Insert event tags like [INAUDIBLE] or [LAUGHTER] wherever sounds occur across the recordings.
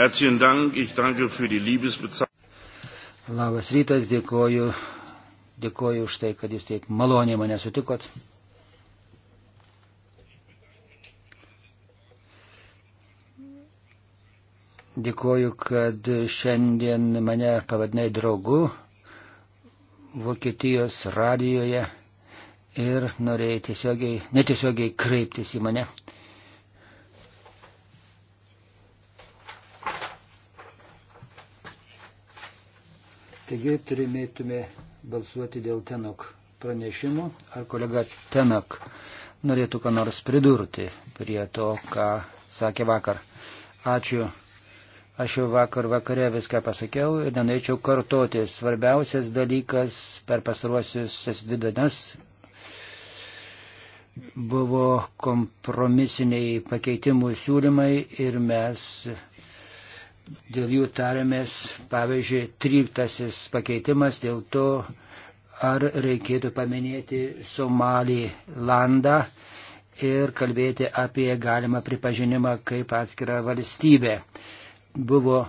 Herzlichen Dank, ich danke für die Liebesbezeichnung. Labas rytas, dėkoju, dėkoju už tai, kad jūs taip maloniai mane sutikot. Dėkoju, kad šiandien mane pavadinai draugu Vokietijos radijoje ir norėjai tiesiogiai, netiesiogiai kreiptis į mane. Taigi turimėtume balsuoti dėl Tenok pranešimo. Ar kolega Tenok norėtų ką nors pridurti prie to, ką sakė vakar? Ačiū. Aš jau vakar vakare viską pasakiau ir nenorėčiau kartoti. Svarbiausias dalykas per pastaruosius dvi dienas buvo kompromisiniai pakeitimų siūlymai ir mes dėl jų tarėmės, pavyzdžiui, 13 pakeitimas dėl to, ar reikėtų paminėti Somalį landą ir kalbėti apie galimą pripažinimą kaip atskirą valstybę. Buvo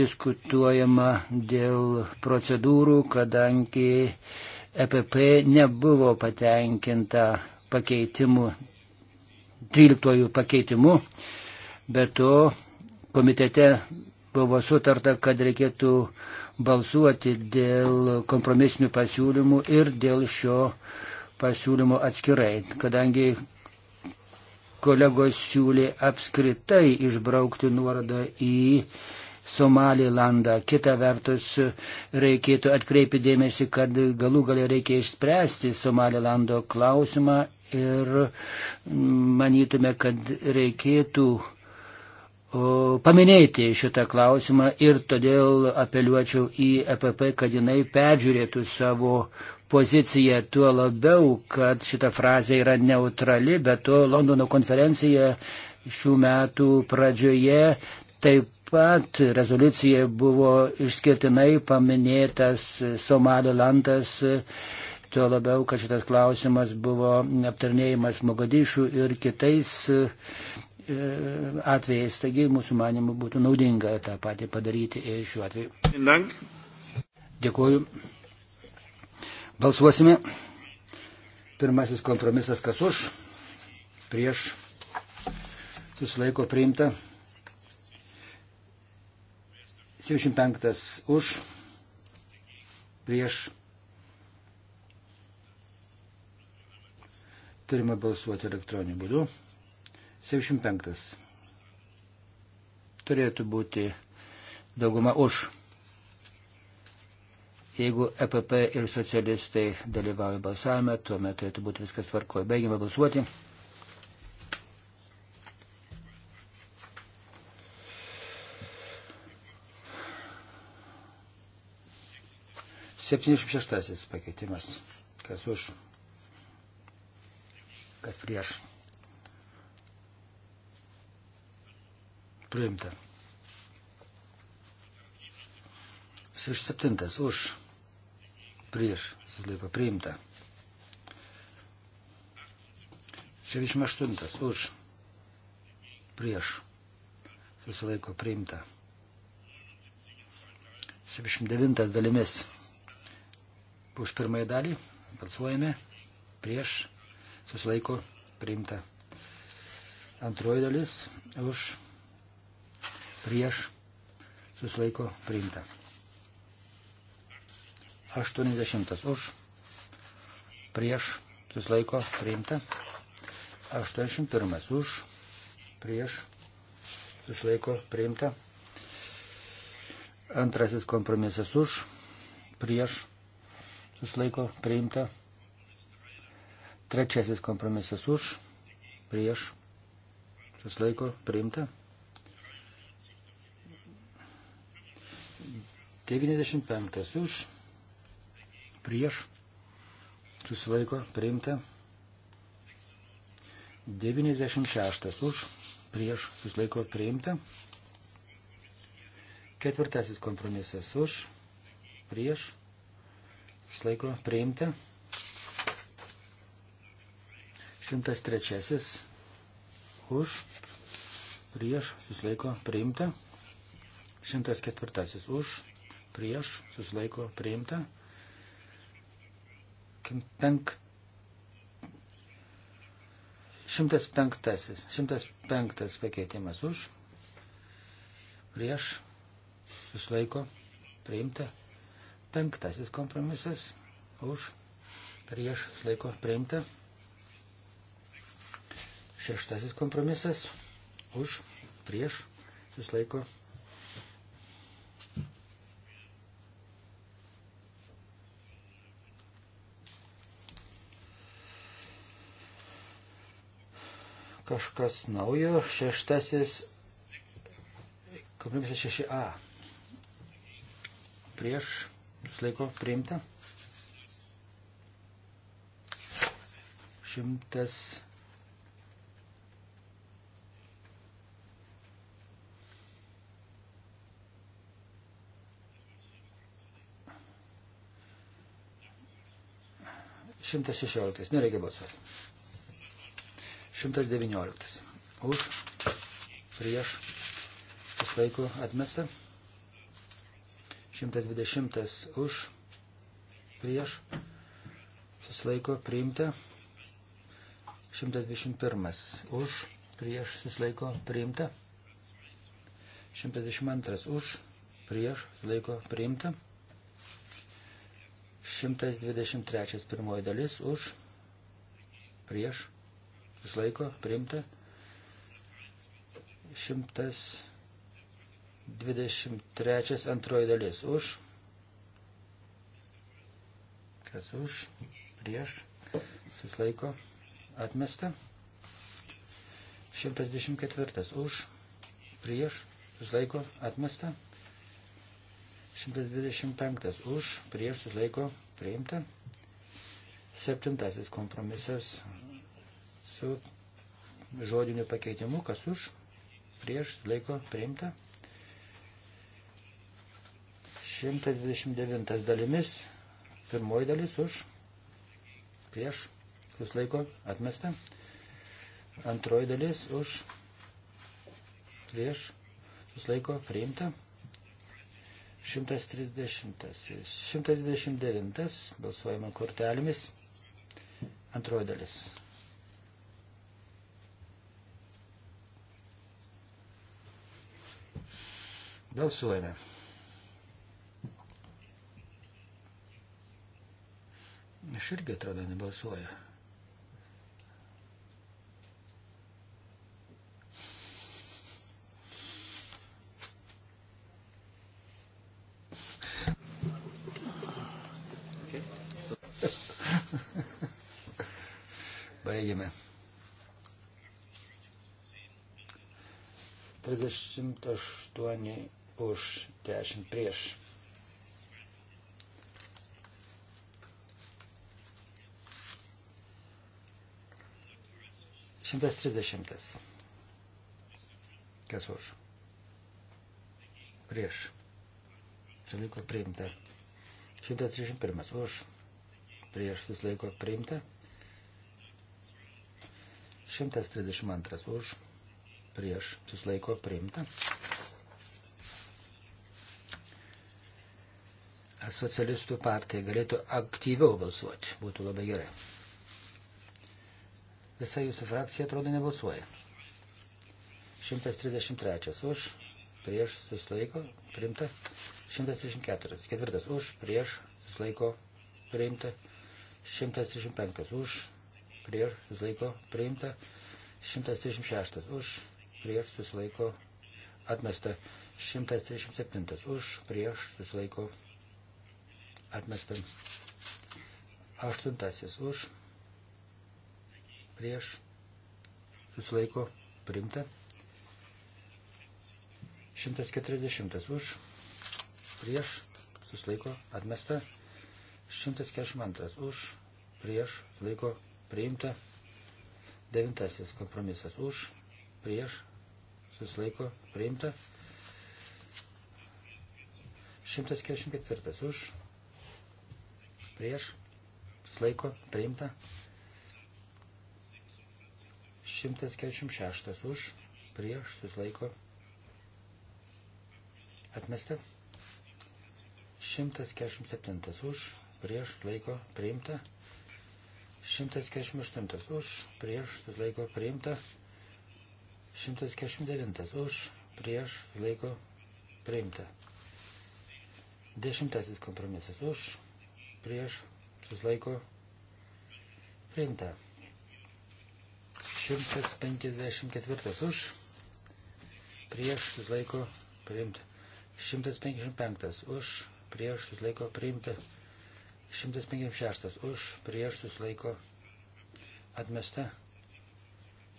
diskutuojama dėl procedūrų, kadangi EPP nebuvo patenkinta pakeitimu, 13 pakeitimu, bet to komitete buvo sutarta, kad reikėtų balsuoti dėl kompromisinių pasiūlymų ir dėl šio pasiūlymo atskirai, kadangi kolegos siūlė apskritai išbraukti nuorodą į Somalilandą. Kita vertus, reikėtų atkreipti dėmesį, kad galų galia reikia išspręsti Somalilando klausimą ir manytume, kad reikėtų uh, paminėti šitą klausimą ir todėl apeliuočiau į EPP, kad jinai peržiūrėtų savo poziciją, tuo labiau, kad šita frazė yra neutrali, bet to Londono konferencija šių metų pradžioje taip pat rezoliucija buvo išskirtinai paminėtas Somalilandas, tuo labiau, kad šitas klausimas buvo aptarnėjimas Mogadišų ir kitais E, atvejais. Taigi mūsų manimų būtų naudinga tą patį padaryti ir šiuo atveju. Dėkuoju. Balsuosime. Pirmasis kompromisas kas už, prieš, susilaiko priimta. 75 už, prieš. Turime balsuoti elektroniniu būdu. 75. Turėtų būti dauguma už. Jeigu EPP ir socialistai dalyvauja balsavime, tuomet turėtų būti viskas tvarkoje. Baigime balsuoti. Septyniasdešimt šeštasis pakeitimas. Kas už? Kas prieš? Priimta. 67 už. Prieš. Susilaiko. Priimta. 68 už. Prieš. Susilaiko. Priimta. 79 dalimis. Už pirmąją dalį balsuojame prieš susilaiko priimta. Antroji dalis už prieš susilaiko priimta. 80 už prieš susilaiko priimta. 81 už prieš susilaiko priimta. Antrasis kompromisas už prieš susilaiko priimta. Trečiasis kompromisas už prieš susilaiko priimta. 95 už, prieš, susilaiko, priimta. 96 už, prieš, susilaiko, priimta. Ketvirtasis kompromisas už, prieš, susilaiko, priimta. 103 už, prieš, susilaiko, priimta. 104 už, prieš, susilaiko priimta. Penk... 105. 105 pakeitimas už, prieš, susilaiko priimta. Penktasis kompromisas už, prieš, susilaiko priimta. Šeštasis kompromisas už, prieš, susilaiko priimta kažkas naujo. Šeštasis kompromisas 6a. Prieš susilaiko priimta. 100. Šimtas šešioliktas. Nereikia balsuoti. 119. Už, prieš, susilaiko atmesta. 120 už, prieš, susilaiko priimta. 121 už, prieš, susilaiko priimta. 122 už, prieš, susilaiko priimta. 123 pirmoji dalis už, prieš, susilaiko priimta. 123 antroji dalis už. Kas už, prieš, susilaiko atmesta. 124 už, prieš, susilaiko atmesta. 125 už, prieš susilaiko priimta. Septintasis kompromisas su žodiniu pakeitimu, kas už, prieš, laiko priimta. 129 dalimis, pirmoji dalis už, prieš, jūs laiko atmesta. Antroji dalis už, prieš, jūs laiko priimta. 130. 129 balsuojama kortelėmis. Antroji dalis. Balsuojame. Aš irgi atrodo nebalsuoju. [LAUGHS] Baigėme. 48 už 10 prieš. Šimtas trisdešimtas. Kas už? Prieš. Čia laiko priimta. Šimtas trisdešimt pirmas. Už. Prieš vis laiko priimta. Šimtas trisdešimt antras. Už prieš susilaiko priimta. Socialistų partija galėtų aktyviau balsuoti, būtų labai gerai. Visa jūsų frakcija atrodo nebalsuoja. 133 už, prieš susilaiko priimta. 134. Ketvirtas už, prieš susilaiko priimta. 135 už, prieš susilaiko priimta. 136 už, prieš susilaiko atmesta. 137 už prieš susilaiko atmesta. 8 už prieš susilaiko primta. 140 už prieš susilaiko atmesta. 142 už prieš susilaiko priimta. Devintasis kompromisas už prieš susilaiko priimta. 144 už, prieš, susilaiko priimta. 146 už, prieš, susilaiko atmesta. 147 už, prieš, susilaiko priimta. 148 už, prieš, susilaiko priimta. 149 už, prieš, laiko priimta. Dešimtasis kompromisas už, prieš, suslaiko priimta. 154 už, prieš, suslaiko priimta. 155 už, prieš, suslaiko priimta. 156 už, prieš, suslaiko atmesta.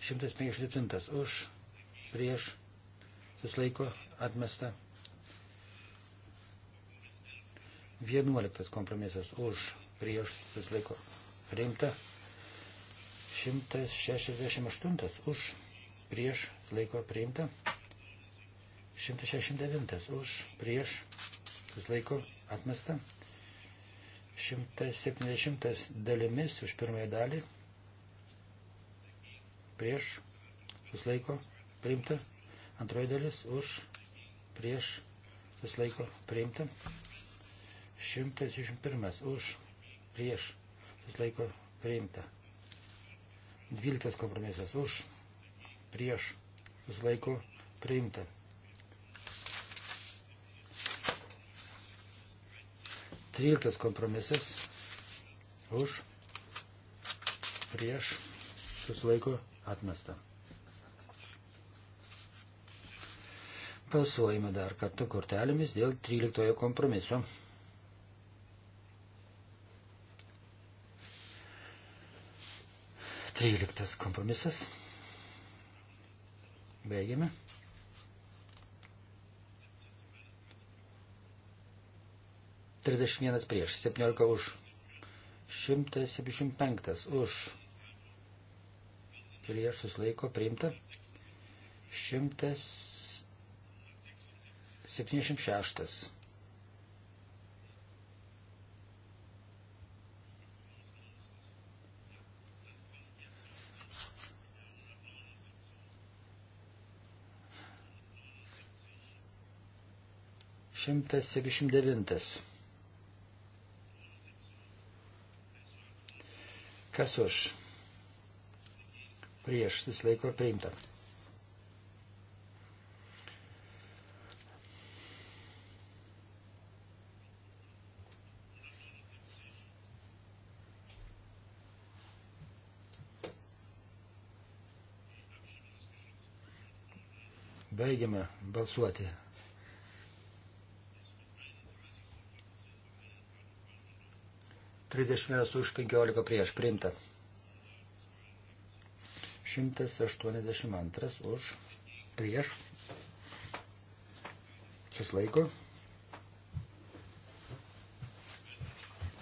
157 už, prieš, susilaiko, atmesta. 11 kompromisas už, prieš, susilaiko, priimta. 168 už, prieš, laiko priimta. 169 už, prieš, susilaiko, atmesta. 170 dalimis už pirmąją dalį prieš, susilaiko, priimta. Antroji dalis už, prieš, susilaiko, priimta. 121 už, prieš, susilaiko, priimta. 12 kompromisas už, prieš, susilaiko, priimta. 13 kompromisas už, prieš, susilaiko, Atmesta. Pasuojame dar kartą kortelėmis dėl 13 kompromiso. Tryliktas kompromisas. Baigiame. Trisdešimt vienas prieš, septyniolika už, šimtas septyniasdešimt penktas už prieš susilaiko priimta. 176. Šimtas septyšimt devintas. Kas už? prieš susilaiko priimta. Baigiame balsuoti. Trisdešimt vienas už penkiolika prieš priimta. 182 už prieš šis laiko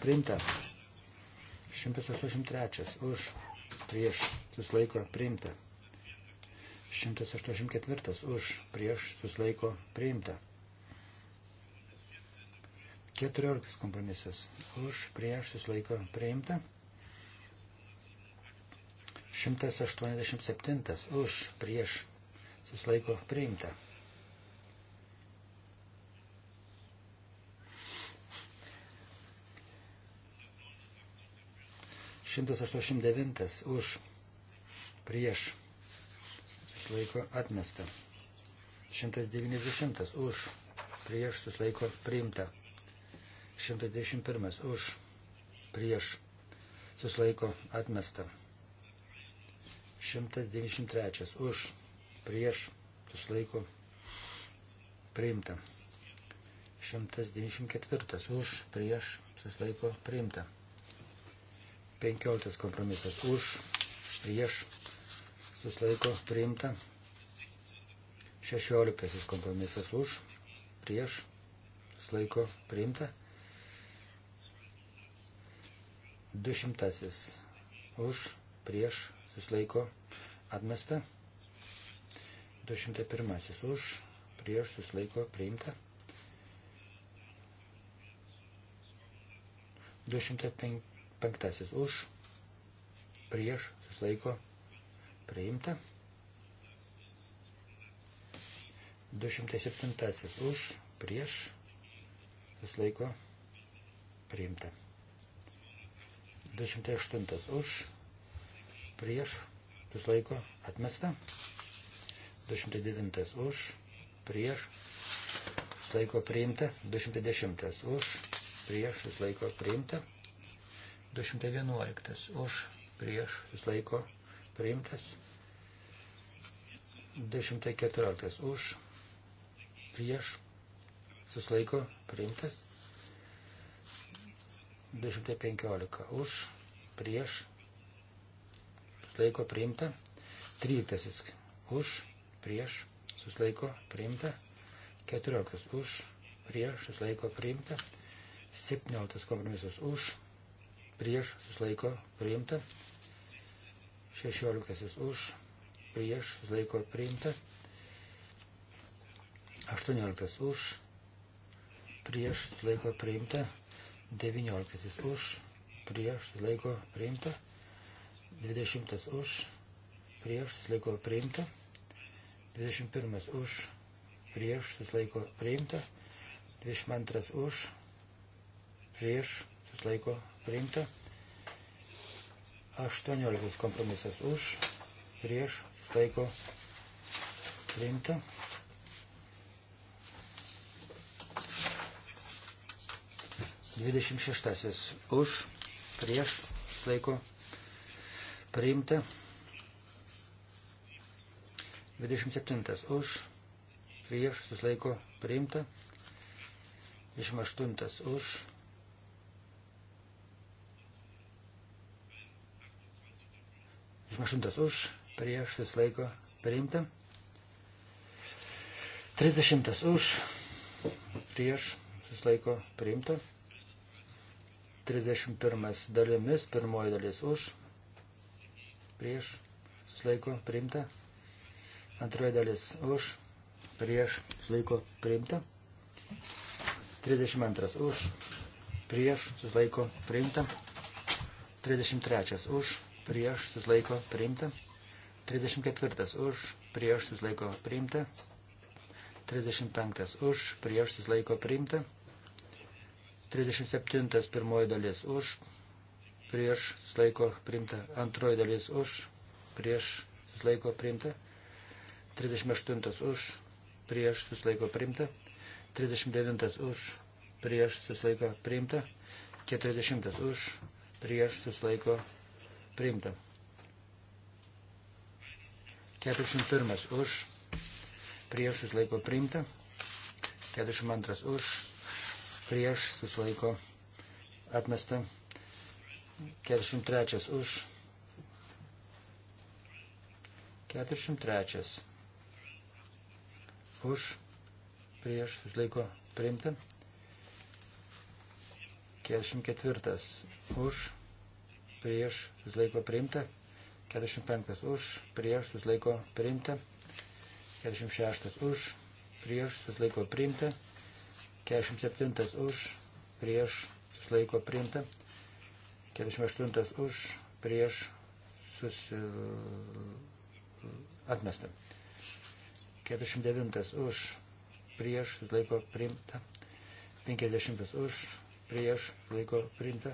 priimta 183 už prieš šis laiko priimta 184 už prieš šis laiko priimta 14 kompromisas už prieš šis laiko priimta 187 už prieš susilaiko priimta. Šimtas aštuošim devintas už prieš susilaiko atmesta. Šimtas devyniasdešimtas už prieš susilaiko priimta. Šimtas dešimt pirmas už prieš susilaiko atmesta. 193 už, prieš, susilaiko, priimta. 194 už, prieš, susilaiko, priimta. 15 kompromisas už, prieš, susilaiko, priimta. 16 kompromisas už, prieš, susilaiko, priimta. 200 už, prieš, susilaiko atmesta. 201 už, prieš susilaiko priimta. 205 už, prieš susilaiko priimta. 207 už, prieš susilaiko priimta. 208 už, prieš, susilaiko, atmesta. 209 už, prieš, susilaiko priimta. 210 už, prieš, susilaiko priimta. 211 už, prieš, susilaiko priimtas. 214 už, prieš, susilaiko priimtas. 215 už, prieš, susilaiko priimta. 13 už, prieš, susilaiko priimta. 14 už, prieš, susilaiko priimta. 17 kompromisas už, prieš, susilaiko priimta. 16 už, prieš, susilaiko priimta. 18 už, prieš, susilaiko priimta. 19 už, prieš, susilaiko priimta. 20 už, prieš, susilaiko priimta. 21 už, prieš, susilaiko priimta. 22 už, prieš, susilaiko priimta. 18 kompromisas už, prieš, susilaiko priimta. Dvidešimt šeštasis už, prieš, laiko priimta. 27 už, prieš, susilaiko, priimta. 28 už. Aštuntas už, prieš susilaiko priimta. Trisdešimtas už, prieš susilaiko priimta. Trisdešimt pirmas dalimis, pirmoji dalis už, prieš, susilaiko priimta. Antroji dalis už, prieš, susilaiko priimta. 32 už, prieš, susilaiko priimta. 33 už, prieš, susilaiko priimta. 34 už, prieš, susilaiko priimta. 35 už, prieš, susilaiko priimta. 37 pirmoji dalis už, prieš susilaiko primta. Antroji dalis už, prieš susilaiko primta. 38 už, prieš susilaiko primta. 39 už, prieš susilaiko primta. 40 už, prieš susilaiko primta. 41 už, prieš susilaiko primta. 42 už, prieš susilaiko atmesta. 43 už. 43 už. Prieš susilaiko priimta. 44 už. Prieš susilaiko priimta. 45 už. Prieš susilaiko priimta. 46 už. Prieš susilaiko priimta. 47 už. Prieš susilaiko priimta. 48 už, prieš susi... atmestą. 49 už, prieš laiko priimta. 50 už, prieš laiko priimta.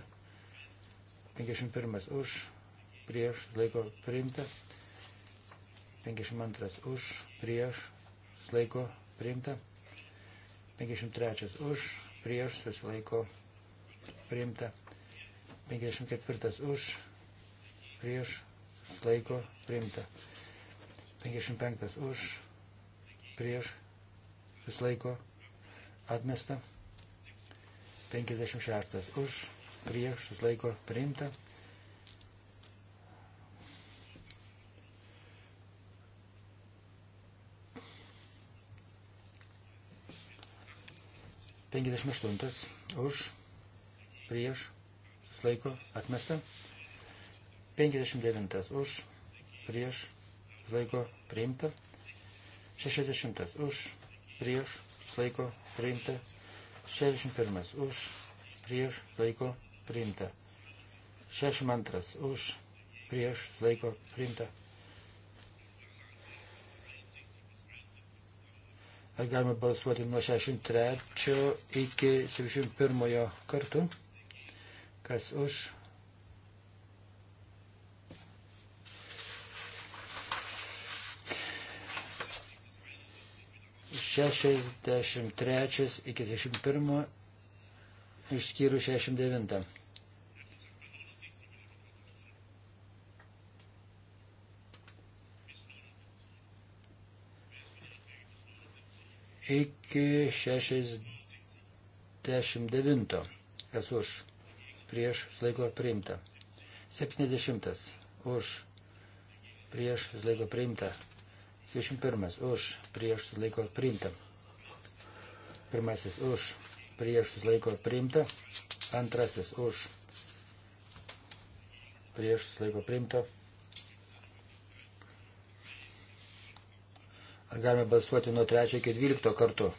51 už, prieš laiko priimta. 52 už, prieš laiko priimta. 53 už, prieš susilaiko priimta. 54 už, prieš, laiko, priimta. 55 už, prieš, laiko, atmesta. 56 už, prieš, laiko, priimta. Penkiasdešimt aštuntas už prieš laiko atmesta. 59 už, prieš, laiko priimta. 60 už, prieš, laiko priimta. 61 už, prieš, laiko priimta. 62 už, prieš, laiko priimta. Ar galime balsuoti nuo 63 iki 71 kartų? Kas už? Šešiasdešimt trečias iki dešimt pirmo išskyrus šešiasdešimt devintą. iki 69. Kas už? prieš laiko priimta. 70 už prieš laiko priimta. 21 už prieš laiko priimta. Pirmasis už prieš laiko priimta. Antrasis už prieš laiko priimta. Ar galime balsuoti nuo 3 iki 12 kartų?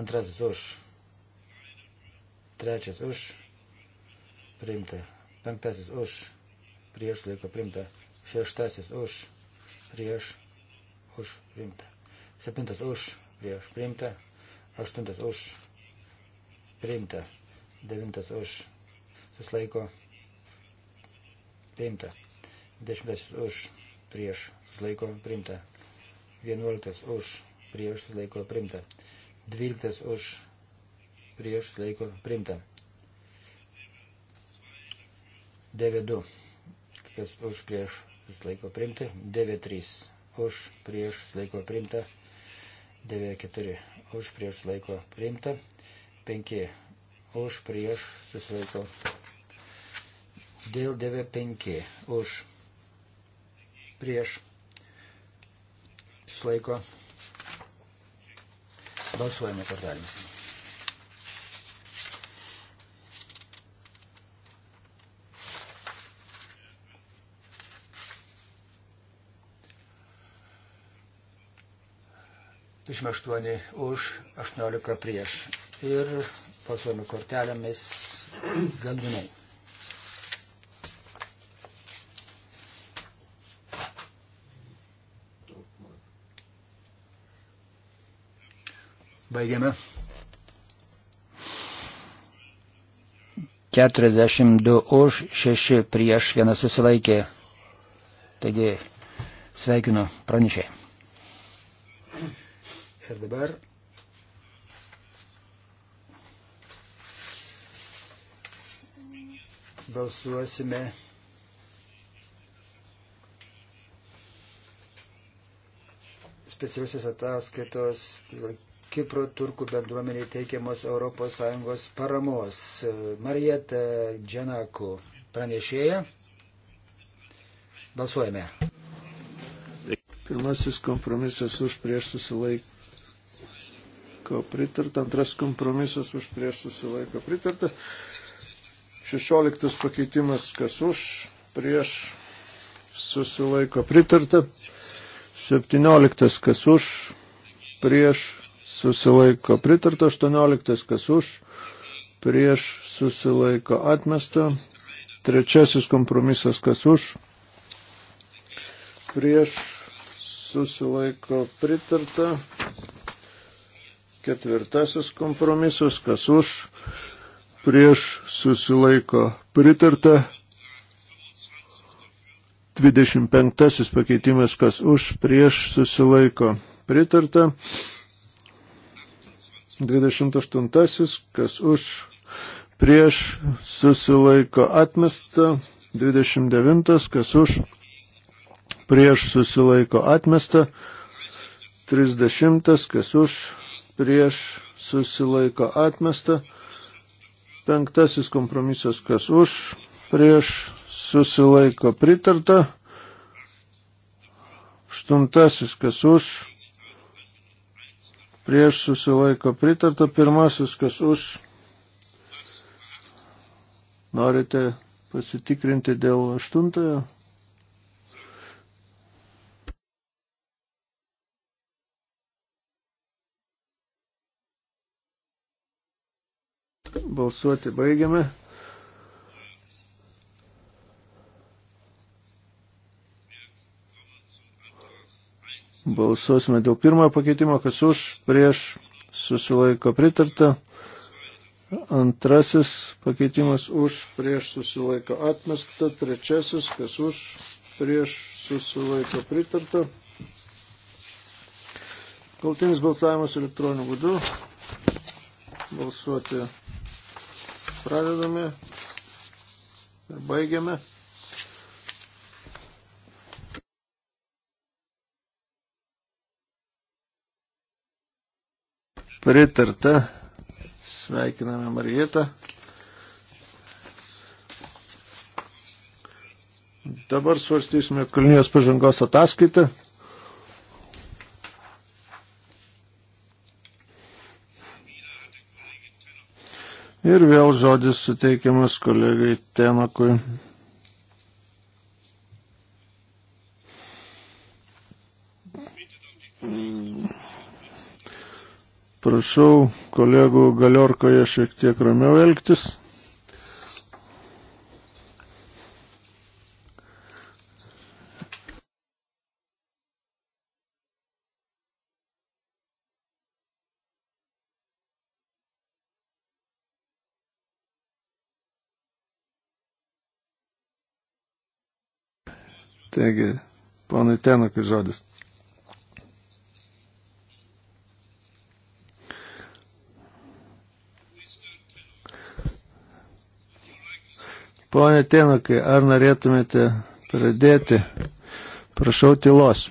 Antrasis už. Trečias už. Priimta. Penktasis už. Prieš laiko priimta. Šeštasis už. Prieš. Už. Priimta. Septintas už. Prieš. Priimta. Aštuntas už. Priimta. Devintas už. Suslaiko. Priimta. Dešimtasis už. Prieš. Suslaiko. Priimta. Vienuoliktas už. Prieš. Suslaiko. Priimta. 12 už prieš laiko primta. 9-2, kas už prieš laiko primta. 9-3 už prieš laiko primta. 9-4 už prieš laiko primta. 5 už prieš susilaiko. Dėl 9-5 už prieš susilaiko primta Balsuojame kortelėmis. Išme 8 už, 18 prieš. Ir balsuojame kortelėmis galvinai. Baigiame. 42 už, 6 prieš, vienas susilaikė. Taigi sveikinu pranešė. Ir dabar. Balsuosime. Specialiusios ataskaitos Kipro turkų bendruomeniai teikiamos ES paramos. Marieta Džanaku pranešėja. Balsuojame. Pirmasis kompromisas už prieš susilaiko pritarta, antras kompromisas už prieš susilaiko pritarta. Šešioliktas pakeitimas, kas už prieš susilaiko pritarta. Septynioliktas, kas už prieš susilaiko pritarta, 18 kas už, prieš susilaiko atmesta, trečiasis kompromisas kas už, prieš susilaiko pritarta, ketvirtasis kompromisas kas už, prieš susilaiko pritarta. 25 pakeitimas, kas už, prieš susilaiko pritarta. 28, kas už, prieš, susilaiko atmesta, 29, kas už, prieš, susilaiko atmesta, 30, kas už, prieš, susilaiko atmesta, penktasis kompromisas, kas už, prieš, susilaiko pritarta, aštuntasis, kas už, prieš susilaiko pritarta. Pirmasis, kas už, norite pasitikrinti dėl aštuntojo. Balsuoti baigiame. Balsuosime dėl pirmojo pakeitimo, kas už, prieš, susilaiko pritarta. Antrasis pakeitimas už, prieš, susilaiko atmesta. Trečiasis, kas už, prieš, susilaiko pritarta. Galtinis balsavimas elektroniniu būdu. Balsuoti pradedame ir baigiame. pritarta. Sveikiname Marietą. Dabar svarstysime Kalnijos pažangos ataskaitą. Ir vėl žodis suteikiamas kolegai Tenokui. Prašau kolegų galiorkoje šiek tiek ramiau elgtis. Taigi, ponai Tenukui žodis. Pone Tenokai, ar norėtumėte pradėti? Prašau tylos.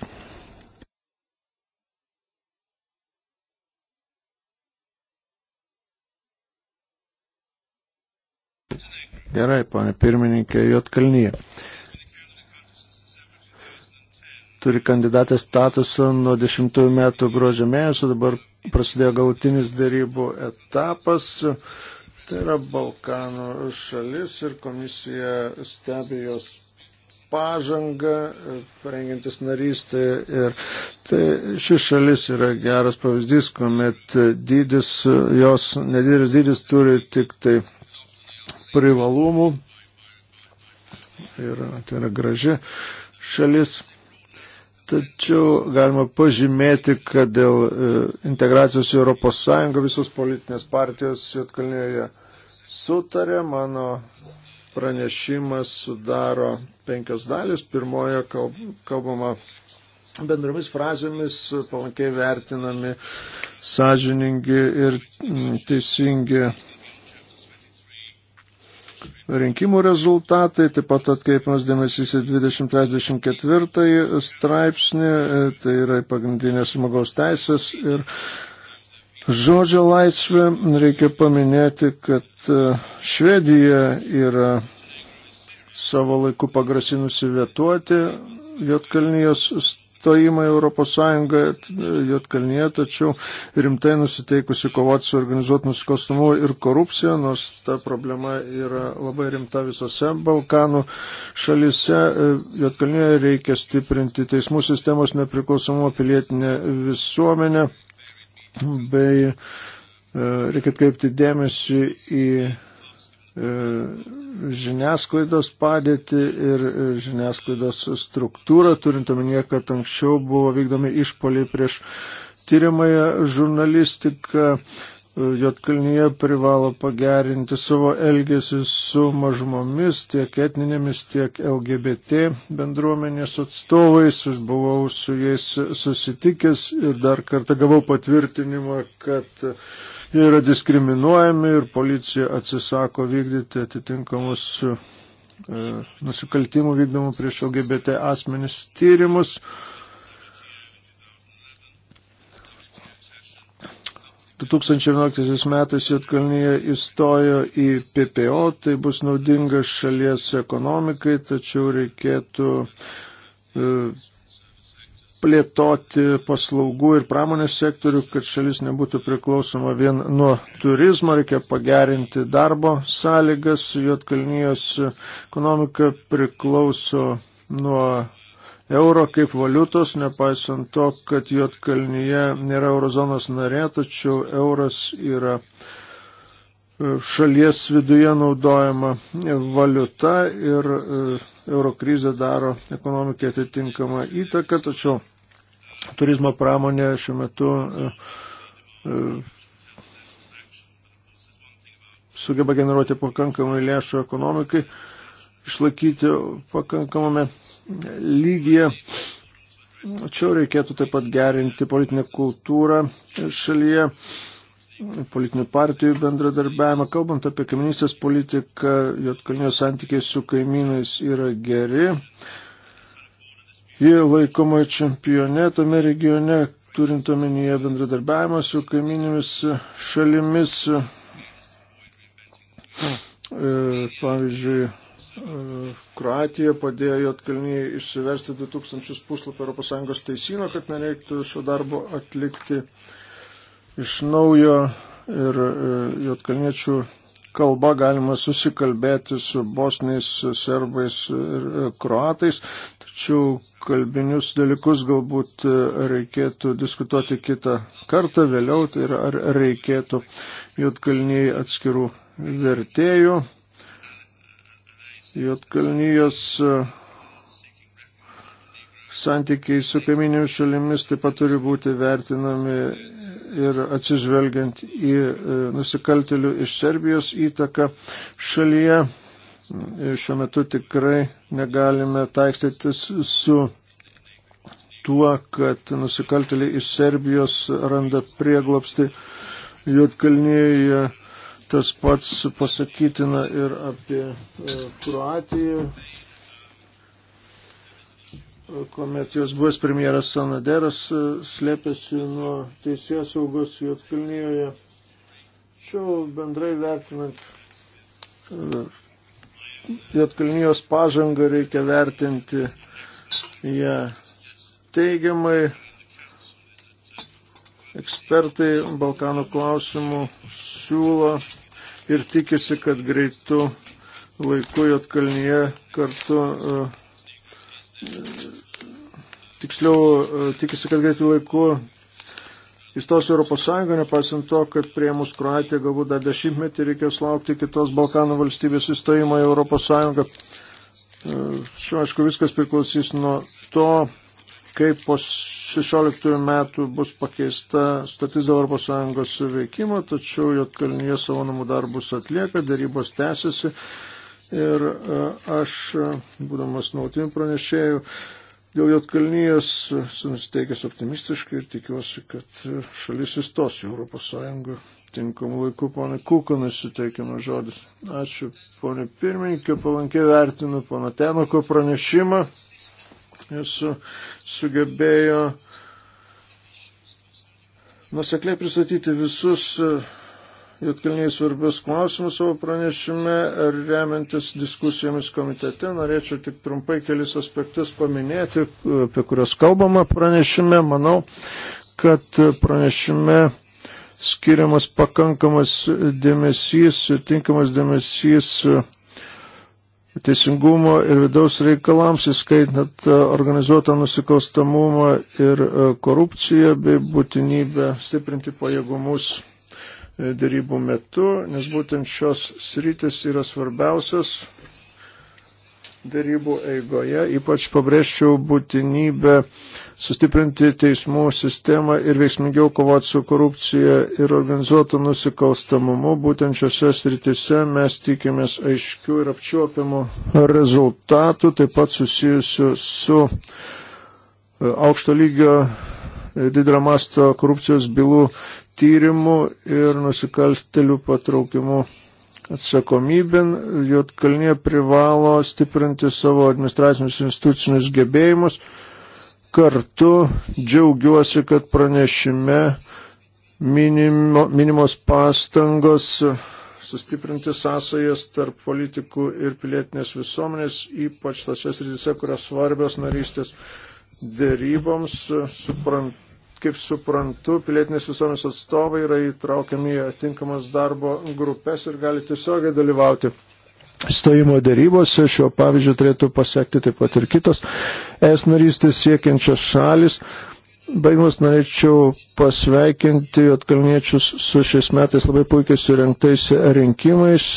Gerai, ponė pirmininkė, Jotkalnyje. Turi kandidatės statusą nuo 10 metų gruodžio mėnesio, dabar prasidėjo galutinis darybų etapas. Tai yra Balkanų šalis ir komisija stebi jos pažangą, parengiantis narystę. Ir tai ši šalis yra geras pavyzdys, kuomet dydis, jos nedidelis dydis turi tik tai privalumų. Ir tai yra graži šalis. Tačiau galima pažymėti, kad dėl e, integracijos į ES visos politinės partijos Jotkalnėje sutarė. Mano pranešimas sudaro penkios dalis. Pirmoje kalbama bendromis frazėmis palankiai vertinami sąžiningi ir teisingi rinkimų rezultatai, taip pat atkreipimas dėmesys į 2034 straipsnį, tai yra pagrindinės žmogaus teisės ir žodžio laisvė. Reikia paminėti, kad e, Švedija yra savo laiku pagrasinusi vietuoti Jotkalnijos stojimą į Europos Sąjungą Jotkalnyje, tačiau rimtai nusiteikusi kovoti su organizuotų nusikalstamu ir korupcija, nors ta problema yra labai rimta visose Balkanų šalise. Jotkalnyje reikia stiprinti teismų sistemos nepriklausomą pilietinę visuomenę bei e, reikia atkreipti dėmesį į E, žiniasklaidos padėtį ir e, žiniasklaidos struktūrą, turint omenyje, kad anksčiau buvo vykdomi išpoliai prieš tyriamąją žurnalistiką. E, Jotkalnyje privalo pagerinti savo elgesį su mažumomis, tiek etninėmis, tiek LGBT bendruomenės atstovais. Aš buvau su jais susitikęs ir dar kartą gavau patvirtinimą, kad uh, yra diskriminuojami ir policija atsisako vykdyti atitinkamus e, nusikaltimų vykdomų prieš LGBT asmenis tyrimus. Du 2011 metais Jotkalnyje įstojo į PPO, tai bus naudinga šalies ekonomikai, tačiau reikėtų e, plėtoti paslaugų ir pramonės sektorių, kad šalis nebūtų priklausoma vien nuo turizmo, reikia pagerinti darbo sąlygas, Jotkalnyjos ekonomika priklauso nuo euro kaip valiutos, nepaisant to, kad Jotkalnyje nėra eurozonos narė, tačiau euras yra e, šalies viduje naudojama valiuta ir e, euro krizė daro ekonomikai atitinkamą įtaką, tačiau turizmo pramonė šiuo metu e, e, sugeba generuoti pakankamai lėšų ekonomikai, išlaikyti pakankamame lygyje. Čia reikėtų taip pat gerinti politinę kultūrą šalyje, politinių partijų bendradarbiavimą. Kalbant apie kaiminystės politiką, Jotkalnijos santykiai su kaimynais yra geri. Ji laikoma čempione tame regione, turint omenyje bendradarbiavimą su kaiminėmis šalimis. E, pavyzdžiui, e, Kroatija padėjo Jotkalnyje išsiversti 2000 puslapio ES teisino, kad nereiktų šio darbo atlikti iš naujo ir e, Jotkalniečių kalba galima susikalbėti su bosniais, serbais ir kroatais, tačiau kalbinius dalykus galbūt e, reikėtų diskutuoti kitą kartą vėliau, tai yra ar reikėtų Jotkalnyje atskirų vertėjų. Jotkalnyjos e, santykiai su kaiminėmis šalimis taip pat turi būti vertinami ir atsižvelgiant į e, nusikaltelių iš Serbijos įtaką šalyje šiuo metu tikrai negalime taikstytis su tuo, kad nusikaltėliai iš Serbijos randa prieglopsti Jotkalnyje. Tas pats pasakytina ir apie e, Kroatiją, kuomet jos buvęs premjeras Sanaderas e, slėpėsi nuo teisės saugos Jotkalnyje. Čia bendrai vertinant e, Jotkalnijos pažangą reikia vertinti ją ja, teigiamai. Ekspertai Balkanų klausimų siūlo ir tikisi, kad greitų laikų Jotkalnyje kartu, e, e, tiksliau e, tikisi, kad greitų laikų įstos Europos Sąjungą, nepaisant to, kad prie mūsų Kroatija galbūt dar dešimtmetį reikės laukti kitos Balkanų valstybės įstojimo į Europos Sąjungą. E, šiuo aišku viskas priklausys nuo to, kaip po 16 metų bus pakeista statis dėl Europos Sąjungos veikimo, tačiau Jotkalnyje savo namų darbus atlieka, darybos tęsiasi ir e, aš, būdamas nautiniu pranešėjų, Dėl Jotkalnyjos esu nusteikęs optimistiškai ir tikiuosi, kad šalis įstos į Europos Sąjungą tinkamu laiku. Pone Kukonai suteikiamas žodis. Ačiū, pone pirmininkė, palankiai vertinu pono Tenoko pranešimą. Jis sugebėjo nusekliai pristatyti visus Jotkalniai svarbius klausimus savo pranešime, remiantis diskusijomis komitete. Norėčiau tik trumpai kelis aspektus paminėti, apie kuriuos kalbama pranešime. Manau, kad pranešime skiriamas pakankamas dėmesys, tinkamas dėmesys teisingumo ir vidaus reikalams, įskaitant organizuotą nusikalstamumą ir korupciją bei būtinybę stiprinti pajėgumus dėrybų metu, nes būtent šios sritis yra svarbiausias dėrybų eigoje, ypač pabrėžčiau būtinybę sustiprinti teismų sistemą ir veiksmingiau kovoti su korupcija ir organizuotų nusikalstamumu. Būtent šiuose sritise mes tikimės aiškių ir apčiuopiamų rezultatų, taip pat susijusių su e, aukšto lygio e, didelio masto korupcijos bylų tyrimų ir nusikalstelių patraukimu atsakomybin. Jotkalnie privalo stiprinti savo administracinius institucinius gebėjimus. Kartu džiaugiuosi, kad pranešime minimo, minimos pastangos sustiprinti sąsajas tarp politikų ir pilietinės visuomenės, ypač tose srityse, kurios svarbios narystės dėryboms. Suprantu Kaip suprantu, pilietinės visuomenės atstovai yra įtraukiami į atinkamas darbo grupės ir gali tiesiogiai dalyvauti stojimo darybose. Šiuo pavyzdžiu turėtų pasiekti taip pat ir kitos es narystės siekiančios šalis. Baigimas norėčiau pasveikinti atkalniečius su šiais metais labai puikiai surinktais rinkimais.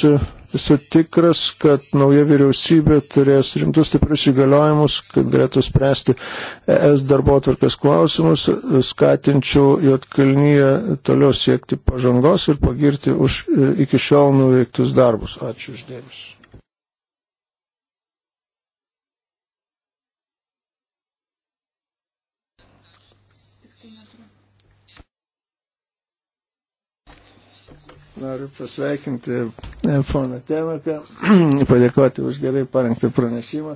Esu tikras, kad nauja vyriausybė turės rimtus stiprius įgaliojimus, kad galėtų spręsti ES darbo atvarkės klausimus. Skatinčiau Jotkalnyje toliau siekti pažangos ir pagirti už e, iki šiol nuveiktus darbus. Ačiū uždėmesi. Noriu pasveikinti e, poną Tenoką, [CLEARS THROAT] padėkoti už gerai parengtą pranešimą.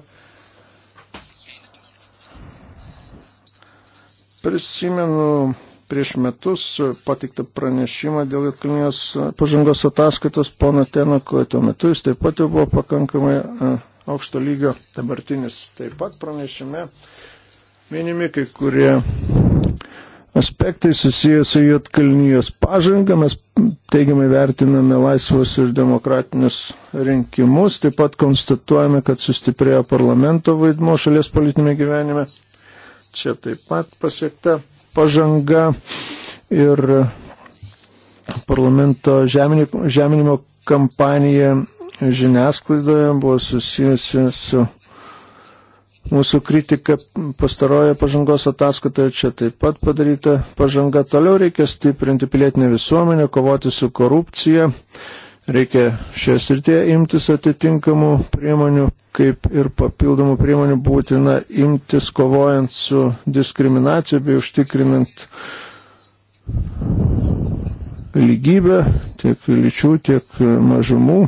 Prisimenu prieš metus patiktą pranešimą dėl Jotkalnijos pažangos ataskaitos pono Tenoko, tuo metu jis taip pat jau buvo pakankamai e, aukšto lygio, dabartinis taip pat pranešime minimi kai kurie aspektai susijęs su Jotkalnyjos pažanga. Mes teigiamai vertiname laisvus ir demokratinius rinkimus, taip pat konstatuojame, kad sustiprėjo parlamento vaidmo šalies politinėme gyvenime. Čia taip pat pasiekta pažanga ir parlamento žeminimo kampanija žiniasklaidoje buvo susijusi su mūsų kritika pastarojo pažangos ataskaitoje čia taip pat padaryta pažanga. Toliau reikia stiprinti pilietinę visuomenę, kovoti su korupcija. Reikia šioje srityje imtis atitinkamų priemonių, kaip ir papildomų priemonių būtina imtis kovojant su diskriminacija bei užtikrinant lygybę tiek lyčių, tiek mažumų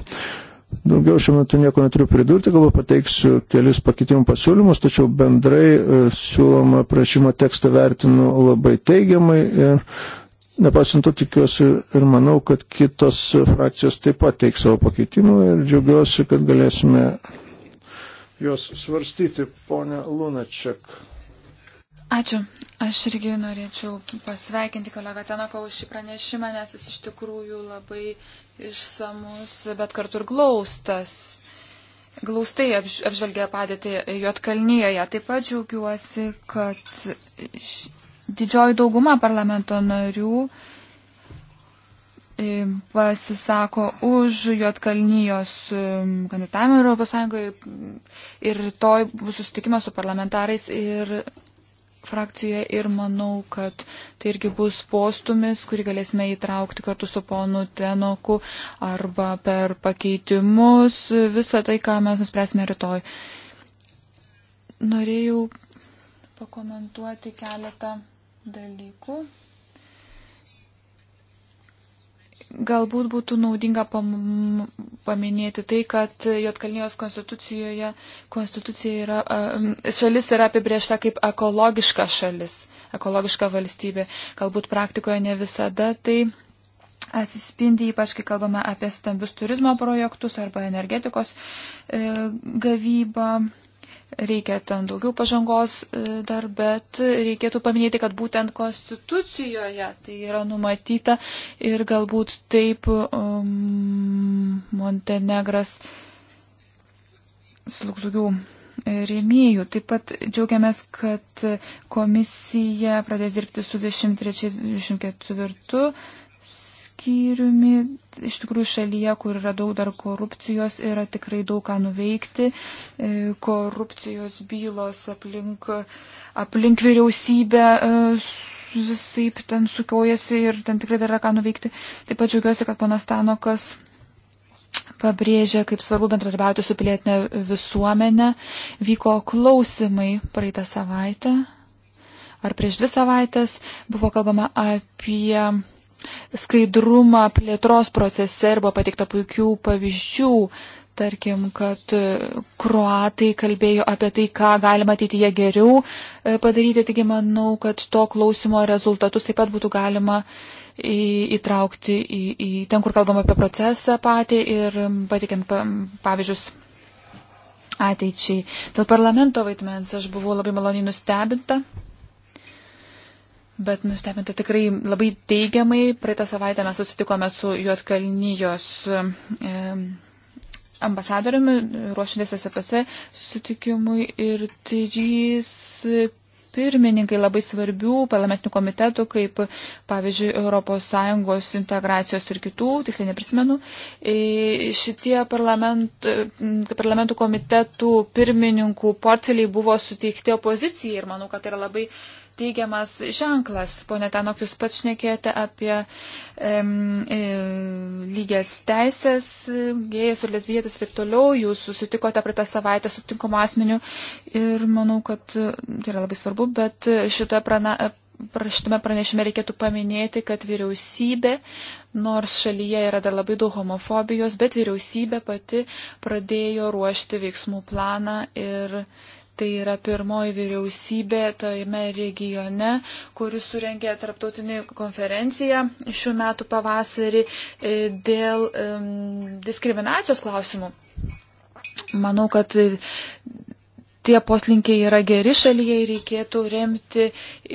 Daugiau šiuo metu nieko neturiu pridurti, galbūt pateiksiu kelis pakeitimų pasiūlymus, tačiau bendrai e, siūloma prašymo tekstą vertinu labai teigiamai ir nepaisant to tikiuosi ir manau, kad kitos frakcijos taip pat teiks savo pakeitimų ir džiaugiuosi, kad galėsime juos svarstyti, ponia Lunačiak. Ačiū. Aš irgi norėčiau pasveikinti kolegą Tenoką už šį pranešimą, nes jis iš tikrųjų labai uh, išsamus, bet kartu ir glaustas. Glaustai apžvelgia padėtį Juotkalnyje. Taip pat džiaugiuosi, kad didžioji dauguma parlamento narių e, pasisako už Juotkalnyjos e, kandidatavimą Europos Sąjungoje ir toj bus susitikimas su parlamentarais ir frakcijoje ir manau, kad tai irgi bus postumis, kurį galėsime įtraukti kartu su ponu Tenoku arba per pakeitimus, visą tai, ką mes nuspręsime rytoj. Norėjau pakomentuoti keletą dalykų. Galbūt būtų naudinga paminėti tai, kad Jotkalnijos konstitucijoje konstitucija yra, šalis yra apibriešta kaip ekologiška šalis, ekologiška valstybė. Galbūt praktikoje ne visada tai atsispindi, ypač kai kalbame apie stambius turizmo projektus arba energetikos e, gavybą reikia ten daugiau pažangos e, dar, bet reikėtų paminėti, kad būtent konstitucijoje tai yra numatyta ir galbūt taip um, Montenegras sulauks daugiau rėmėjų. Taip pat džiaugiamės, kad komisija pradės dirbti su 23-24 skyriumi. Iš tikrųjų, šalyje, kur yra daug dar korupcijos, yra tikrai daug ką nuveikti. E, korupcijos bylos aplink, aplink vyriausybę e, visai ten sukiojasi ir ten tikrai dar yra ką nuveikti. Taip pat džiaugiuosi, kad ponas Tanokas pabrėžia, kaip svarbu bendradarbiauti su pilietinė visuomenė. Vyko klausimai praeitą savaitę ar prieš dvi savaitės buvo kalbama apie skaidrumą plėtros procese ir buvo pateikta puikių pavyzdžių. Tarkim, kad e, kroatai kalbėjo apie tai, ką galima ateityje geriau e, padaryti, taigi manau, kad to klausimo rezultatus taip pat būtų galima į, įtraukti į, į ten, kur kalbam apie procesą patį ir patikiant pavyzdžius ateičiai. Dėl parlamento vaidmens aš buvau labai maloniai nustebinta bet nustebinta tikrai labai teigiamai. Praeitą savaitę mes susitikome su Juotkalnyjos e, ambasadoriumi, ruošintis SPC susitikimui ir trys pirmininkai labai svarbių parlamentinių komitetų, kaip pavyzdžiui ES integracijos ir kitų, tiksliai neprisimenu, e, šitie parlament, e, parlamentų komitetų pirmininkų portfeliai buvo suteikti opozicijai ir manau, kad tai yra labai teigiamas ženklas. Pone Tanok, jūs pats šnekėjote apie um, lygias teisės, gėjus ir lesbietis ir taip toliau. Jūs susitikote praeitą savaitę su tinkamu asmeniu ir manau, kad tai yra labai svarbu, bet šitoje prana, šitame pranešime reikėtų paminėti, kad vyriausybė, nors šalyje yra dar labai daug homofobijos, bet vyriausybė pati pradėjo ruošti veiksmų planą ir Tai yra pirmoji vyriausybė tojame regione, kuris surengė tarptautinį konferenciją šių metų pavasarį e, dėl um, diskriminacijos klausimų. Manau, kad e, tie poslinkiai yra geri šalyje ir reikėtų remti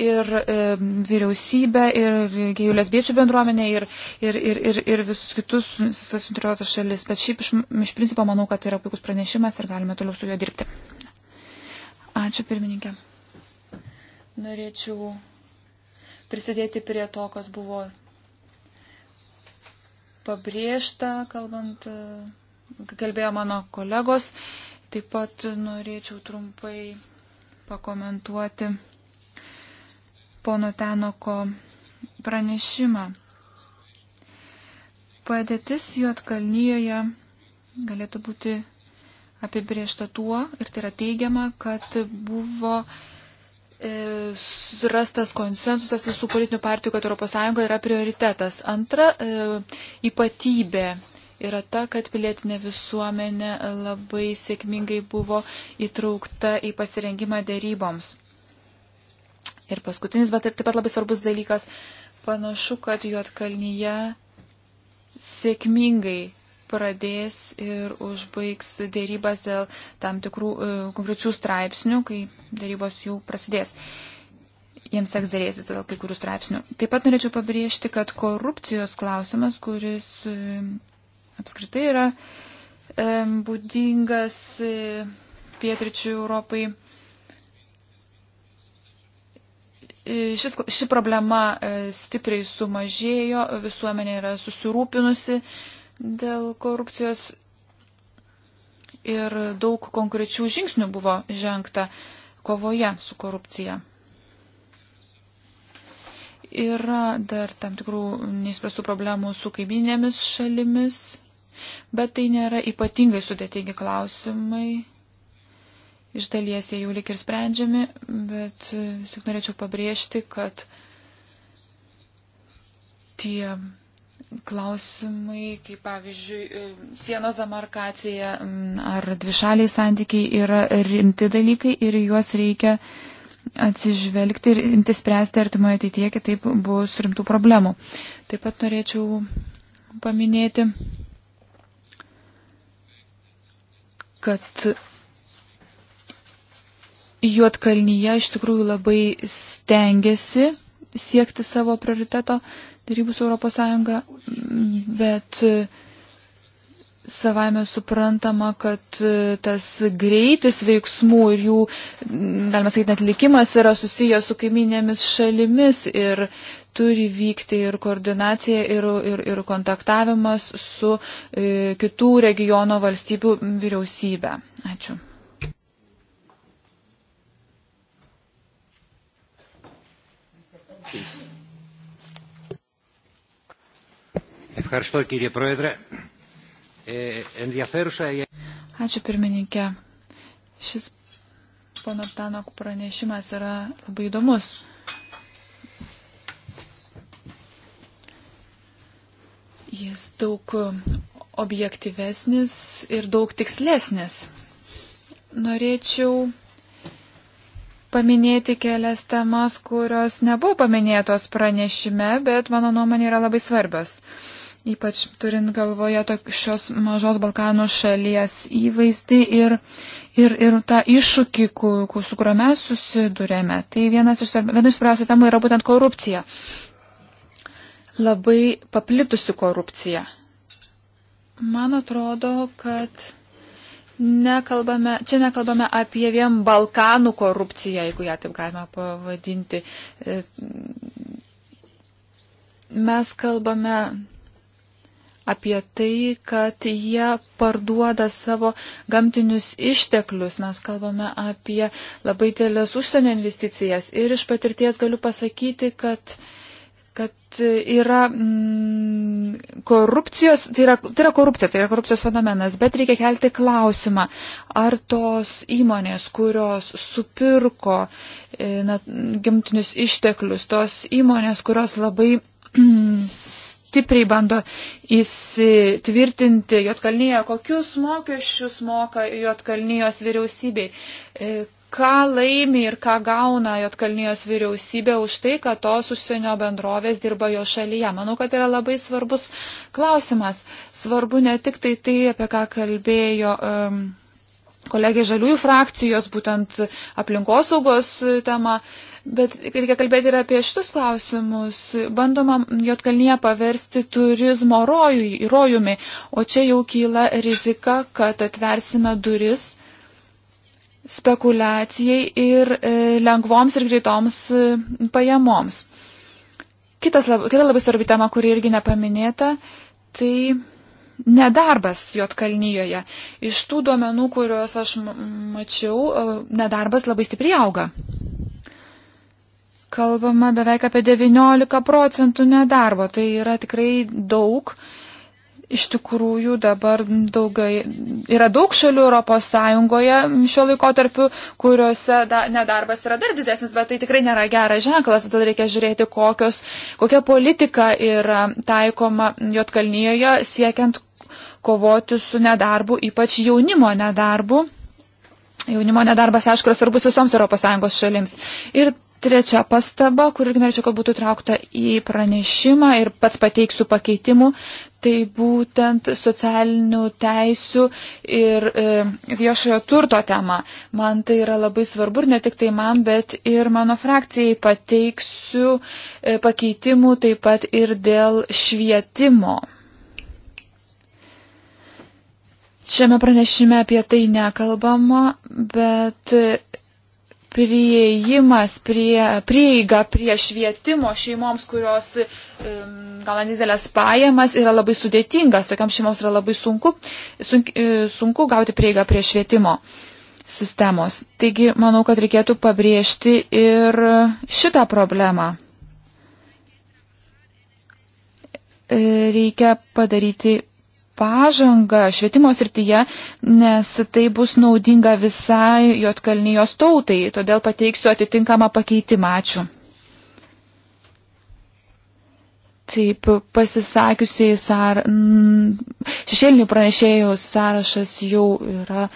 ir e, vyriausybę, ir gėjų lesbiečių bendruomenę, ir, ir, ir, ir, ir visus kitus suinteresuotas šalis. Bet šiaip iš, iš principo manau, kad tai yra puikus pranešimas ir galime toliau su juo dirbti. Ačiū pirmininkė. Norėčiau prisidėti prie to, kas buvo pabrėžta, kalbant, kalbėjo mano kolegos. Taip pat norėčiau trumpai pakomentuoti pono Tenoko pranešimą. Padėtis Juotkalnyjoje galėtų būti apibriešta tuo, ir tai yra teigiama, kad buvo e, rastas konsensusas visų politinių partijų, kad ES yra prioritetas. Antra e, ypatybė yra ta, kad pilietinė visuomenė labai sėkmingai buvo įtraukta į pasirengimą dėryboms. Ir paskutinis, bet taip pat labai svarbus dalykas, panašu, kad Juotkalnyje sėkmingai pradės ir užbaigs dėrybas dėl tam tikrų e, konkrečių straipsnių, kai dėrybos jų prasidės. Jiems seks dėrėsis dėl kai kurių straipsnių. Taip pat norėčiau pabrėžti, kad korupcijos klausimas, kuris e, apskritai yra e, būdingas e, pietričių Europai, e, šis, ši problema e, stipriai sumažėjo, visuomenė yra susirūpinusi, dėl korupcijos ir daug konkrečių žingsnių buvo žengta kovoje su korupcija. Yra dar tam tikrų neįspręstų problemų su kaiminėmis šalimis, bet tai nėra ypatingai sudėtingi klausimai. Iš dalies jie jau lik ir sprendžiami, bet vis tik norėčiau pabrėžti, kad tie klausimai, kaip pavyzdžiui, e, sienos demarkacija ar dvišaliai santykiai yra rimti dalykai ir juos reikia atsižvelgti ir imti spręsti artimoje ateityje, kitaip bus rimtų problemų. Taip pat norėčiau paminėti, kad Juotkalnyje iš tikrųjų labai stengiasi siekti savo prioriteto, darybų su ES, bet e, savame suprantama, kad e, tas greitis veiksmų ir jų, galima sakyti, atlikimas yra susijęs su kaiminėmis šalimis ir turi vykti ir koordinacija, ir, ir, ir kontaktavimas su e, kitų regiono valstybių vyriausybė. Ačiū. Peace. Ευχαριστώ κύριε Πρόεδρε. Ε, ενδιαφέρουσα η... Ačiū pirmininkė. Šis pono Tanok pranešimas yra labai įdomus. Jis daug objektyvesnis ir daug tikslesnis. Norėčiau paminėti kelias temas, kurios nebuvo paminėtos pranešime, bet mano nuomonė yra labai svarbios ypač turint galvoje šios mažos Balkanų šalies įvaizdį ir, ir, ir tą iššūkį, ku, ku, su kuriuo mes susidurėme. Tai vienas iš, viena iš svarbiausių temų yra būtent korupcija. Labai paplitusi korupcija. Man atrodo, kad nekalbame, čia nekalbame apie vien Balkanų korupciją, jeigu ją taip galima pavadinti. E, mes kalbame apie tai, kad jie parduoda savo gamtinius išteklius. Mes kalbame apie labai tėlės užsienio investicijas. Ir iš patirties galiu pasakyti, kad kad yra mm, korupcijos, tai yra, tai yra korupcija, tai yra korupcijos fenomenas, bet reikia kelti klausimą, ar tos įmonės, kurios supirko e, na, gimtinius išteklius, tos įmonės, kurios labai mm, [CLEARS THROAT] stipriai bando įsitvirtinti Jotkalnyje. Kokius mokesčius moka Jotkalnyjos vyriausybei? Ką laimi ir ką gauna Jotkalnyjos vyriausybė už tai, kad tos užsienio bendrovės dirba jo šalyje? Manau, kad yra labai svarbus klausimas. Svarbu ne tik tai tai, apie ką kalbėjo. Um, kolegė žaliųjų frakcijos, būtent aplinkosaugos tema. Uh, Bet reikia kalbėti ir apie šitus klausimus. Bandoma Jotkalnyje paversti turizmo rojui, rojumi, o čia jau kyla rizika, kad atversime duris spekulacijai ir e, lengvoms ir greitoms e, pajamoms. Kitas, lab, kita labai svarbi tema, kuri irgi nepaminėta, tai nedarbas Jotkalnyjoje. Iš tų duomenų, kuriuos aš mačiau, e, nedarbas labai stipriai auga kalbama beveik apie 19 procentų nedarbo. Tai yra tikrai daug. Iš tikrųjų dabar daugai, yra daug šalių Europos Sąjungoje šio laiko tarpiu, kuriuose da, nedarbas yra dar didesnis, bet tai tikrai nėra geras ženklas, todėl reikia žiūrėti, kokios, kokia politika yra taikoma Jotkalnyjoje siekiant kovoti su nedarbu, ypač jaunimo nedarbu. Jaunimo nedarbas, aišku, yra svarbus visoms ES šalims. Ir trečia pastaba, kur irgi norėčiau, kad būtų traukta į pranešimą ir pats pateiksiu pakeitimų, tai būtent socialinių teisių ir e, viešojo turto tema. Man tai yra labai svarbu ir ne tik tai man, bet ir mano frakcijai pateiksiu e, pakeitimų taip pat ir dėl švietimo. Šiame pranešime apie tai nekalbama, bet prieimas, prie, prieiga prie švietimo šeimoms, kurios gauna didelės pajamas, yra labai sudėtingas. Tokiam šeimoms yra labai sunku, sunk, e, sunku gauti prieigą prie švietimo sistemos. Taigi, manau, kad reikėtų pabrėžti ir šitą problemą. E, reikia padaryti pažangą švietimo srityje, nes tai bus naudinga visai Jotkalnyjos tautai, todėl pateiksiu atitinkamą pakeitimą. Ačiū. Taip, pasisakiusiai sar... šešėlinių pranešėjų sąrašas jau yra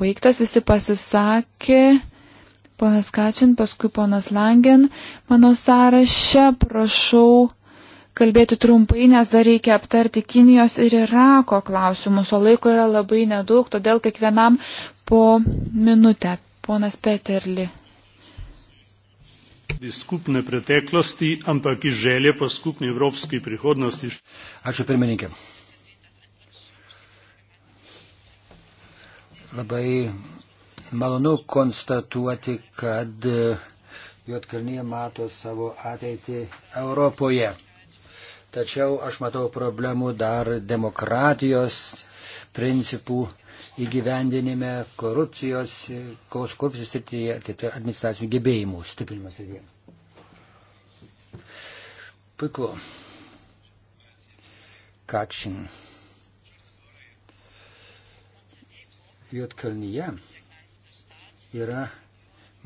baigtas, visi pasisakė. Ponas Kačin, paskui ponas Langen mano sąraše, prašau kalbėti trumpai, nes dar reikia aptarti Kinijos ir Irako klausimus, o laiko yra labai nedaug, todėl kiekvienam po minutę. Ponas Peterli. Iz skupne preteklosti, ampak iz želje po skupni evropski prihodnosti. Ačiū pirmininkė. Labai malonu konstatuoti, kad Jotkalnyje mato savo ateitį Europoje. Tačiau aš matau problemų dar demokratijos principų įgyvendinime, korupcijos, kovos korupcijos srityje, administracinių gebėjimų stiprinimas srityje. Puiku. Kačin. Jotkalnyje yra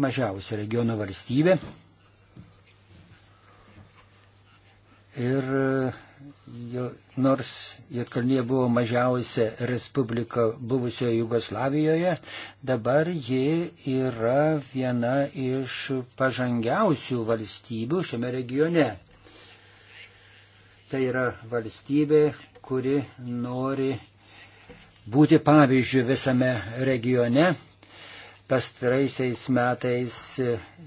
mažiausia regiono valstybė Ir e, jo, nors Jotkalnyje buvo mažiausia respublika buvusioje Jugoslavijoje, dabar ji yra viena iš pažangiausių valstybių šiame regione. Tai yra valstybė, kuri nori būti pavyzdžių visame regione Pastaraisiais metais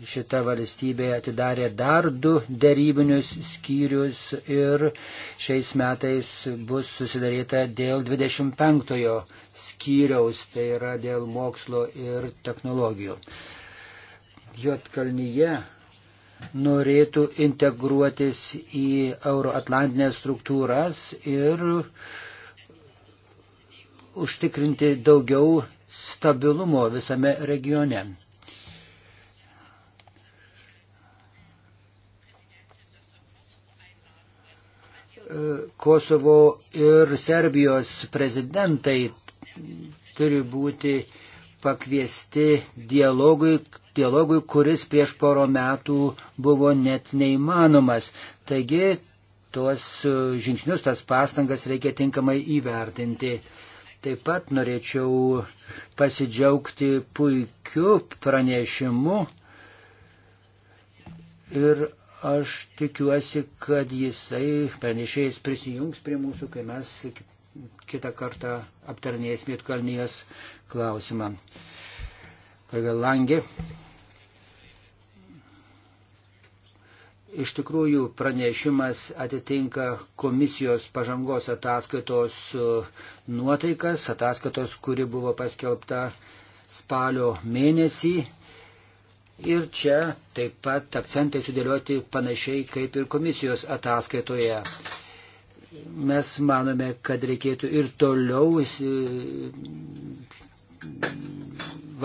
šita valstybė atidarė dar du dėrybinius skyrius ir šiais metais bus susidaryta dėl 25-ojo skyriaus, tai yra dėl mokslo ir technologijų. Jotkalnyje norėtų integruotis į euroatlantinės struktūras ir užtikrinti daugiau stabilumo visame regione. Kosovo ir Serbijos prezidentai turi būti pakviesti dialogui, dialogui, kuris prieš poro metų buvo net neįmanomas. Taigi tuos žingsnius, tas pastangas reikia tinkamai įvertinti. Taip pat norėčiau pasidžiaugti puikiu pranešimu ir aš tikiuosi, kad jisai pranešėjas prisijungs prie mūsų, kai mes kitą kartą aptarnėsime Kalnijos klausimą. Kolega Langė. Iš tikrųjų, pranešimas atitinka komisijos pažangos ataskaitos e, nuotaikas, ataskaitos, kuri buvo paskelbta spalio mėnesį. Ir čia taip pat akcentai sudėlioti panašiai kaip ir komisijos ataskaitoje. Mes manome, kad reikėtų ir toliau e,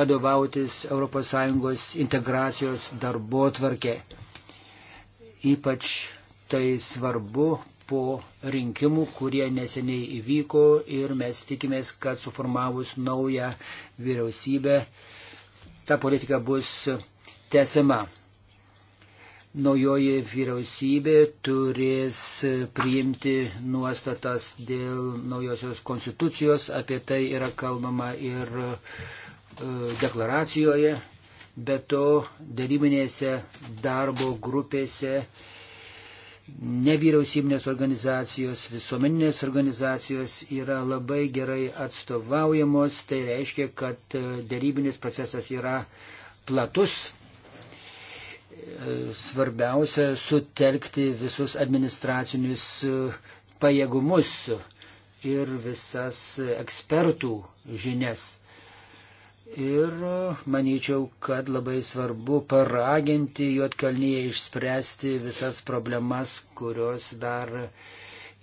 vadovautis ES integracijos darbo tvarkė. Ypač tai svarbu po rinkimų, kurie neseniai įvyko ir mes tikimės, kad suformavus naują vyriausybę ta politika bus tęsiama. Naujoji vyriausybė turės priimti nuostatas dėl naujosios konstitucijos, apie tai yra kalbama ir e, deklaracijoje Be to, darybinėse darbo grupėse nevyriausybinės organizacijos, visuomeninės organizacijos yra labai gerai atstovaujamos. Tai reiškia, kad e, darybinis procesas yra platus. E, svarbiausia sutelkti visus administracinius e, pajėgumus ir visas ekspertų žinias. Ir uh, manyčiau, kad labai svarbu paraginti Juotkalnyje išspręsti visas problemas, kurios dar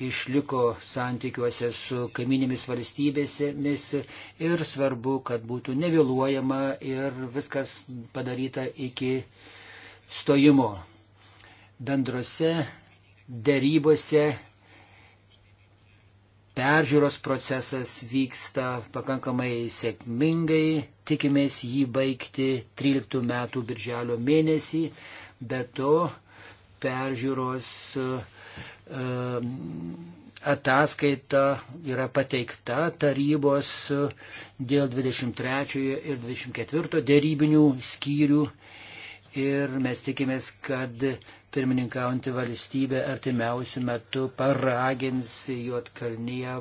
išliko santykiuose su kaiminėmis valstybėmis. Ir svarbu, kad būtų nevėluojama ir viskas padaryta iki stojimo. Bendrose dėrybose peržiūros procesas vyksta pakankamai sėkmingai, tikimės jį baigti 13 metų birželio mėnesį, bet to peržiūros e, e, ataskaita yra pateikta tarybos dėl 23 ir 24 dėrybinių skyrių ir mes tikimės, kad pirmininkaujantį valstybę artimiausių metų paragins Juotkalnyje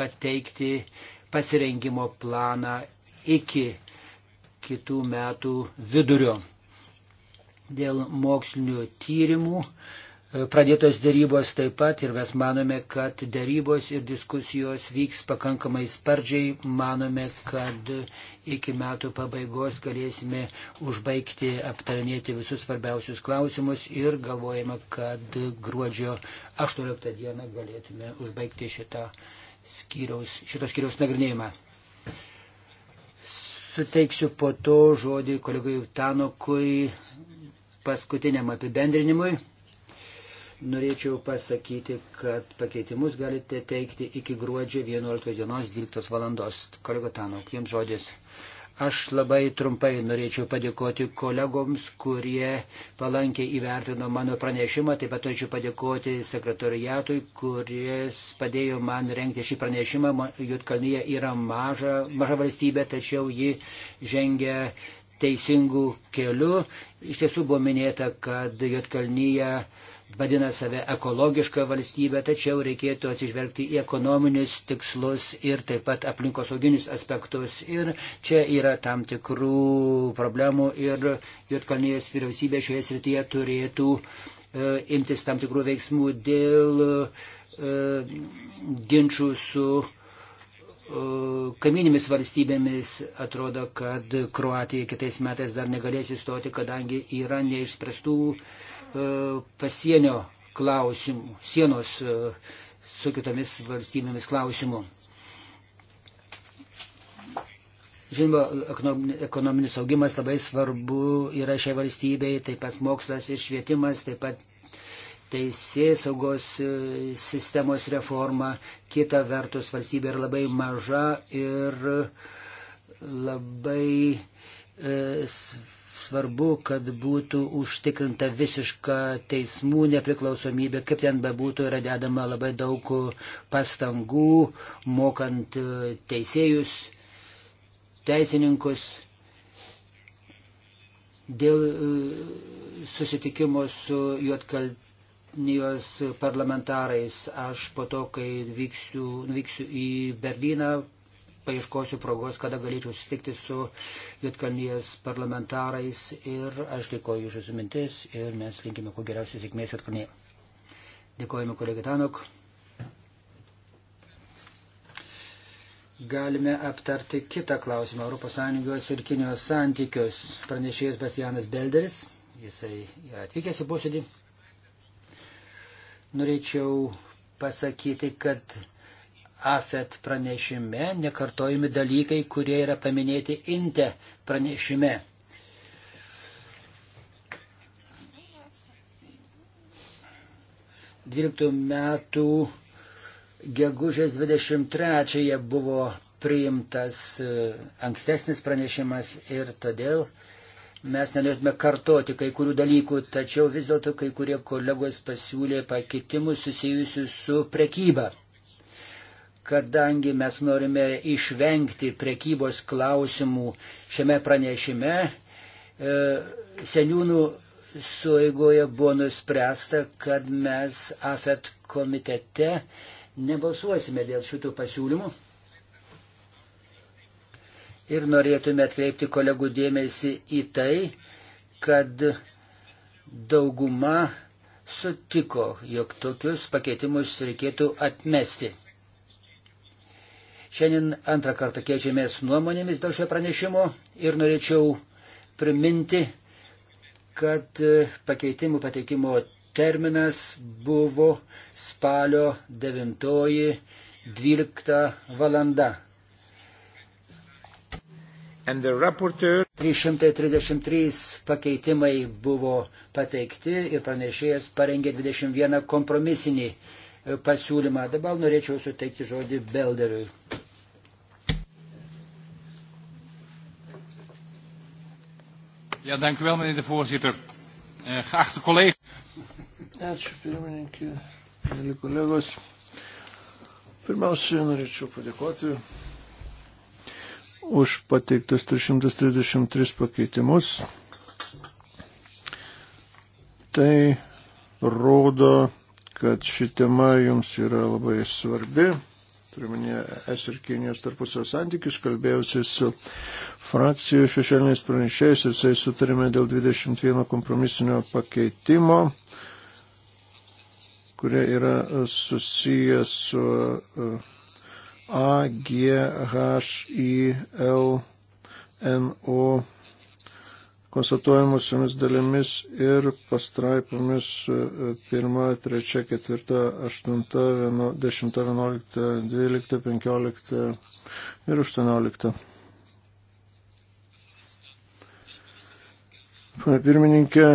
pateikti pasirengimo planą iki kitų metų vidurio. Dėl mokslinių tyrimų pradėtos dėrybos taip pat ir mes manome, kad dėrybos ir diskusijos vyks pakankamai spardžiai. Manome, kad iki metų pabaigos galėsime užbaigti aptarinėti visus svarbiausius klausimus ir galvojame, kad gruodžio 18 dieną galėtume užbaigti šitą skyriaus, šitos skyriaus nagrinėjimą suteiksiu po to žodį kolegai Tanokui paskutiniam apibendrinimui norėčiau pasakyti, kad pakeitimus galite teikti iki gruodžio 11 dienos 12 valandos. Kolego Tanok, jums žodis. Aš labai trumpai norėčiau padėkoti kolegoms, kurie palankiai įvertino mano pranešimą. Taip pat norėčiau padėkoti sekretoriatui, kuris padėjo man renkti šį pranešimą. Jutkalnyje yra maža, maža valstybė, tačiau ji žengia teisingų kelių. Iš tiesų buvo minėta, kad Jutkalnyje vadina save ekologišką valstybę, tačiau reikėtų atsižvelgti į ekonominius tikslus ir taip pat aplinkosauginius aspektus. Ir čia yra tam tikrų problemų ir Jotkalnijos vyriausybė šioje srityje turėtų e, imtis tam tikrų veiksmų dėl e, ginčių su e, kaiminimis valstybėmis. Atrodo, kad Kroatija kitais metais dar negalės įstoti, kadangi yra neišspręstų E, pasienio klausimų, sienos e, su kitomis valstybėmis klausimų. Žinoma, ekonominis augimas labai svarbu yra šiai valstybei, taip pat mokslas ir švietimas, taip pat teisės saugos e, sistemos reforma. Kita vertus, valstybė yra labai maža ir labai svarbu, kad būtų užtikrinta visiška teismų nepriklausomybė, kaip ten bebūtų, yra dedama labai daug pastangų, mokant e, teisėjus, teisininkus. Dėl e, susitikimo su Juotkalnijos parlamentarais aš po to, kai vyksiu, vyksiu į Berliną, paieškosiu progos, kada galėčiau susitikti su Jotkalnyjas parlamentarais ir aš dėkoju už jūsų mintis ir mes linkime kuo geriausios sėkmės Jotkalnyje. Dėkojame kolegai Tanok. Galime aptarti kitą klausimą ES ir Kinijos santykius. Pranešėjas Basijanas Belderis, jisai yra atvykęs į posėdį. Norėčiau pasakyti, kad AFET pranešime nekartojami dalykai, kurie yra paminėti INTE pranešime. Dvyliktų metų gegužės 23-ąją buvo priimtas e, ankstesnis pranešimas ir todėl mes nenorėtume kartoti kai kurių dalykų, tačiau vis dėlto kai kurie kolegos pasiūlė pakitimus susijusius su prekyba kadangi mes norime išvengti prekybos klausimų šiame pranešime, e, seniūnų sueigoje buvo nuspręsta, kad mes AFET komitete nebalsuosime dėl šitų pasiūlymų. Ir norėtume atkreipti kolegų dėmesį į tai, kad dauguma sutiko, jog tokius pakeitimus reikėtų atmesti. Šiandien antrą kartą keičiamės nuomonėmis dėl šio pranešimo ir norėčiau priminti, kad e, pakeitimų pateikimo terminas buvo spalio 9.12 valanda. 333 pakeitimai buvo pateikti ir pranešėjas parengė 21 kompromisinį pasiūlymą. Dabar norėčiau suteikti žodį Belderiui. Ja, dank u wel, meneer de voorzitter. Uh, geachte collega's. Ačiū, pirmininkė, mėly kolegos. Pirmiausia, norėčiau padėkoti už pateiktus 333 pakeitimus. Tai rodo kad ši tema jums yra labai svarbi. Turiminė es ir Kinijos tarpusio santykius, kalbėjausi su frakcijų šešėliniais pranešėjais ir jisai sutarėme dėl 21 kompromisinio pakeitimo, kurie yra e, susiję su e, A, G, H, I, L, N, O konstatuojamusiamis dalimis ir pastraipomis 1, 3, 4, 8, 10, 11, 12, 15 ir 18. Pane pirmininkė,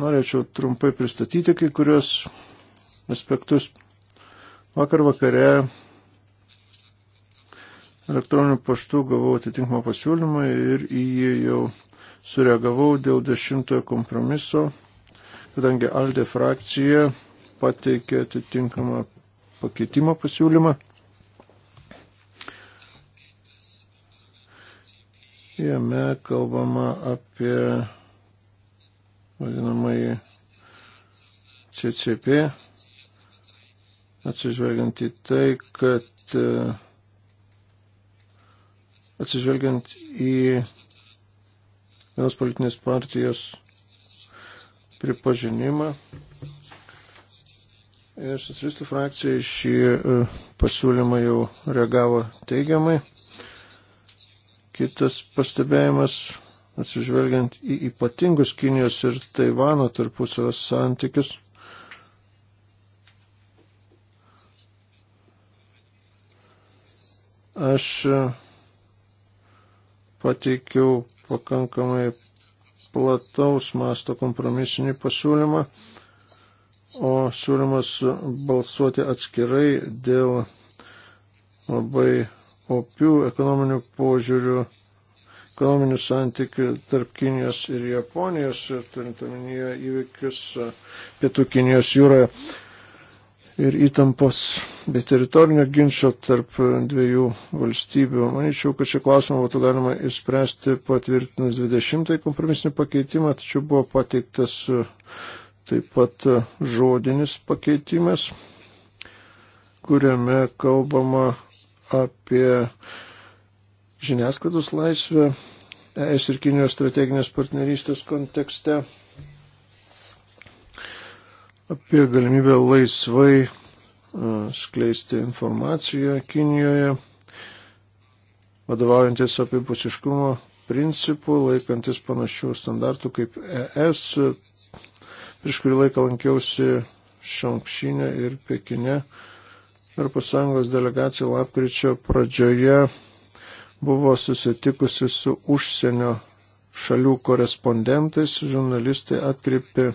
norėčiau trumpai pristatyti kai kurios aspektus. Vakar vakare elektroniniu paštu gavau atitinkamą pasiūlymą ir į jį jau sureagavau dėl dešimtojo kompromiso, kadangi Aldė frakcija pateikė atitinkamą pakeitimo pasiūlymą. Jame kalbama apie vadinamąjį CCP, atsižvelgiant į tai, kad atsižvelgiant į vienos politinės partijos pripažinimą. Ir socialistų frakcija šį e, pasiūlymą jau reagavo teigiamai. Kitas pastebėjimas, atsižvelgiant į ypatingus Kinijos ir Taivano tarpusavio santykius, aš e, pateikiau pakankamai plataus masto kompromisinį pasiūlymą, o siūlymas balsuoti atskirai dėl labai opių ekonominių požiūrių, ekonominių santykių tarp Kinijos ir Japonijos, turint omenyje įvykius Pietų Kinijos jūroje, ir įtampos bei teritorinio ginčio tarp dviejų valstybių. Manyčiau, kad šį klausimą būtų galima išspręsti patvirtinus 20 kompromisinį pakeitimą, tačiau buvo pateiktas taip pat žodinis pakeitimas, kuriame kalbama apie žiniasklaidos laisvę ES ir Kinijos strateginės partnerystės kontekste apie galimybę laisvai e, skleisti informaciją Kinijoje, vadovaujantis apipusiškumo principų, laikantis panašių standartų kaip ES. Prieš kurį laiką lankiausi Šankšinė ir Pekine. Europos Sąjungos delegacija lapkričio pradžioje buvo susitikusi su užsienio šalių korespondentais, žurnalistai atkreipė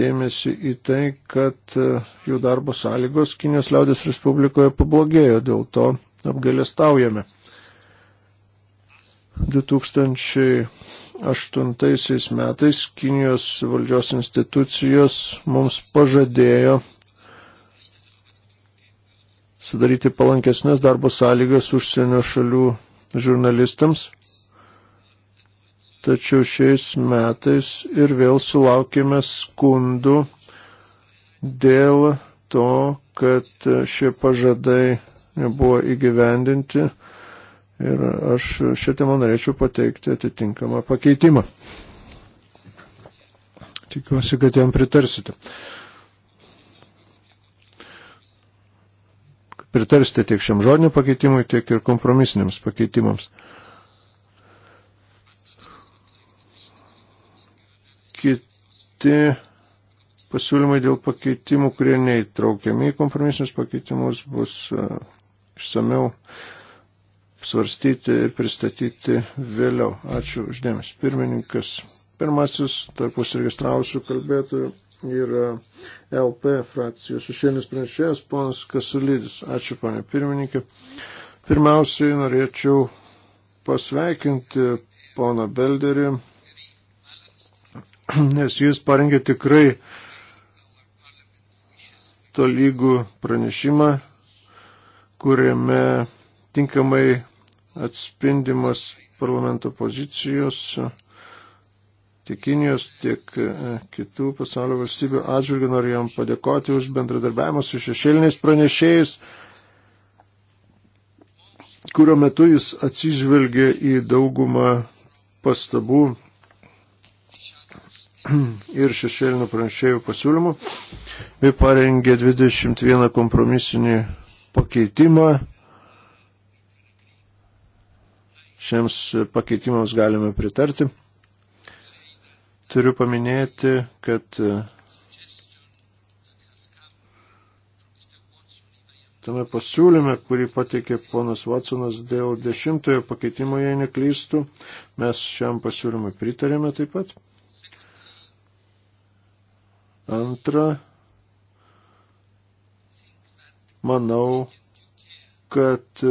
dėmesį į tai, kad e, jų darbo sąlygos Kinijos liaudės Respublikoje pablogėjo, dėl to apgalėstaujame. 2008 metais Kinijos valdžios institucijos mums pažadėjo sudaryti palankesnės darbo sąlygas užsienio šalių žurnalistams tačiau šiais metais ir vėl sulaukėme skundų dėl to, kad šie pažadai nebuvo įgyvendinti ir aš šią temą norėčiau pateikti atitinkamą pakeitimą. Tikiuosi, kad jam pritarsite. Pritarsite tiek šiam žodiniu pakeitimui, tiek ir kompromisiniams pakeitimams. kiti pasiūlymai dėl pakeitimų, kurie neįtraukiami į kompromisinius pakeitimus, bus e, išsameu svarstyti ir pristatyti vėliau. Ačiū uždėmesi. Pirmininkas. Pirmasis tarp užsiregistravusių kalbėtojų yra LP frakcijos užsienis pranešėjas ponas Kasulydis. Ačiū, panė pirmininkė. Pirmiausiai norėčiau pasveikinti poną Belderį [CLEARS THROAT] nes jis parengė tikrai tolygų pranešimą, kuriame tinkamai atspindimas parlamento pozicijos tiek Kinijos, tiek e, kitų pasaulio valstybių atžvilgių. Noriu jam padėkoti už bendradarbiavimą su šešėliniais pranešėjais, kurio metu jis atsižvelgė į daugumą pastabų [CLEARS THROAT] ir šešėlinių pranešėjų pasiūlymų, bei parengė 21 kompromisinį pakeitimą. Šiems pakeitimams galime pritarti. Turiu paminėti, kad tame pasiūlyme, kurį pateikė ponas Vatsonas dėl dešimtojo pakeitimo, jei neklystų, mes šiam pasiūlymui pritarėme taip pat. Antra, manau, kad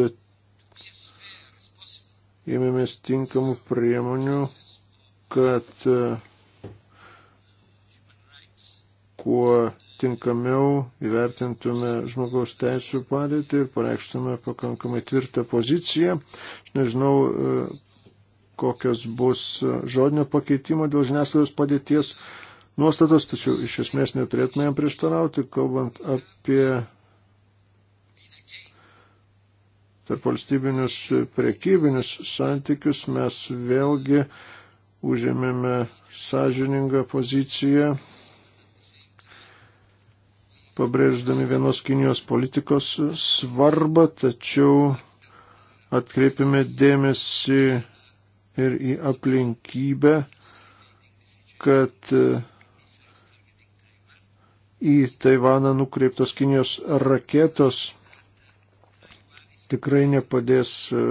ėmėmės tinkamų priemonių, kad kuo tinkamiau įvertintume žmogaus teisų padėtį ir pareikštume pakankamai tvirtą poziciją. Aš nežinau, e, kokios bus žodinio pakeitimo dėl žiniasklaidos padėties nuostatas, tačiau iš esmės neturėtume jam prieštarauti, kalbant apie tarp valstybinius prekybinius santykius, mes vėlgi užėmėme sąžiningą poziciją, pabrėždami vienos Kinijos politikos svarbą, tačiau atkreipime dėmesį ir į aplinkybę, kad į Taivaną nukreiptos Kinijos raketos tikrai nepadės e,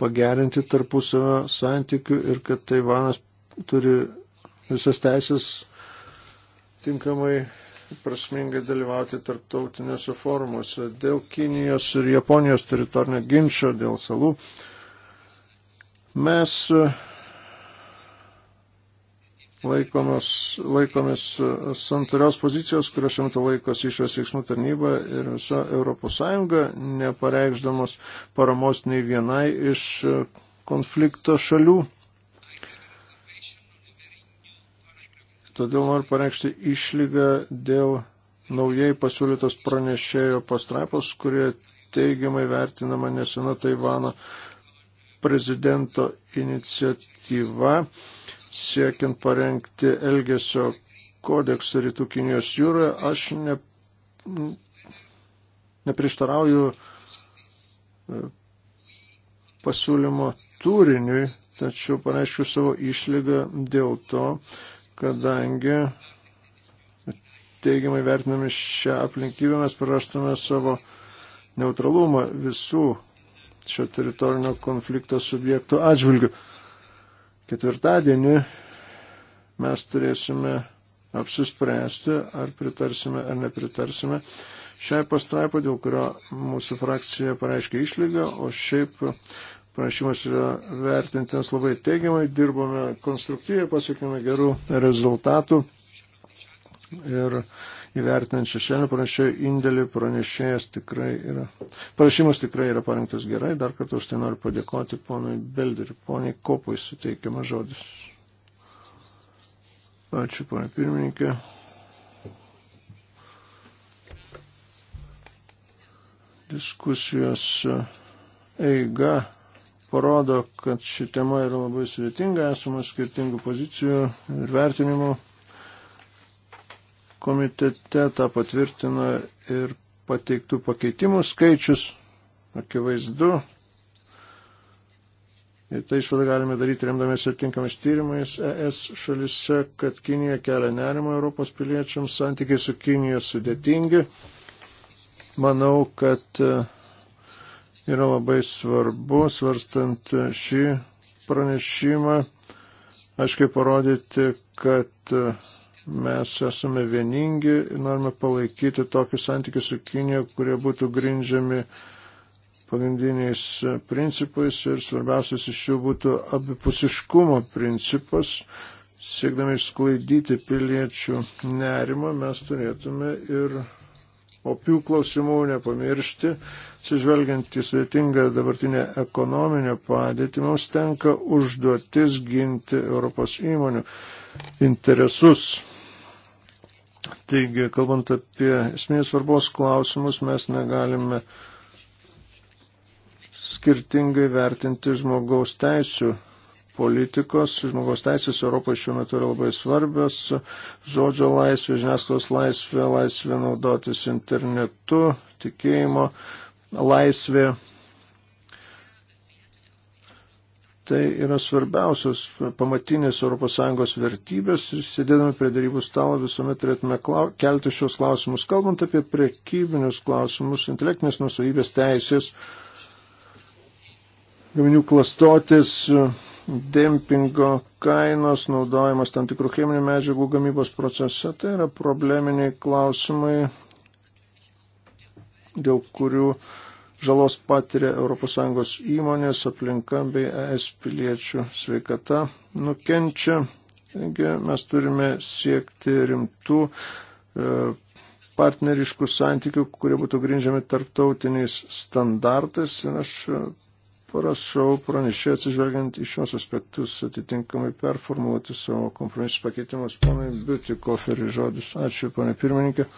pagerinti tarpusavio santykių ir kad Taivanas turi visas teisės tinkamai prasmingai dalyvauti tarptautiniuose forumuose dėl Kinijos ir Japonijos teritorinio ginčio, dėl salų. Mes e, laikomos, laikomis santarios pozicijos, kurio šiuo metu laikosi išvės veiksmų tarnyba ir visa ES, nepareikšdamos paramos nei vienai iš konflikto šalių. Todėl noriu pareikšti išlygą dėl naujai pasiūlytos pranešėjo pastraipos, kurie teigiamai vertinama nesena Taivano prezidento iniciatyva siekiant parengti Elgesio kodeksą Rytų Kinijos jūroje, aš ne, neprieštarauju e, pasiūlymo turiniui, tačiau pareiškiu savo išlygą dėl to, kadangi teigiamai vertinami šią aplinkybę mes prarastume savo neutralumą visų šio teritorinio konflikto subjektų atžvilgių ketvirtadienį mes turėsime apsispręsti, ar pritarsime ar nepritarsime šiai pastraipai, dėl kurio mūsų frakcija pareiškia išlygą, o šiaip pranešimas yra vertintins labai teigiamai, dirbome konstruktyviai, pasiekėme gerų rezultatų ir įvertinant šešėlį pranešėjų indėlį, pranešėjas tikrai yra, pranešimas tikrai yra parengtas gerai. Dar kartą už tai noriu padėkoti ponui Belderiu, poniai Kopui suteikiamas žodis. Ačiū, ponė pirmininkė. Diskusijos eiga parodo, kad ši tema yra labai sudėtinga, esama skirtingų pozicijų ir vertinimų komitete tą patvirtina ir pateiktų pakeitimų skaičius, akivaizdu. Ir tai išvadą galime daryti remdamėsi atinkamais tyrimais ES šalise, kad Kinija kelia nerimą Europos piliečiams, santykiai su Kinija sudėtingi. Manau, kad e, yra labai svarbu, svarstant šį pranešimą, aiškiai parodyti, kad e, Mes esame vieningi ir norime palaikyti tokius santykius su Kinija, kurie būtų grindžiami pagrindiniais principais ir svarbiausias iš jų būtų abipusiškumo principas. Siekdami išsklaidyti piliečių nerimą, mes turėtume ir opių klausimų nepamiršti, atsižvelgiant į sveitingą dabartinę ekonominę padėtį, mums tenka užduotis ginti Europos įmonių interesus. Taigi, kalbant apie esminės svarbos klausimus, mes negalime skirtingai vertinti žmogaus teisų politikos. Žmogaus teisės Europoje šiuo metu yra labai svarbios. Žodžio laisvė, žiniasklaidos laisvė, laisvė naudotis internetu, tikėjimo laisvė Tai yra svarbiausios pamatinės ES vertybės ir sėdėdami prie darybų stalo visuomet turėtume klau, kelti šios klausimus. Kalbant apie prekybinius klausimus, intelektinės nusavybės teisės, gaminių klastotės, dempingo kainos, naudojimas tam tikrų cheminių medžiagų gamybos procese. Tai yra probleminiai klausimai, dėl kurių uh, žalos patiria ES įmonės, aplinka bei ES piliečių sveikata nukenčia. Taigi mes turime siekti rimtų e, partneriškų santykių, kurie būtų grindžiami tarptautiniais standartais. Ir aš e, parašau pranešė atsižvelgiant iš šios aspektus atitinkamai performuoti savo kompromisus pakeitimus. Ponai, biuti koferį žodis. Ačiū, ponai pirmininkė.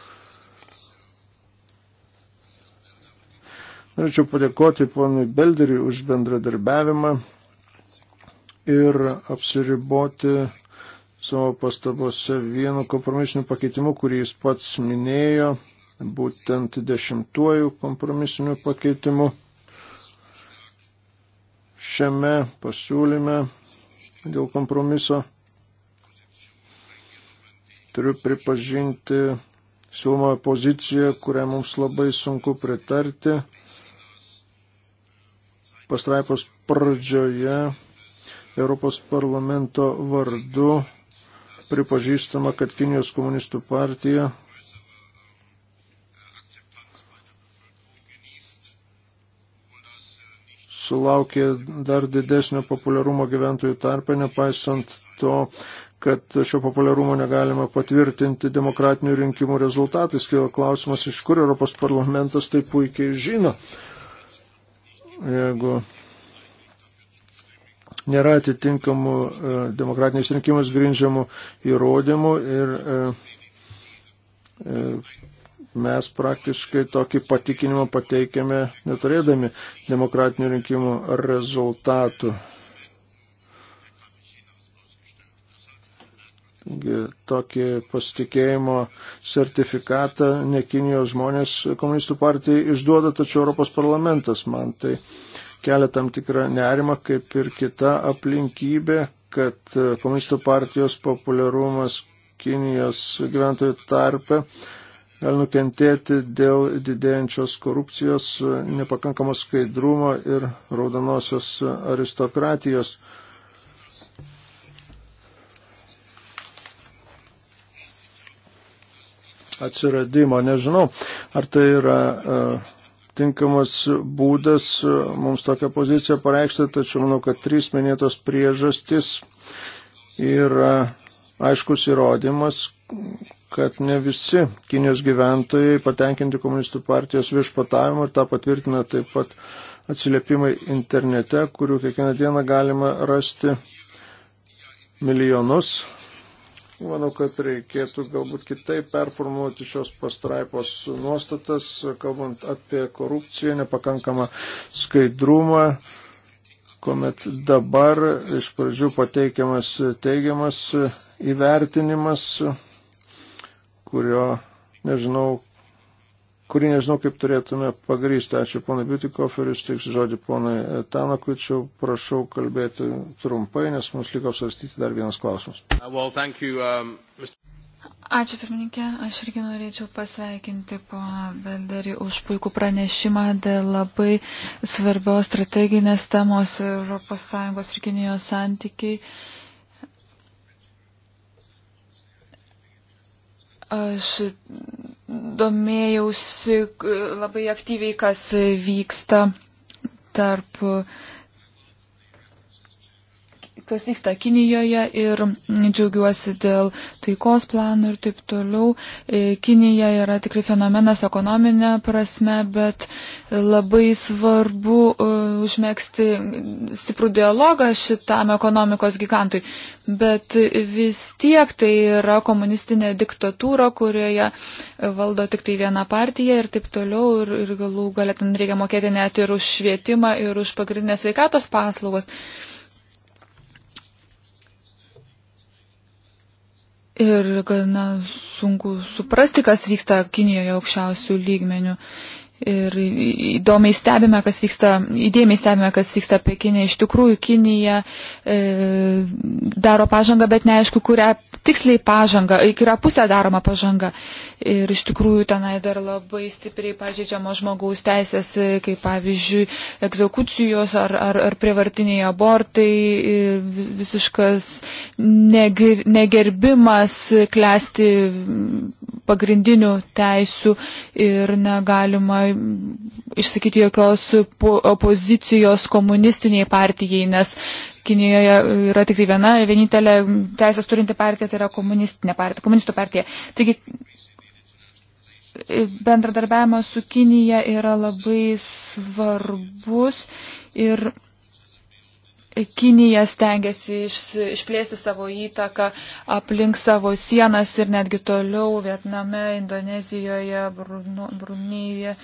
Norėčiau padėkoti ponui Belderiui už bendradarbiavimą ir apsiriboti savo pastabose vienu kompromisiniu pakeitimu, kurį jis pats minėjo, būtent dešimtuoju kompromisiniu pakeitimu. Šiame pasiūlyme dėl kompromiso turiu pripažinti siūlomą poziciją, kurią mums labai sunku pritarti pastraipos pradžioje Europos parlamento vardu pripažįstama, kad Kinijos komunistų partija sulaukė dar didesnio populiarumo gyventojų tarpe, nepaisant to, kad šio populiarumo negalima patvirtinti demokratinių rinkimų rezultatais. Kila klausimas, iš kur Europos parlamentas tai puikiai žino jeigu nėra atitinkamų e, demokratiniais rinkimus grindžiamų įrodymų ir e, e, mes praktiškai tokį patikinimą pateikėme neturėdami demokratinių rinkimų rezultatų. Taigi, tokį pasitikėjimo sertifikatą ne Kinijos žmonės komunistų partijai išduoda, tačiau Europos parlamentas man tai kelia tam tikrą nerimą, kaip ir kita aplinkybė, kad komunistų partijos populiarumas Kinijos gyventojų tarpe gali nukentėti dėl didėjančios korupcijos, nepakankamos skaidrumo ir raudonosios aristokratijos. atsiradimo. Nežinau, ar tai yra e, tinkamas būdas e, mums tokią poziciją pareikšti, tačiau manau, kad trys minėtos priežastys yra aiškus įrodymas, kad ne visi Kinijos gyventojai patenkinti komunistų partijos viršpatavimu ir tą patvirtina taip pat atsiliepimai internete, kurių kiekvieną dieną galima rasti milijonus. Manau, kad reikėtų galbūt kitaip performuoti šios pastraipos nuostatas, kalbant apie korupciją, nepakankamą skaidrumą, kuomet dabar iš pradžių pateikiamas teigiamas įvertinimas, kurio nežinau, kurį nežinau, kaip turėtume pagrysti. Ačiū ponai Biutikoferius, teiksiu žodį ponai Tanakučiu, prašau kalbėti trumpai, nes mums liko svarstyti dar vienas klausimas. Uh, well, you, um, Ačiū pirmininkė, aš irgi norėčiau pasveikinti poną Belderį už puikų pranešimą dėl labai svarbios strateginės temos ES ir Kinijos santykiai. Uh, Aš domėjausi labai aktyviai, kas vyksta tarp kas vyksta Kinijoje ir džiaugiuosi dėl taikos planų ir taip toliau. E, Kinija yra tikrai fenomenas ekonominė prasme, bet labai svarbu e, užmėgsti stiprų dialogą šitam ekonomikos gigantui. Bet vis tiek tai yra komunistinė diktatūra, kurioje valdo tik tai viena partija ir taip toliau. Ir, ir galų galia ten reikia mokėti net ir už švietimą, ir už pagrindinės veikatos paslaugas. Ir gana sunku suprasti, kas vyksta Kinijoje aukščiausių lygmenių. Ir įdomiai stebime, kas vyksta, įdėmiai stebime, kas vyksta Pekinė. Iš tikrųjų, Kinija e, daro pažangą, bet neaišku, kurią tiksliai pažangą, į kurią pusę daroma pažanga. Ir iš tikrųjų, tenai dar labai stipriai pažeidžiamo žmogaus teisės, e, kaip pavyzdžiui, egzekucijos ar, ar, ar privartiniai abortai, e, visiškas neger, negerbimas, klesti pagrindinių teisių ir negalima išsakyti jokios opozicijos komunistiniai partijai, nes Kinijoje yra tik tai viena, vienintelė teisės turinti partija, tai yra komunistinė partija, komunistų partija. Taigi bendradarbiavimas su Kinija yra labai svarbus ir Kinija stengiasi iš, išplėsti savo įtaką aplink savo sienas ir netgi toliau Vietname, Indonezijoje, Brunėje,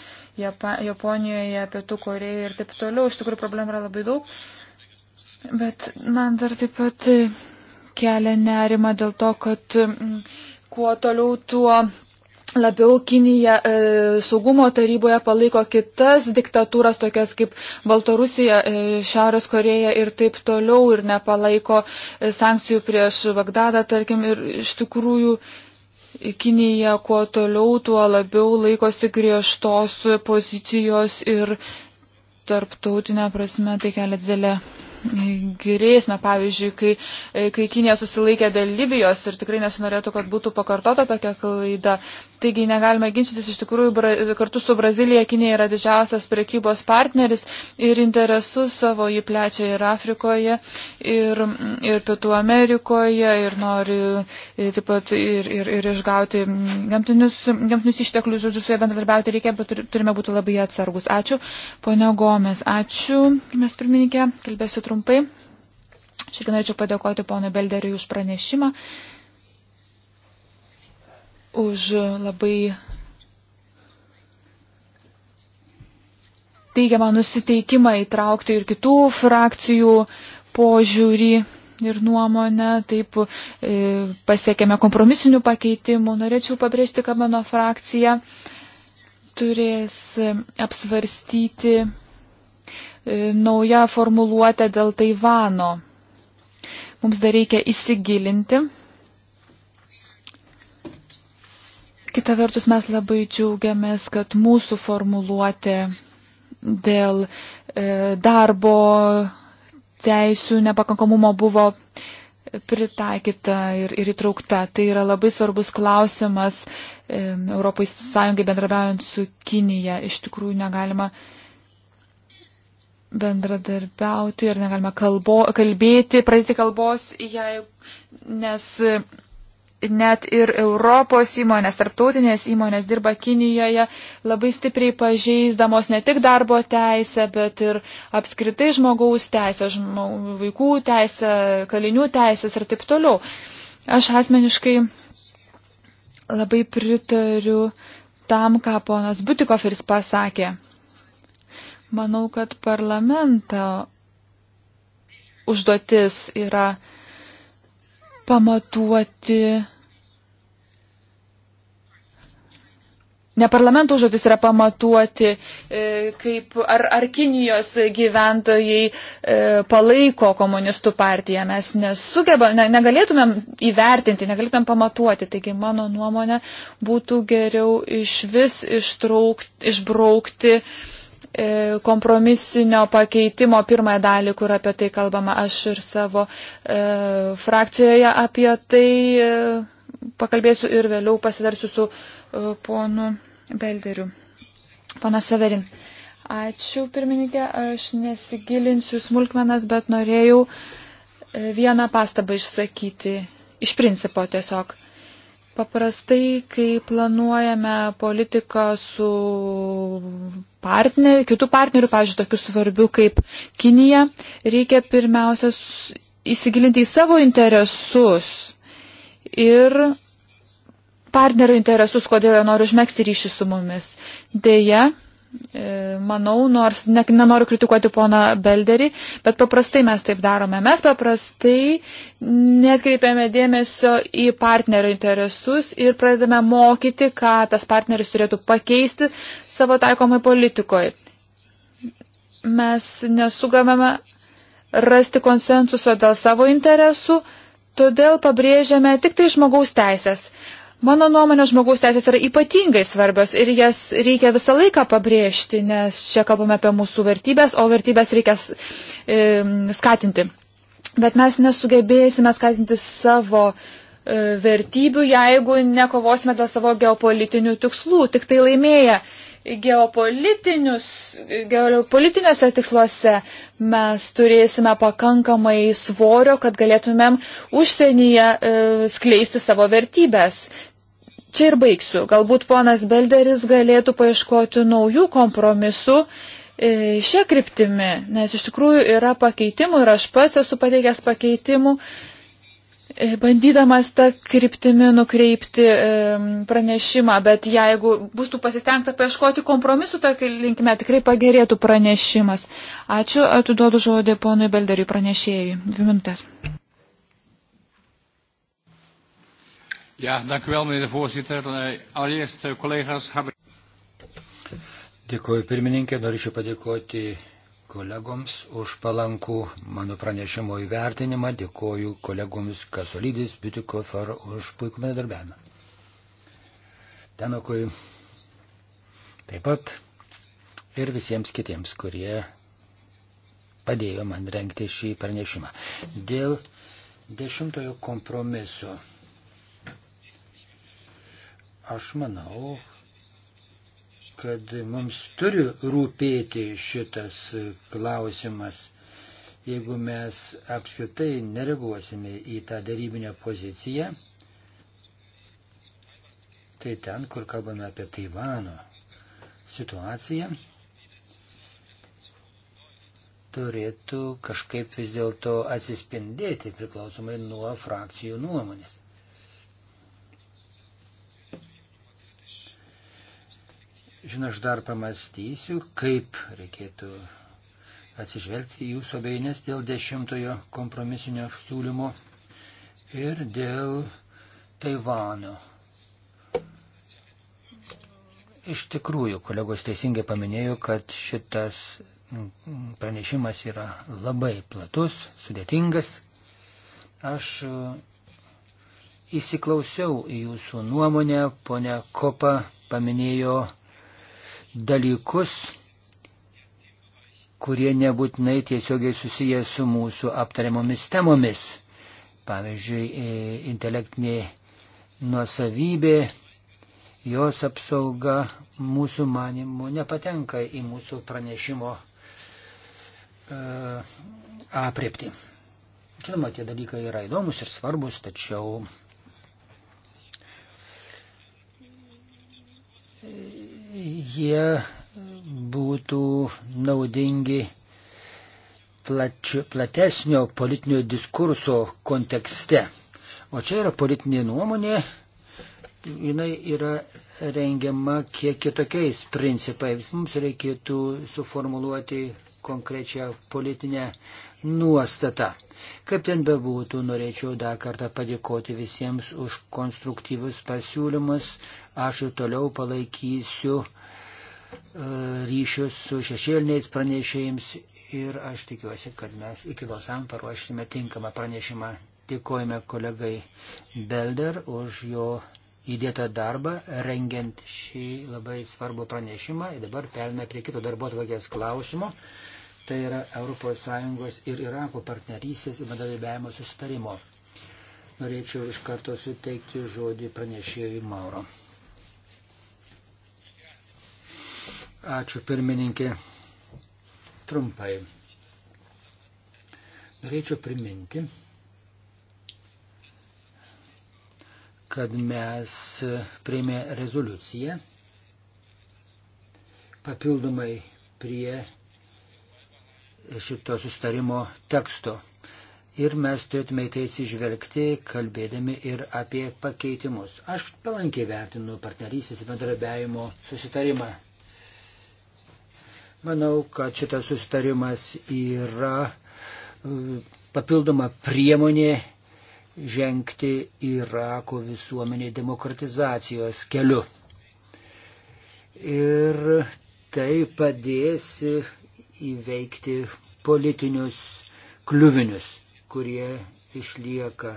Japonijoje, Pietų Korejoje ir taip toliau. Iš tikrųjų problemų yra labai daug. Bet man dar taip pat kelia nerima dėl to, kad mm, kuo toliau tuo labiau Kinija e, saugumo taryboje palaiko kitas diktatūras, tokias kaip Baltarusija, e, Šiaurės Koreja ir taip toliau, ir nepalaiko e, sankcijų prieš Bagdadą, tarkim, ir iš tikrųjų. Kinija kuo toliau, tuo labiau laikosi griežtos pozicijos ir tarptautinė prasme tai kelia didelę grėsmę, pavyzdžiui, kai, e, kai Kinė susilaikė dėl Libijos ir tikrai nesinorėtų, kad būtų pakartota tokia klaida, Taigi negalime ginčytis, iš tikrųjų kartu su Brazilija Kinė yra didžiausias prekybos partneris ir interesus savo jį plečia ir Afrikoje, ir, ir Pietų Amerikoje, ir nori e, taip pat ir, ir, ir išgauti gamtinius, gamtinius išteklius, žodžiu, su jie bendradarbiauti reikia, bet turime būti labai atsargus. Ačiū, ponia Gomes, ačiū, mes pirmininkė, kalbėsiu trumpai. Šiandien norėčiau padėkoti ponui Belderiui už pranešimą už labai teigiamą nusiteikimą įtraukti ir kitų frakcijų požiūrį ir nuomonę. Taip e, pasiekėme kompromisinių pakeitimų. Norėčiau pabrėžti, kad mano frakcija turės apsvarstyti e, naują formuluotę dėl Taivano. Mums dar reikia įsigilinti Kita vertus, mes labai džiaugiamės, kad mūsų formuluotė dėl e, darbo teisų nepakankamumo buvo pritaikyta ir, ir įtraukta. Tai yra labai svarbus klausimas e, Europos Sąjungai bendrabiaujant su Kinija. Iš tikrųjų negalima bendradarbiauti ir negalima kalbo, kalbėti, pradėti kalbos, jei, nes net ir Europos įmonės, tarptautinės įmonės dirba Kinijoje, labai stipriai pažeisdamos ne tik darbo teisę, bet ir apskritai žmogaus teisę, žmog, vaikų teisę, kalinių teisės ir taip toliau. Aš asmeniškai labai pritariu tam, ką ponas Butikoferis pasakė. Manau, kad parlamento užduotis yra pamatuoti Ne parlamento užduotis yra pamatuoti, e, kaip, ar, ar Kinijos gyventojai e, palaiko komunistų partiją. Mes nesugebam, ne, negalėtumėm įvertinti, negalėtumėm pamatuoti. Taigi mano nuomonė būtų geriau iš vis ištraukti, išbraukti e, kompromisinio pakeitimo pirmąją dalį, kur apie tai kalbama aš ir savo e, frakcijoje apie tai e, pakalbėsiu ir vėliau pasidarsiu su E, ponu Belderiu. Pana Severin. Ačiū, pirmininkė. Aš nesigilinsiu smulkmenas, bet norėjau e, vieną pastabą išsakyti. Iš principo tiesiog. Paprastai, kai planuojame politiką su partneriu, kitų partnerių, pavyzdžiui, tokių svarbių kaip Kinija, reikia pirmiausia įsigilinti į savo interesus ir partnerių interesus, kodėl jie nori užmėgsti ryšį su mumis. Deja, e, manau, nors ne, nenoriu kritikuoti pona Belderį, bet paprastai mes taip darome. Mes paprastai netkreipiame dėmesio į partnerio interesus ir pradedame mokyti, ką tas partneris turėtų pakeisti savo taikomai politikoje. Mes nesugamame rasti konsensuso dėl savo interesų, todėl pabrėžiame tik tai žmogaus teisės. Mano nuomonė, žmogaus teisės yra ypatingai svarbios ir jas reikia visą laiką pabrėžti, nes čia kalbame apie mūsų vertybės, o vertybės reikia e, skatinti. Bet mes nesugebėsime skatinti savo e, vertybių, jeigu nekovosime dėl savo geopolitinių tikslų, tik tai laimėję. Geopolitiniuose tiksluose mes turėsime pakankamai svorio, kad galėtumėm užsienyje e, skleisti savo vertybės. Čia ir baigsiu. Galbūt ponas Belderis galėtų paieškoti naujų kompromisų e, šią kryptimį, nes iš tikrųjų yra pakeitimų ir aš pats esu pateikęs pakeitimų, e, bandydamas tą kryptimį nukreipti e, pranešimą, bet jeigu būtų pasistengta paieškoti kompromisų, tokia linkime tikrai pagerėtų pranešimas. Ačiū, atiduodu žodį ponui Belderiui pranešėjui. Dvi minutės. Ja, dank u wel, meneer de voorzitter. Eh, allereerst, eh, collega's, hebben. Dėkuoju pirmininkė, norėčiau padėkoti kolegoms už palankų mano pranešimo įvertinimą, dėkoju kolegoms Kasolydis, Bitikofer už puikų bendradarbiavimą. Tenokui taip pat ir visiems kitiems, kurie padėjo man renkti šį pranešimą. Dėl dešimtojo kompromiso Aš manau, kad mums turi rūpėti šitas klausimas. Jeigu mes apskritai nereaguosime į tą darybinę poziciją, tai ten, kur kalbame apie Taivano situaciją, turėtų kažkaip vis dėlto atsispindėti priklausomai nuo frakcijų nuomonės. Žinau, aš dar pamastysiu, kaip reikėtų atsižvelgti jūsų abejonės dėl dešimtojo kompromisinio siūlymo ir dėl Taivano. Iš tikrųjų, kolegos teisingai paminėjo, kad šitas pranešimas yra labai platus, sudėtingas. Aš e, įsiklausiau į jūsų nuomonę, ponia Kopa paminėjo dalykus, kurie nebūtinai tiesiogiai susiję su mūsų aptariamomis temomis. Pavyzdžiui, e, intelektinė nuosavybė, jos apsauga mūsų manimų nepatenka į mūsų pranešimo uh, apriepti. Žinoma, tie dalykai yra įdomus ir svarbus, tačiau jie būtų naudingi plačio, platesnio politinio diskurso kontekste. O čia yra politinė nuomonė, jinai yra rengiama kiek kitokiais principais. Mums reikėtų suformuluoti konkrečią politinę nuostatą. Kaip ten bebūtų, norėčiau dar kartą padėkoti visiems už konstruktyvius pasiūlymus. Aš ir toliau palaikysiu e, ryšius su šešėliniais pranešėjams ir aš tikiuosi, kad mes iki balsam paruošime tinkamą pranešimą. Dėkojame kolegai Belder už jo įdėtą darbą, rengiant šį labai svarbų pranešimą. Ir dabar perėmė prie kito darbo atvarkės klausimo. Tai yra ES ir Irako partnerysės ir bendradarbiavimo susitarimo. Norėčiau iš karto suteikti žodį pranešėjui Mauro. Ačiū pirmininkė. Trumpai. Norėčiau priminti, kad mes prieimė rezoliuciją papildomai prie šito sustarimo teksto. Ir mes turėtume į tai atsižvelgti, kalbėdami ir apie pakeitimus. Aš palankiai vertinu partnerystės bendrabiajimo susitarimą Manau, kad šitas sustarimas yra e, papildoma priemonė žengti Irako visuomenė demokratizacijos keliu. Ir tai padės įveikti politinius kliuvinius, kurie išlieka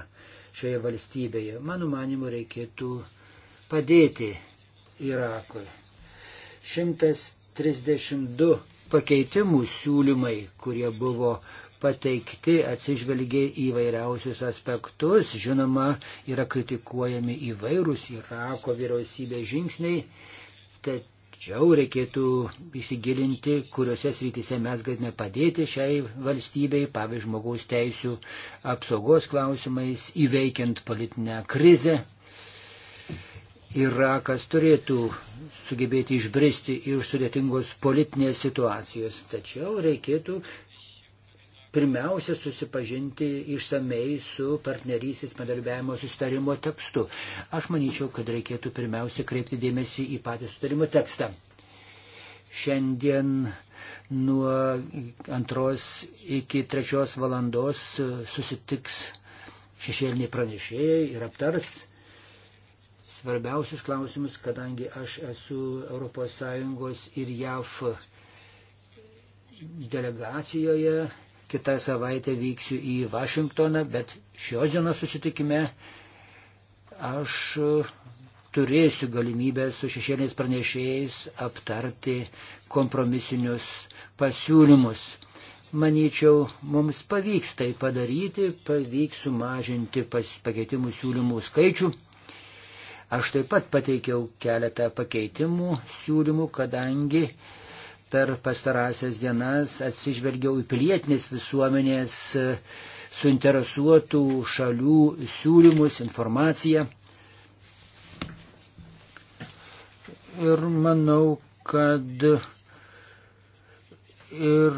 šioje valstybėje. Mano manimu, reikėtų padėti Irakui. 100 32 pakeitimų siūlymai, kurie buvo pateikti atsižvelgiai į vairiausius aspektus. Žinoma, yra kritikuojami įvairūs Irako vyriausybės žingsniai, tačiau reikėtų įsigilinti, kuriuose srityse mes galime padėti šiai valstybei, pavyzdžiui, žmogaus teisų apsaugos klausimais, įveikiant politinę krizę. Irakas turėtų sugebėti išbristi iš sudėtingos politinės situacijos, tačiau reikėtų pirmiausia susipažinti išsamei su partnerysis bendarbiavimo sustarimo tekstu. Aš manyčiau, kad reikėtų pirmiausia kreipti dėmesį į patį sustarimo tekstą. Šiandien nuo antros iki trečios valandos susitiks šešėliniai pranešėjai ir aptars svarbiausius klausimus, kadangi aš esu ES ir JAV delegacijoje. Kitą savaitę vyksiu į Vašingtoną, bet šios dienos susitikime aš turėsiu galimybę su šešėliais pranešėjais aptarti kompromisinius pasiūlymus. Manyčiau, mums pavyks tai padaryti, pavyks sumažinti pakeitimų siūlymų skaičių. Aš taip pat pateikiau keletą pakeitimų, siūlymų, kadangi per pastarąsias dienas atsižvelgiau į pilietinės visuomenės e, suinteresuotų šalių siūlymus, informaciją. Ir manau, kad ir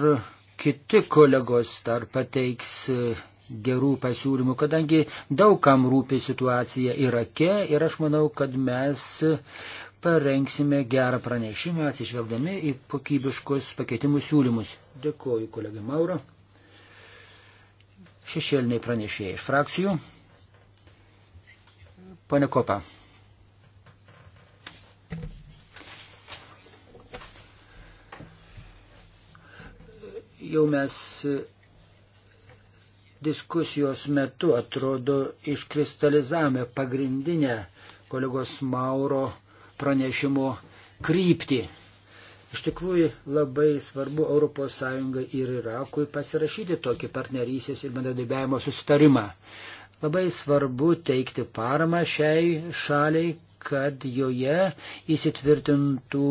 kiti kolegos dar pateiks e, gerų pasiūlymų, kadangi daugam rūpi situacija Irake ir aš manau, kad mes parengsime gerą pranešimą atsižvelgdami į kokybiškus pakeitimų siūlymus. Dėkuoju kolegai Mauro. Šešėliniai pranešėjai iš frakcijų. Pane Kopa. Jau mes diskusijos metu, atrodo, iškristalizavome pagrindinę kolegos Mauro pranešimo kryptį. Iš tikrųjų labai svarbu ES ir Irakui pasirašyti tokį partnerysės ir bendradarbiavimo susitarimą. Labai svarbu teikti paramą šiai šaliai, kad joje įsitvirtintų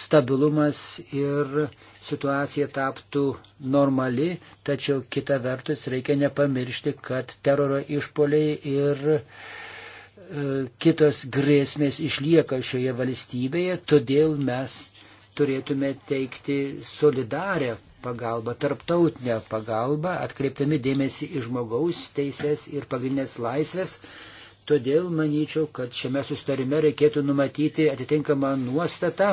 stabilumas ir situacija taptų normali, tačiau kita vertus reikia nepamiršti, kad teroro išpoliai ir e, kitos grėsmės išlieka šioje valstybėje, todėl mes turėtume teikti solidarę pagalbą, tarptautinę pagalbą, atkreiptami dėmesį į žmogaus teises ir pagrindinės laisvės Todėl manyčiau, kad šiame sustarime reikėtų numatyti atitinkamą nuostatą,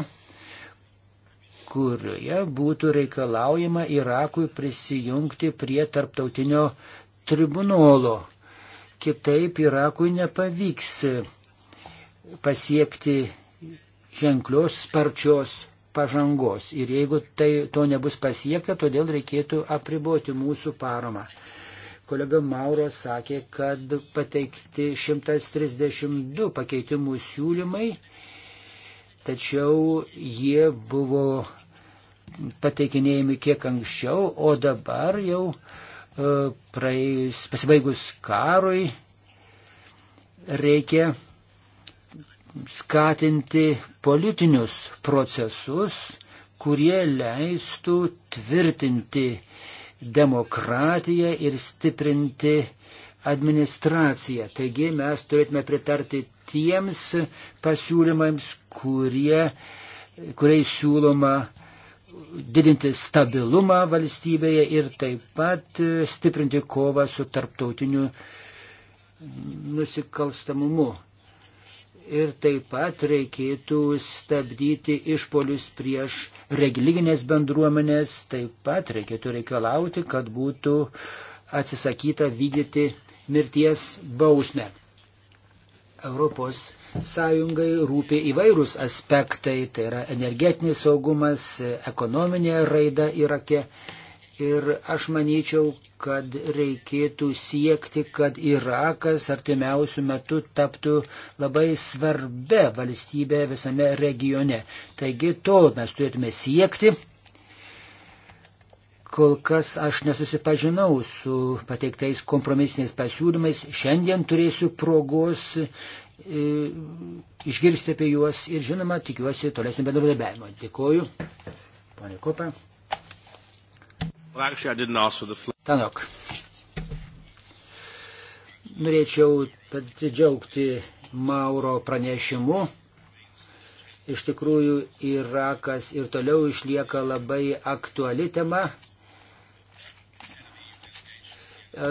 kurioje būtų reikalaujama Irakui prisijungti prie tarptautinio tribunolo. Kitaip Irakui nepavyks pasiekti ženklios sparčios pažangos. Ir jeigu tai, to nebus pasiekta, todėl reikėtų apriboti mūsų paramą. Kolega Mauro sakė, kad pateikti 132 pakeitimų siūlymai, tačiau jie buvo pateikinėjami kiek anksčiau, o dabar jau e, praėjus, pasibaigus karui reikia skatinti politinius procesus, kurie leistų tvirtinti demokratiją ir stiprinti administraciją. Taigi mes turėtume pritarti tiems pasiūlymams, kurie, kuriais siūloma didinti stabilumą valstybėje ir taip pat stiprinti kovą su tarptautiniu nusikalstamumu ir taip pat reikėtų stabdyti išpolius prieš religinės bendruomenės, taip pat reikėtų reikalauti, kad būtų atsisakyta vykdyti mirties bausmę. Europos Sąjungai rūpi įvairūs aspektai, tai yra energetinis saugumas, ekonominė raida Irake. Ir Ir aš manyčiau, kad reikėtų siekti, kad Irakas artimiausių metų taptų labai svarbia valstybė visame regione. Taigi to mes turėtume siekti. Kol kas aš nesusipažinau su pateiktais kompromisiniais pasiūlymais. Šiandien turėsiu progos e, išgirsti apie juos ir žinoma, tikiuosi tolesnio bendradarbiavimo. Dėkoju. Pane Kopa. Tanok. Norėčiau pasidžiaugti Mauro pranešimu. Iš tikrųjų, Irakas ir toliau išlieka labai aktuali tema.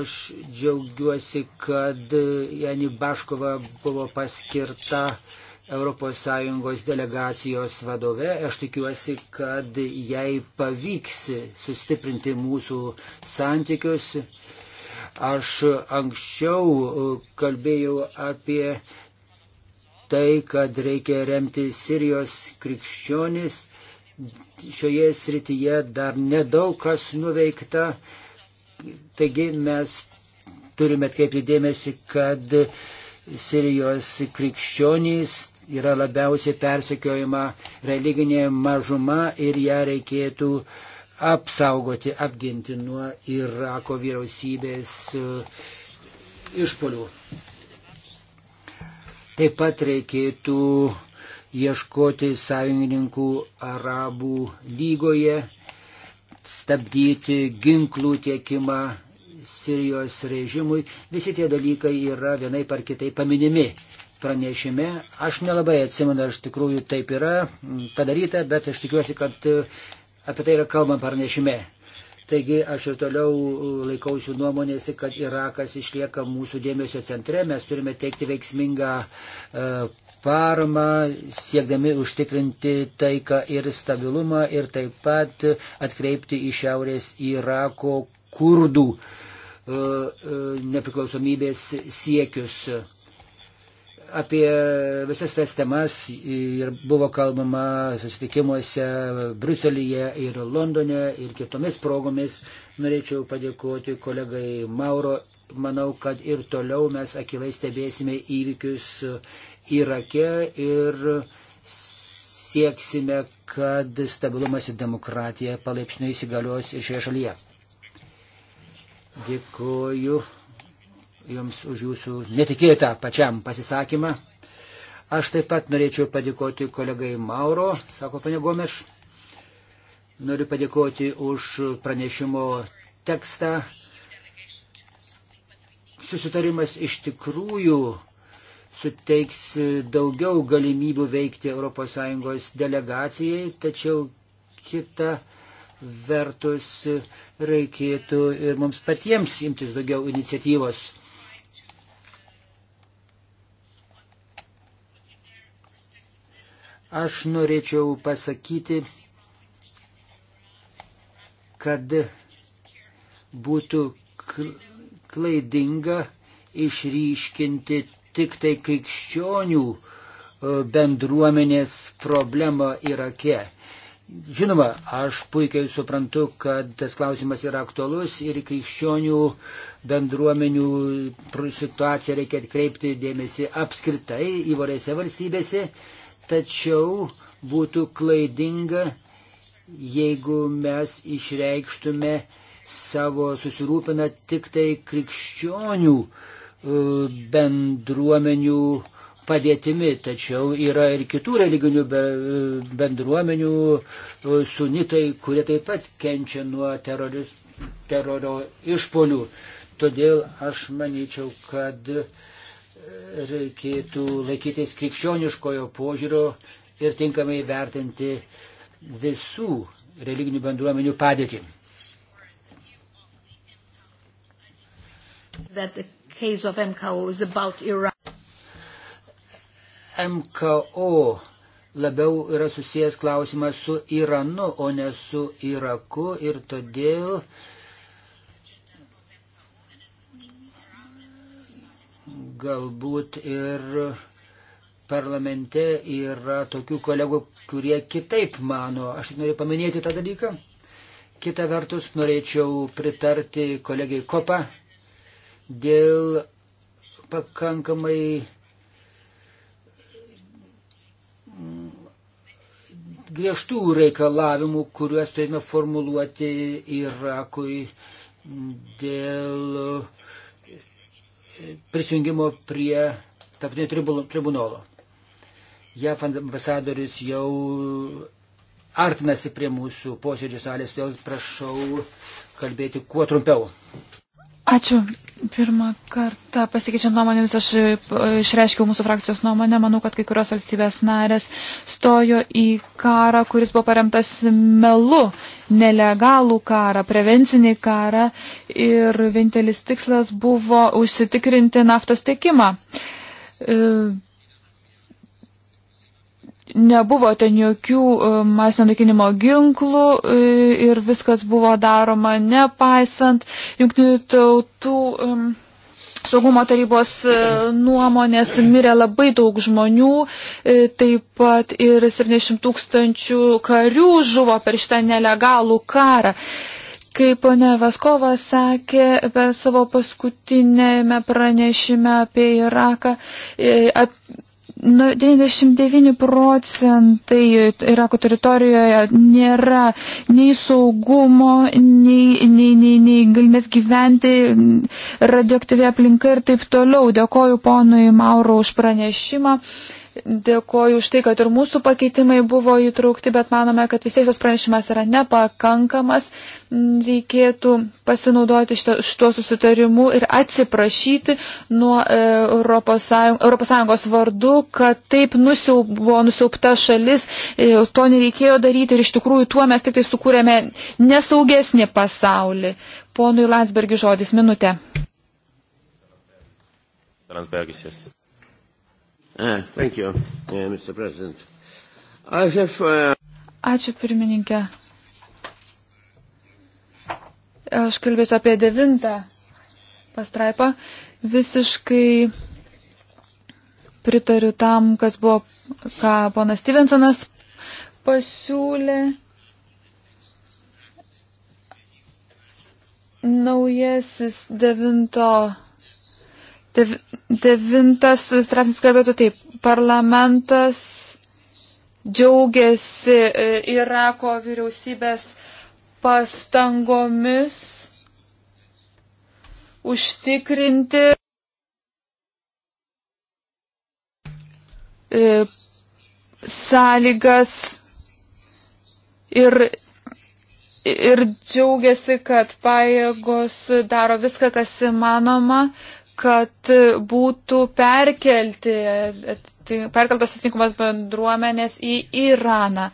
Aš džiaugiuosi, kad Jani Baškova buvo paskirta uh, ES delegacijos vadove. Aš tikiuosi, kad jai pavyks sustiprinti mūsų santykius. Aš anksčiau uh, kalbėjau apie tai, kad reikia remti Sirijos krikščionis. Šioje srityje dar nedaug kas nuveikta. Taigi mes turime atkreipti dėmesį, kad Sirijos krikščionys yra labiausiai persekiojama religinė mažuma ir ją reikėtų apsaugoti, apginti nuo Irako vyriausybės e, išpolių. Taip pat reikėtų ieškoti sąjungininkų Arabų lygoje, stabdyti ginklų tiekimą Sirijos režimui. Visi tie dalykai yra vienai par kitai paminimi pranešime. Aš nelabai atsimenu, ar iš tikrųjų taip yra mm, padaryta, bet aš tikiuosi, kad e, apie tai yra kalbama pranešime. Taigi aš ir toliau e, laikausiu nuomonės, kad Irakas išlieka mūsų dėmesio centre, mes turime teikti veiksmingą e, paramą, siekdami užtikrinti taiką ir stabilumą ir taip pat atkreipti į šiaurės Irako kurdų nepriklausomybės siekius apie visas tas temas ir buvo kalbama susitikimuose Bruselyje ir Londone ir kitomis progomis. Norėčiau padėkoti kolegai Mauro. Manau, kad ir toliau mes akilai stebėsime įvykius Irake ir sieksime, kad stabilumas ir demokratija palaipsniui įsigalios ir šioje šalyje. Dėkuoju. Jums už Jūsų netikėtą pačiam pasisakymą. Aš taip pat norėčiau padėkoti kolegai Mauro, sako panė Gomeš. Noriu padėkoti už pranešimo tekstą. Susitarimas iš tikrųjų suteiks daugiau galimybių veikti ES delegacijai, tačiau kita vertus reikėtų ir mums patiems imtis daugiau iniciatyvos. Aš norėčiau pasakyti, kad būtų klaidinga išryškinti tik tai krikščionių e, bendruomenės problemą Irake. Žinoma, aš puikiai suprantu, kad tas klausimas yra aktualus ir krikščionių bendruomenių situaciją reikia atkreipti dėmesį apskritai įvairiose valstybėse, Tačiau būtų klaidinga, jeigu mes išreikštume savo susirūpina tik tai krikščionių e, bendruomenių padėtimi, tačiau yra ir kitų religinių e, bendruomenių e, sunitai, kurie taip pat kenčia nuo teroris, teroro išpolių. Todėl aš manyčiau, kad uh, reikėtų laikytis krikščioniškojo požiūrio ir tinkamai vertinti visų religinių bendruomenių padėtį. MKO labiau yra susijęs klausimas su Iranu, o ne su Iraku ir todėl uh, galbūt ir parlamente yra tokių kolegų, kurie kitaip mano. Aš tik noriu paminėti tą dalyką. Kita vertus, norėčiau pritarti kolegiai Kopa dėl pakankamai mm, griežtų reikalavimų, kuriuos turime formuluoti Irakui dėl uh, prisijungimo prie tarptautinio tribunolo. JAF ambasadoris jau artinasi prie mūsų posėdžių salės, todėl prašau kalbėti kuo trumpiau. Ačiū. Pirmą kartą pasikeičiant nuomonėmis aš e, išreiškiau mūsų frakcijos nuomonę. Manau, kad kai kurios valstybės narės stojo į karą, kuris buvo paremtas melu, nelegalų karą, prevencinį karą ir vienintelis tikslas buvo užsitikrinti naftos tiekimą. E, nebuvo ten jokių e, masinio naikinimo ginklų e, ir viskas buvo daroma nepaisant jungtinių tautų e, saugumo tarybos nuomonės mirė labai daug žmonių, taip pat ir 70 tūkstančių karių žuvo per šitą nelegalų karą. Kaip ponė Vaskova sakė per savo paskutinėme pranešime apie Iraką, ap, 99 nu, procentai Irako teritorijoje nėra nei saugumo, nei, nei, nei, nei galimės gyventi radioaktyvi aplinka ir taip toliau. Dėkoju ponui Mauro už pranešimą. Uh, Dėkoju už tai, kad ir mūsų pakeitimai buvo įtraukti, bet manome, kad vis tiek tas pranešimas yra nepakankamas. Reikėtų pasinaudoti šituo susitarimu ir atsiprašyti nuo ES, ES vardu, kad taip nusiaub, buvo nusiaupta šalis, e, to nereikėjo daryti ir iš tikrųjų tuo mes tik tai sukūrėme nesaugesnį pasaulį. Ponui Landsbergi žodis minutė. Landsbergis. Yes. Uh, thank you, uh, Mr. President. I have, uh... Ačiū pirmininkė. Aš kalbėsiu apie devintą pastraipą. Visiškai pritariu tam, kas buvo, ką ponas Stevensonas pasiūlė. Naujasis devinto Dev, devintas straipsnis kalbėtų taip. Parlamentas džiaugiasi e, Irako vyriausybės pastangomis užtikrinti e, sąlygas ir ir džiaugiasi, kad pajėgos daro viską, kas įmanoma, kad būtų perkelti, perkeltos atitinkamas bendruomenės į Iraną.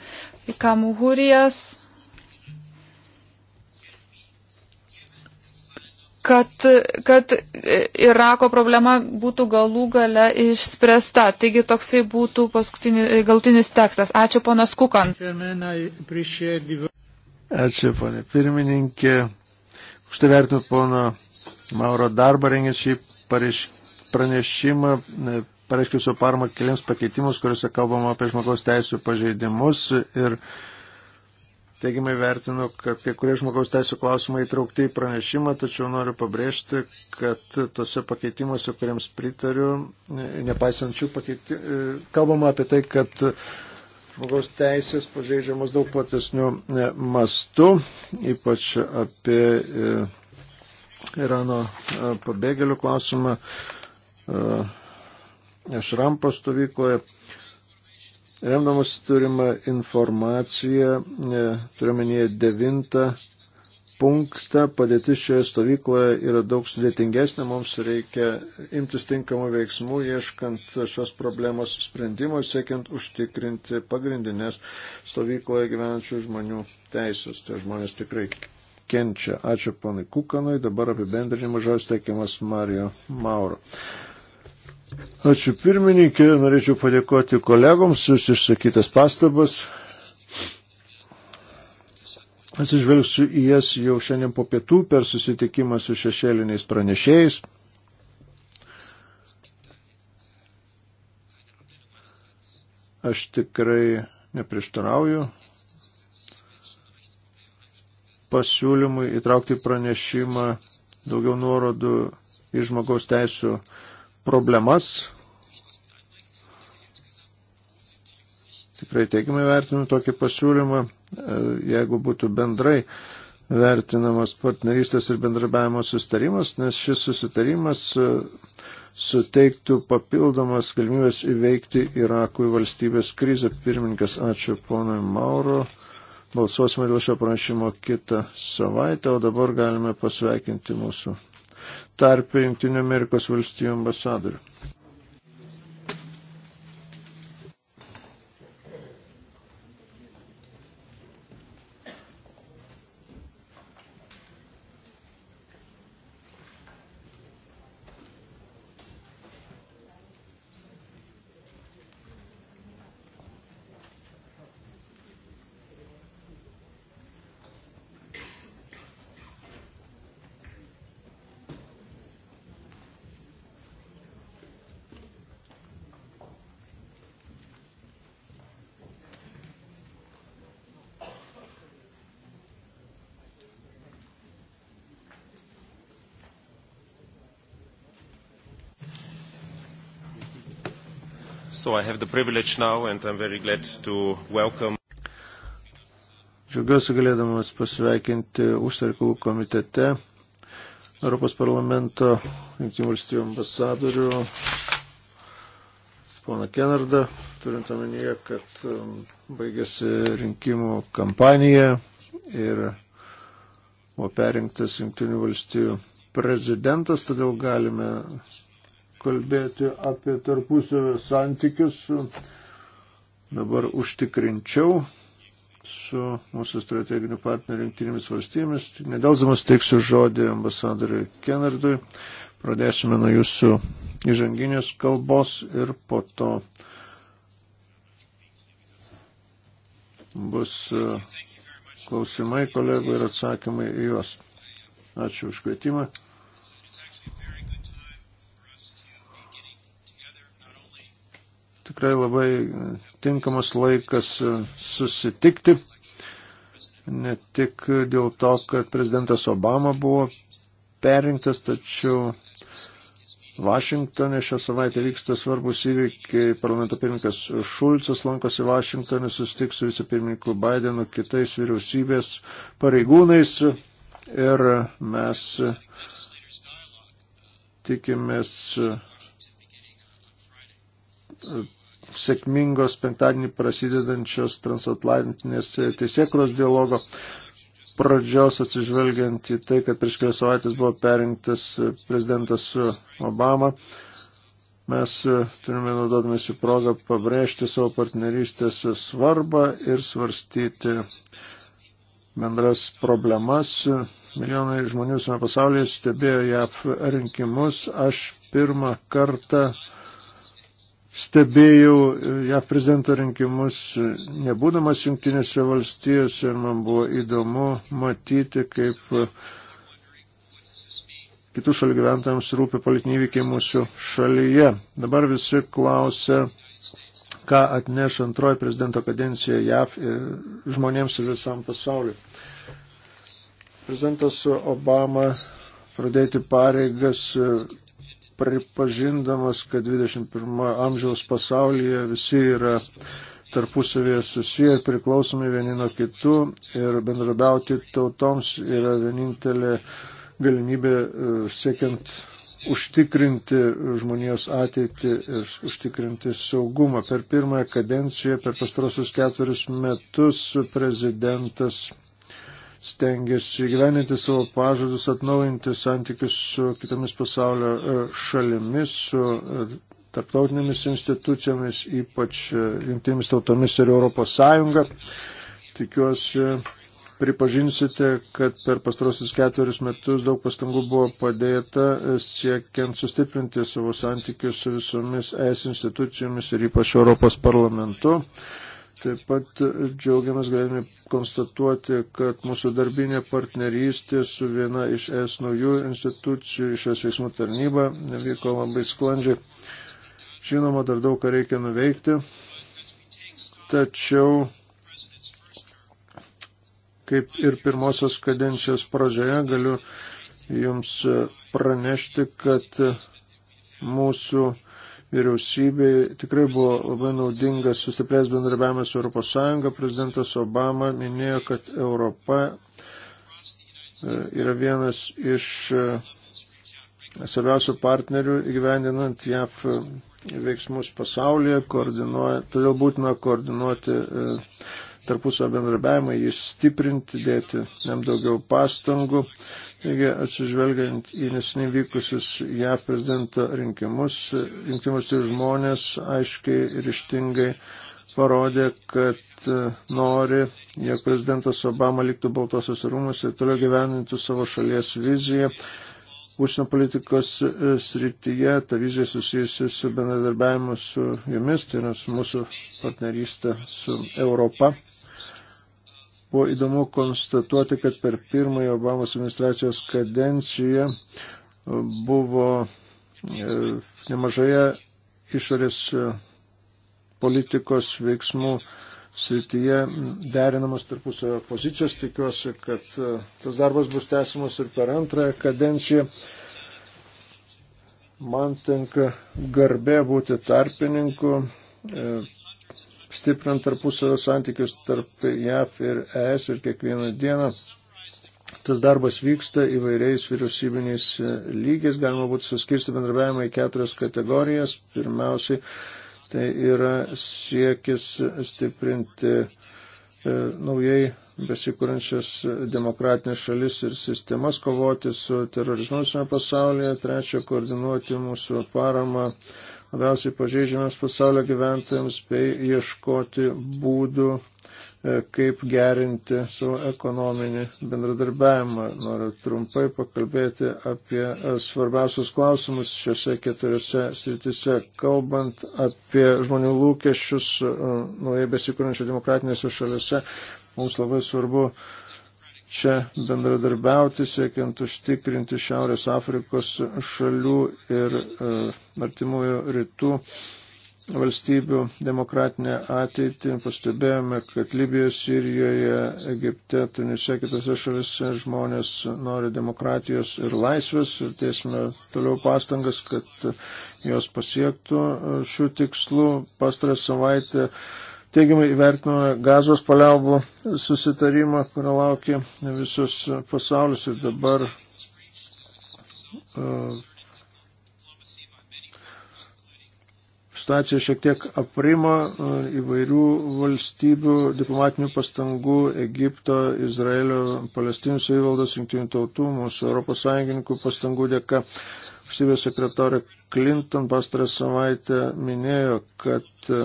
Į Kamuhurijas, kad, kad Irako problema būtų galų gale išspręsta. Taigi toksai būtų galutinis tekstas. Ačiū ponas Kukan. Ačiū ponė pirmininkė. Užtai vertinu pono Mauro darbą rengiant šį pareiš, pranešimą, e, pareiškiau savo paramą keliams pakeitimus, kuriuose kalbama apie žmogaus teisų pažeidimus ir teigiamai vertinu, kad kai kurie žmogaus teisų klausimai įtraukti į pranešimą, tačiau noriu pabrėžti, kad tose pakeitimuose, kuriems pritariu, e, nepaisant šių pakeitimų, e, kalbama apie tai, kad žmogaus teisės pažeidžiamos daug platesnių mastų, ypač apie Irano e, pabėgėlių klausimą e, Šrampo stovykloje. Remdamas turimą informaciją, e, turiuomenėje devintą punktą, padėtis šioje stovykloje yra daug sudėtingesnė, mums reikia imtis tinkamų veiksmų, ieškant šios problemos sprendimo, siekiant užtikrinti pagrindinės stovykloje gyvenančių žmonių teisės. Tai žmonės tikrai kenčia. Ačiū ponai Kukanui, dabar apibendrinimas žodis teikiamas Mario Mauro. Ačiū pirmininkė, norėčiau padėkoti kolegoms jūs išsakytas pastabas. Atsižvelgsiu į jas jau šiandien po pietų per susitikimą su šešėliniais pranešėjais. Aš tikrai neprieštarauju pasiūlymui įtraukti pranešimą daugiau nuorodų į žmogaus teisų problemas. Tikrai teigiamai vertinu tokį pasiūlymą, e, jeigu būtų bendrai vertinamas partnerystės ir bendrabiavimo sustarimas, nes šis susitarimas e, suteiktų papildomas galimybės įveikti Irakui valstybės krizę. Pirmininkas, ačiū ponui Mauro. Balsuosime dėl šio pranešimo kitą savaitę, o dabar galime pasveikinti mūsų tarpę Junktinių Amerikos valstijų ambasadorių. so I have the privilege now and I'm very glad to welcome. Džiaugiuosi galėdamas pasveikinti užsienio komitete Europos parlamento Junktinių valstybių ambasadorių poną Kenardą, turint omenyje, kad um, baigėsi rinkimų kampanija ir buvo perinktas Junktinių valstybių prezidentas, todėl galime kalbėti apie tarpusavio santykius dabar užtikrinčiau su mūsų strateginiu partneriu rinktinėmis valstybėmis. Nedelzamas teiksiu žodį ambasadoriui Kenardui. Pradėsime nuo jūsų įžanginės kalbos ir po to bus e, klausimai kolegų ir atsakymai į juos. Ačiū už kvietimą. tikrai labai tinkamas laikas e, susitikti. Ne tik dėl to, kad prezidentas Obama buvo perrinktas, tačiau Vašingtonė šią savaitę vyksta svarbus įvykiai. Parlamento pirmininkas Šulcas lankosi Vašingtonė, susitiks su vicepirmininku Bidenu, kitais vyriausybės pareigūnais. Ir mes tikimės sėkmingos penktadienį prasidedančios transatlantinės teisėkros dialogo pradžios atsižvelgiant į tai, kad prieš kelias savaitės buvo perinktas prezidentas Obama. Mes e, turime naudodamėsi progą pabrėžti savo partnerystės svarbą ir svarstyti bendras problemas. Milijonai žmonių visame pasaulyje stebėjo JAF rinkimus. Aš pirmą kartą stebėjau JAV prezidento rinkimus, nebūdamas jungtinėse valstijose ir man buvo įdomu matyti, kaip e, kitų šalių gyventojams rūpi politiniai įvykiai mūsų šalyje. Dabar visi klausia, ką atneš antroji prezidento kadencija JAV ir žmonėms ir visam pasauliu. Prezidentas Obama pradėti pareigas e, pripažindamas, kad 21 amžiaus pasaulyje visi yra tarpusavėje susiję ir priklausomi vieni nuo kitų ir bendrabiauti tautoms yra vienintelė galimybė e, siekiant užtikrinti žmonijos ateitį ir užtikrinti saugumą. Per pirmąją kadenciją, per pastarosius ketverius metus prezidentas stengiasi gyveninti savo pažadus, atnaujinti santykius su kitomis pasaulio e, šalimis, su e, tarptautinėmis institucijomis, ypač e, jungtinėmis tautomis ir Europos Sąjunga. Tikiuosi, pripažinsite, kad per pastarosius ketverius metus daug pastangų buvo padėta siekiant sustiprinti savo santykius su visomis ES institucijomis ir ypač Europos parlamentu. Taip pat džiaugiamės galime konstatuoti, kad mūsų darbinė partnerystė su viena iš es naujų institucijų, iš es veiksmų tarnyba, vyko labai sklandžiai. Žinoma, dar daug ką reikia nuveikti, tačiau kaip ir pirmosios kadencijos pradžioje galiu Jums pranešti, kad mūsų vyriausybei tikrai buvo labai naudingas sustiprės bendrabiavimas su ES. Prezidentas Obama minėjo, kad Europa e, yra vienas iš e, svarbiausių partnerių įgyvendinant JAF e, veiksmus pasaulyje, todėl būtina koordinuoti tarpusio bendrabiavimą, jį stiprinti, dėti jam daugiau pastangų. Taigi, atsižvelgiant į nesiniai vykusius JAV prezidento rinkimus, rinkimus ir žmonės aiškiai ir ištingai parodė, kad e, nori, jog prezidentas Obama liktų Baltosios rūmus ir toliau gyvenintų savo šalies viziją. Užsienio politikos e, srityje ta vizija susijusi su bendradarbiavimu su jumis, tai yra su mūsų partnerystė su Europa. Buvo įdomu konstatuoti, kad per pirmąją Obamos administracijos kadenciją e, buvo e, nemažoje išorės e, politikos veiksmų srityje derinamos tarpusavio pozicijos. Tikiuosi, kad tas darbas bus tęsiamas ir per antrąją kadenciją. Man tenka garbė būti tarpininku stiprint tarpusavio santykius tarp JAF ir ES ir kiekvieną dieną. Tas darbas vyksta įvairiais vyriausybiniais e, lygiais, galima būtų suskirsti bendrabiavimą į keturias kategorijas. Pirmiausiai tai yra siekis stiprinti e, naujai besikūrančias demokratinės šalis ir sistemas, kovoti su terorizmu visame pasaulyje, trečia, koordinuoti mūsų paramą labiausiai pažeidžiamiams pasaulio gyventojams bei ieškoti būdų, e, kaip gerinti savo ekonominį bendradarbiavimą. Noriu trumpai pakalbėti apie e, svarbiausius klausimus šiuose keturiose sritise, kalbant apie žmonių lūkesčius e, naujai besikūrinčio demokratinėse šalise. Mums labai svarbu uh, čia bendradarbiauti, siekiant užtikrinti Šiaurės Afrikos šalių ir e, artimųjų rytų valstybių demokratinę ateitį. Pastebėjome, kad Libijoje, Sirijoje, Egipte, Tunise, kitose šalise žmonės nori demokratijos ir laisvės ir tiesime toliau pastangas, kad jos pasiektų e, šių tikslų. Pastarą savaitę teigiamai įvertinome gazos paliaubų susitarimą, kurio laukia visus pasaulius ir dabar uh, situacija šiek tiek aprimo e, įvairių valstybių diplomatinių pastangų Egipto, Izraelio, Palestinų savivaldos, jungtinių tautų, mūsų Europos sąjungininkų pastangų dėka. Valstybės sekretorė Clinton pastarą savaitę minėjo, kad uh,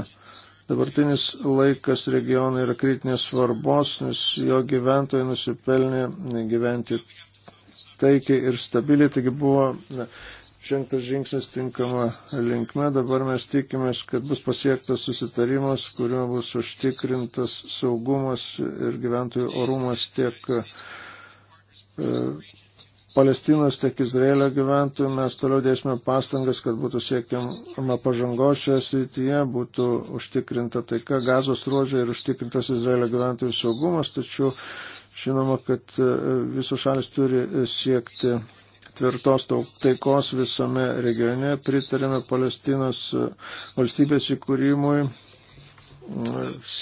Dabartinis laikas regionai yra kritinės svarbos, nes jo gyventojai nusipelnė gyventi taikiai ir stabiliai, taigi buvo žengtas žingsnis tinkama linkme. Dabar mes tikimės, kad bus pasiektas susitarimas, kuriuo bus užtikrintas saugumas ir gyventojų orumas tiek e, Palestinos, tiek Izraelio gyventojų. Mes toliau dėsime pastangas, kad būtų siekiama pažangos šioje srityje, būtų užtikrinta taika gazos ruožė ir užtikrintas Izraelio gyventojų saugumas, tačiau žinoma, kad e, visos šalis turi siekti tvirtos taikos visame regione, pritarėme Palestinos e, valstybės įkūrimui,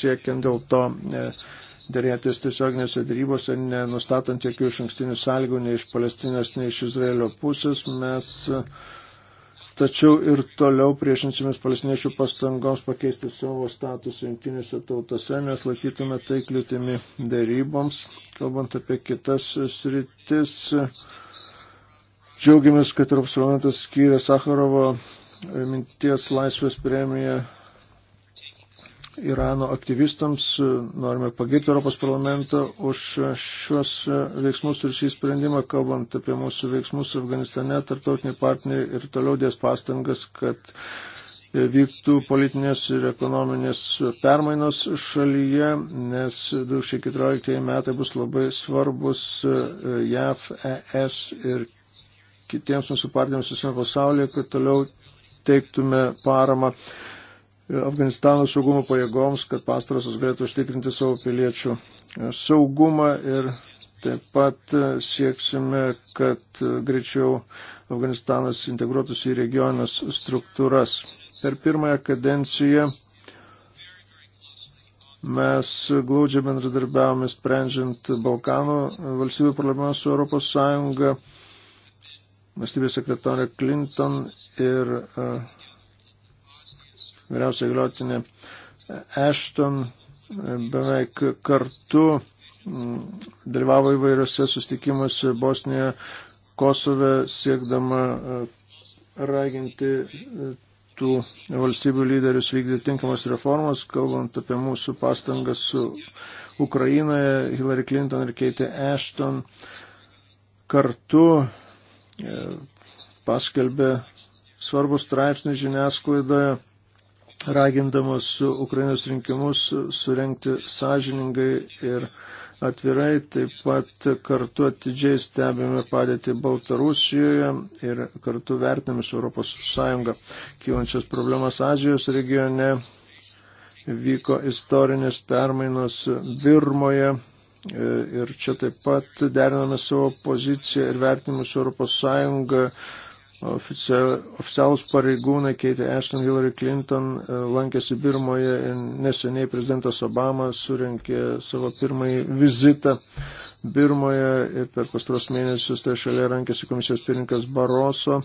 siekiant dėl to. E, dėrėtis tiesioginėse darybose, nenustatant jokių iš ankstinių sąlygų nei iš Palestinos, nei iš Izraelio pusės. Mes tačiau ir toliau priešinsimės palestiniečių pastangoms pakeisti savo statusą jungtinėse tautose, nes laikytume tai kliūtimi daryboms. Kalbant apie kitas sritis, džiaugiamės, kad Europos parlamentas skyrė Sakarovo minties laisvės premiją Irano aktyvistams. E, norime pagirti Europos parlamentą už šios e, veiksmus ir šį sprendimą, kalbant apie mūsų veiksmus Afganistane, tarptautiniai partneriai ir toliau dės pastangas, kad vyktų politinės ir ekonominės permainos šalyje, nes 2014 metai bus labai svarbus e, JAV, ES ir kitiems mūsų partijams visame pasaulyje, kad toliau teiktume paramą Afganistano saugumo pajėgoms, kad pastarosios galėtų užtikrinti savo piliečių e, saugumą ir taip pat e, sieksime, kad e, greičiau Afganistanas integruotųsi į regionės struktūras. Per pirmąją kadenciją mes glaudžiai bendradarbiavome sprendžiant Balkanų valstybių problemą su ES, valstybės sekretorė Clinton ir uh, vyriausiai galiotinė Ešton e, beveik kartu dalyvavo įvairiose sustikimuose Bosnijoje, Kosove, siekdama e, raginti e, tų valstybių lyderius vykdyti tinkamas reformas, kalbant apie mūsų pastangas su Ukrainoje, Hillary Clinton ir Keitė Ashton kartu paskelbė svarbų straipsnį žiniasklaidoje ragindamos Ukrainos rinkimus surenkti sąžiningai ir atvirai, taip pat kartu atidžiai stebime padėtį Baltarusijoje ir kartu vertiname su ES kylančias problemas Azijos regione. Vyko istorinės permainos Birmoje e, ir čia taip pat deriname savo poziciją ir vertinimus su ES oficialus pareigūnai Keitė Ashton, Hillary Clinton e, lankėsi Birmoje ir neseniai prezidentas Obama surinkė savo pirmąjį vizitą Birmoje ir per pastaros mėnesius tai šalia rankėsi komisijos pirinkas Baroso.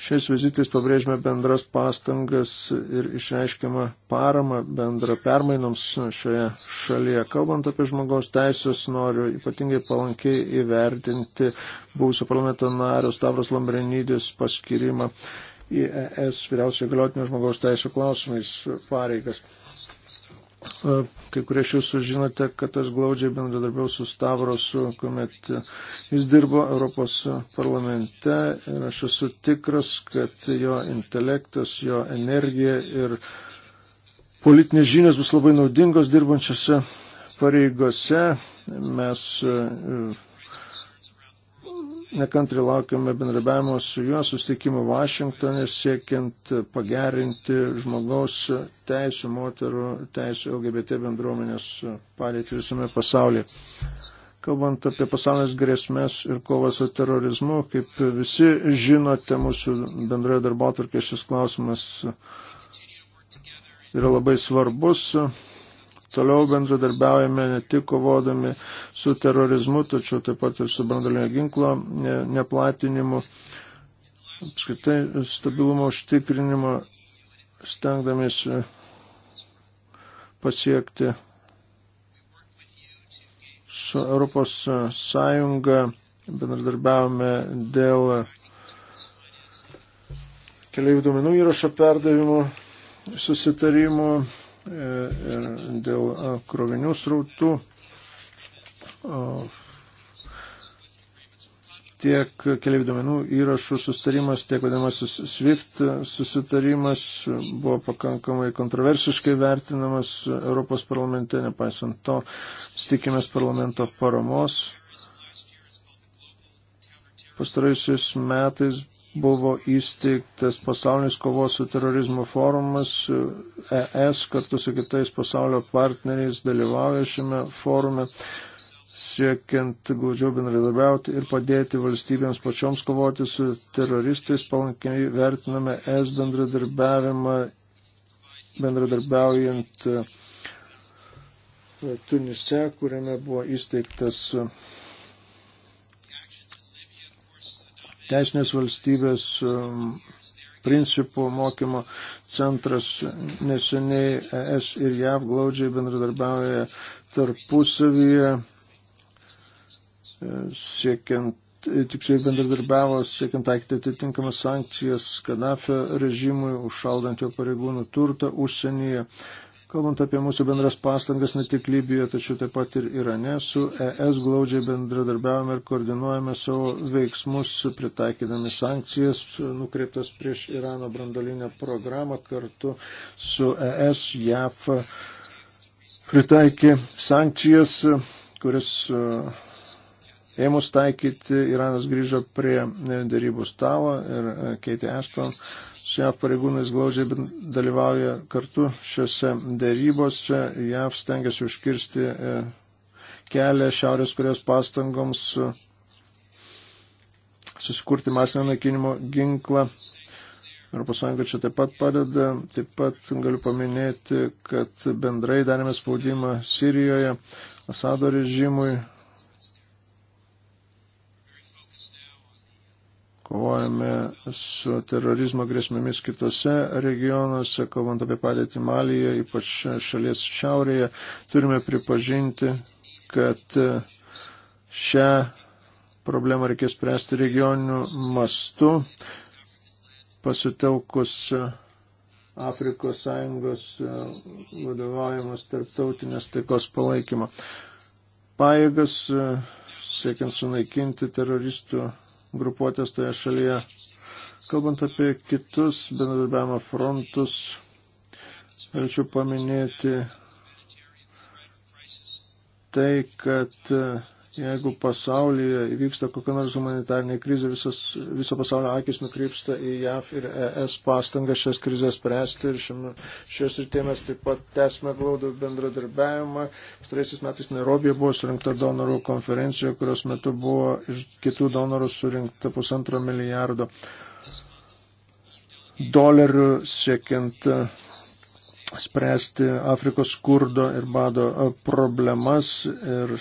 Šiais vizitais pabrėžime bendras pastangas ir išreiškiamą paramą bendrą permainoms šioje šalyje. Kalbant apie žmogaus teisės, noriu ypatingai palankiai įvertinti buvusio parlamento nario Stavros Lambrenydės paskirimą į ES vyriausiojo galiotinio žmogaus teisų klausimais pareigas. Kai kurie iš jūsų žinote, kad aš glaudžiai bendradarbiau su Stavrosu, kuomet jis dirbo Europos parlamente ir aš esu tikras, kad jo intelektas, jo energija ir politinės žinios bus labai naudingos dirbančiose pareigose. Mes e, nekantri laukiame bendrabiavimo su juo, susitikimo Vašingtonė, siekiant pagerinti žmogaus teisų, moterų teisų LGBT bendruomenės padėtį visame pasaulyje. Kalbant apie pasaulinės grėsmės ir kovą su terorizmu, kaip visi žinote, mūsų bendroje darbo atvarkė šis klausimas yra labai svarbus toliau bendradarbiaujame ne tik kovodami su terorizmu, tačiau taip pat ir su brandalinio ginklo neplatinimu, apskritai stabilumo užtikrinimo, stengdamėsi pasiekti su Europos Sąjunga bendradarbiavome dėl keliaivių duomenų įrašo perdavimo susitarimų ir e, e, dėl e, krovinių srautų tiek keliaivių duomenų įrašų sustarimas, tiek vadinamasis SWIFT susitarimas buvo pakankamai kontroversiškai vertinamas Europos parlamente, nepaisant to, stikimės parlamento paramos. Pastaraisiais metais buvo įsteigtas pasaulinis kovos su terorizmu forumas. ES kartu su kitais pasaulio partneriais dalyvauja šiame forume, siekiant glaudžiau bendradarbiauti ir padėti valstybėms pačioms kovoti su teroristais. Palankiai vertiname ES bendradarbiavimą, bendradarbiaujant e, Tunise, kuriame buvo įsteigtas teisinės valstybės um, principų mokymo centras neseniai ES ir JAV glaudžiai bendradarbiauja tarpusavyje, e, siekiant, tiksliai bendradarbiavo, siekiant taikyti atitinkamas sankcijas Kadafio režimui, užšaldant jo pareigūnų turtą užsienyje, kalbant apie mūsų bendras pastangas ne tik Libijoje, tačiau taip pat ir Irane, su ES glaudžiai bendradarbiavame ir koordinuojame savo veiksmus, pritaikydami sankcijas nukreiptas prieš Irano brandolinę programą kartu su ES JAF pritaikė sankcijas, kuris uh, ėmus taikyti, Iranas grįžo prie e, darybų stalo ir e, Keitė Ashton su JAV pareigūnais glaudžiai dalyvauja kartu šiuose darybose. JAV stengiasi užkirsti e, kelią Šiaurės Korejos pastangoms susikurti masinio naikinimo ginklą. Europos Sąjunga čia taip pat padeda. Taip pat galiu paminėti, kad bendrai darėme spaudimą Sirijoje Asado režimui kovojame su terorizmo grėsmėmis kitose regionuose, kalbant apie padėtį Malyje, ypač šalies šiaurėje, turime pripažinti, kad šią problemą reikės spręsti regioniniu mastu, pasitelkus Afrikos Sąjungos vadovaujamas tarptautinės taikos palaikymo. Paėgas, siekiant sunaikinti teroristų grupuotės toje šalyje. Kalbant apie kitus bendradarbiavimo frontus, norėčiau paminėti tai, kad Jeigu pasaulyje įvyksta kokia nors humanitarnė krizė, visas, viso pasaulio akis nukrypsta į JAF ir ES pastangą šias krizės spręsti ir šiame, šios rytėje mes taip pat tęsime glaudų bendradarbiavimą. Pastaraisiais metais Nairobija buvo surinkta donorų konferencija, kurios metu buvo iš kitų donorų surinkta pusantro milijardo dolerių siekiant spręsti Afrikos skurdo ir bado problemas. Ir e,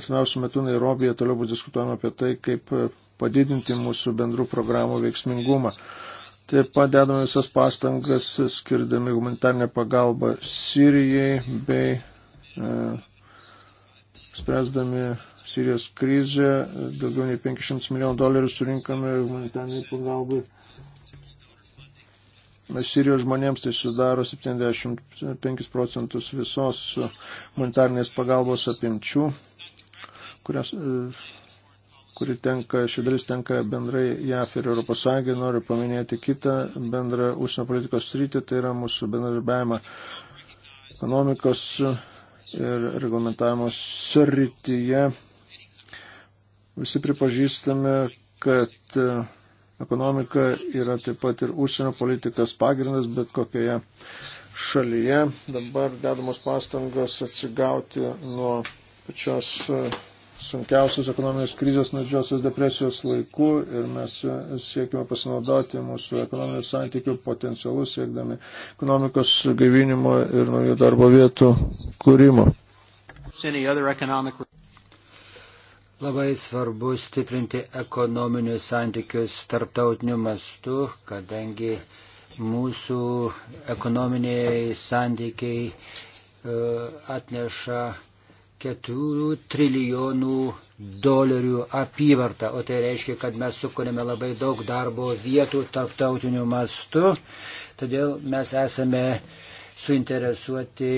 artimiausių metų Nairobija toliau bus diskutuojama apie tai, kaip padidinti mūsų bendrų programų veiksmingumą. Taip pat dedame visas pastangas, skirdami humanitarnę pagalbą Sirijai bei e, spręsdami Sirijos krizę. Daugiau nei 500 milijonų dolerių surinkame humanitarniai pagalbai Sirijos žmonėms tai sudaro 75 procentus visos humanitarnės pagalbos apimčių, kurias, e, kuri tenka, ši dalis tenka bendrai JAF ir ES. Noriu paminėti kitą bendrą užsienio politikos sritį, tai yra mūsų bendradarbiavimą ekonomikos ir reglamentavimo srityje. Visi pripažįstame, kad e, Ekonomika yra taip pat ir užsienio politikos pagrindas, bet kokioje šalyje. Dabar dedamos pastangos atsigauti nuo pačios e, sunkiausios ekonominės krizės nuo didžiosios depresijos laikų ir mes e, siekime pasinaudoti mūsų ekonominių santykių potencialus, siekdami ekonomikos gaivinimo ir naujų darbo vietų kūrimo. Labai svarbu stiprinti ekonominius santykius tarptautiniu mastu, kadangi mūsų ekonominiai santykiai e, atneša 4 trilijonų dolerių apyvartą, o tai reiškia, kad mes sukūrėme labai daug darbo vietų tarptautiniu mastu, todėl mes esame suinteresuoti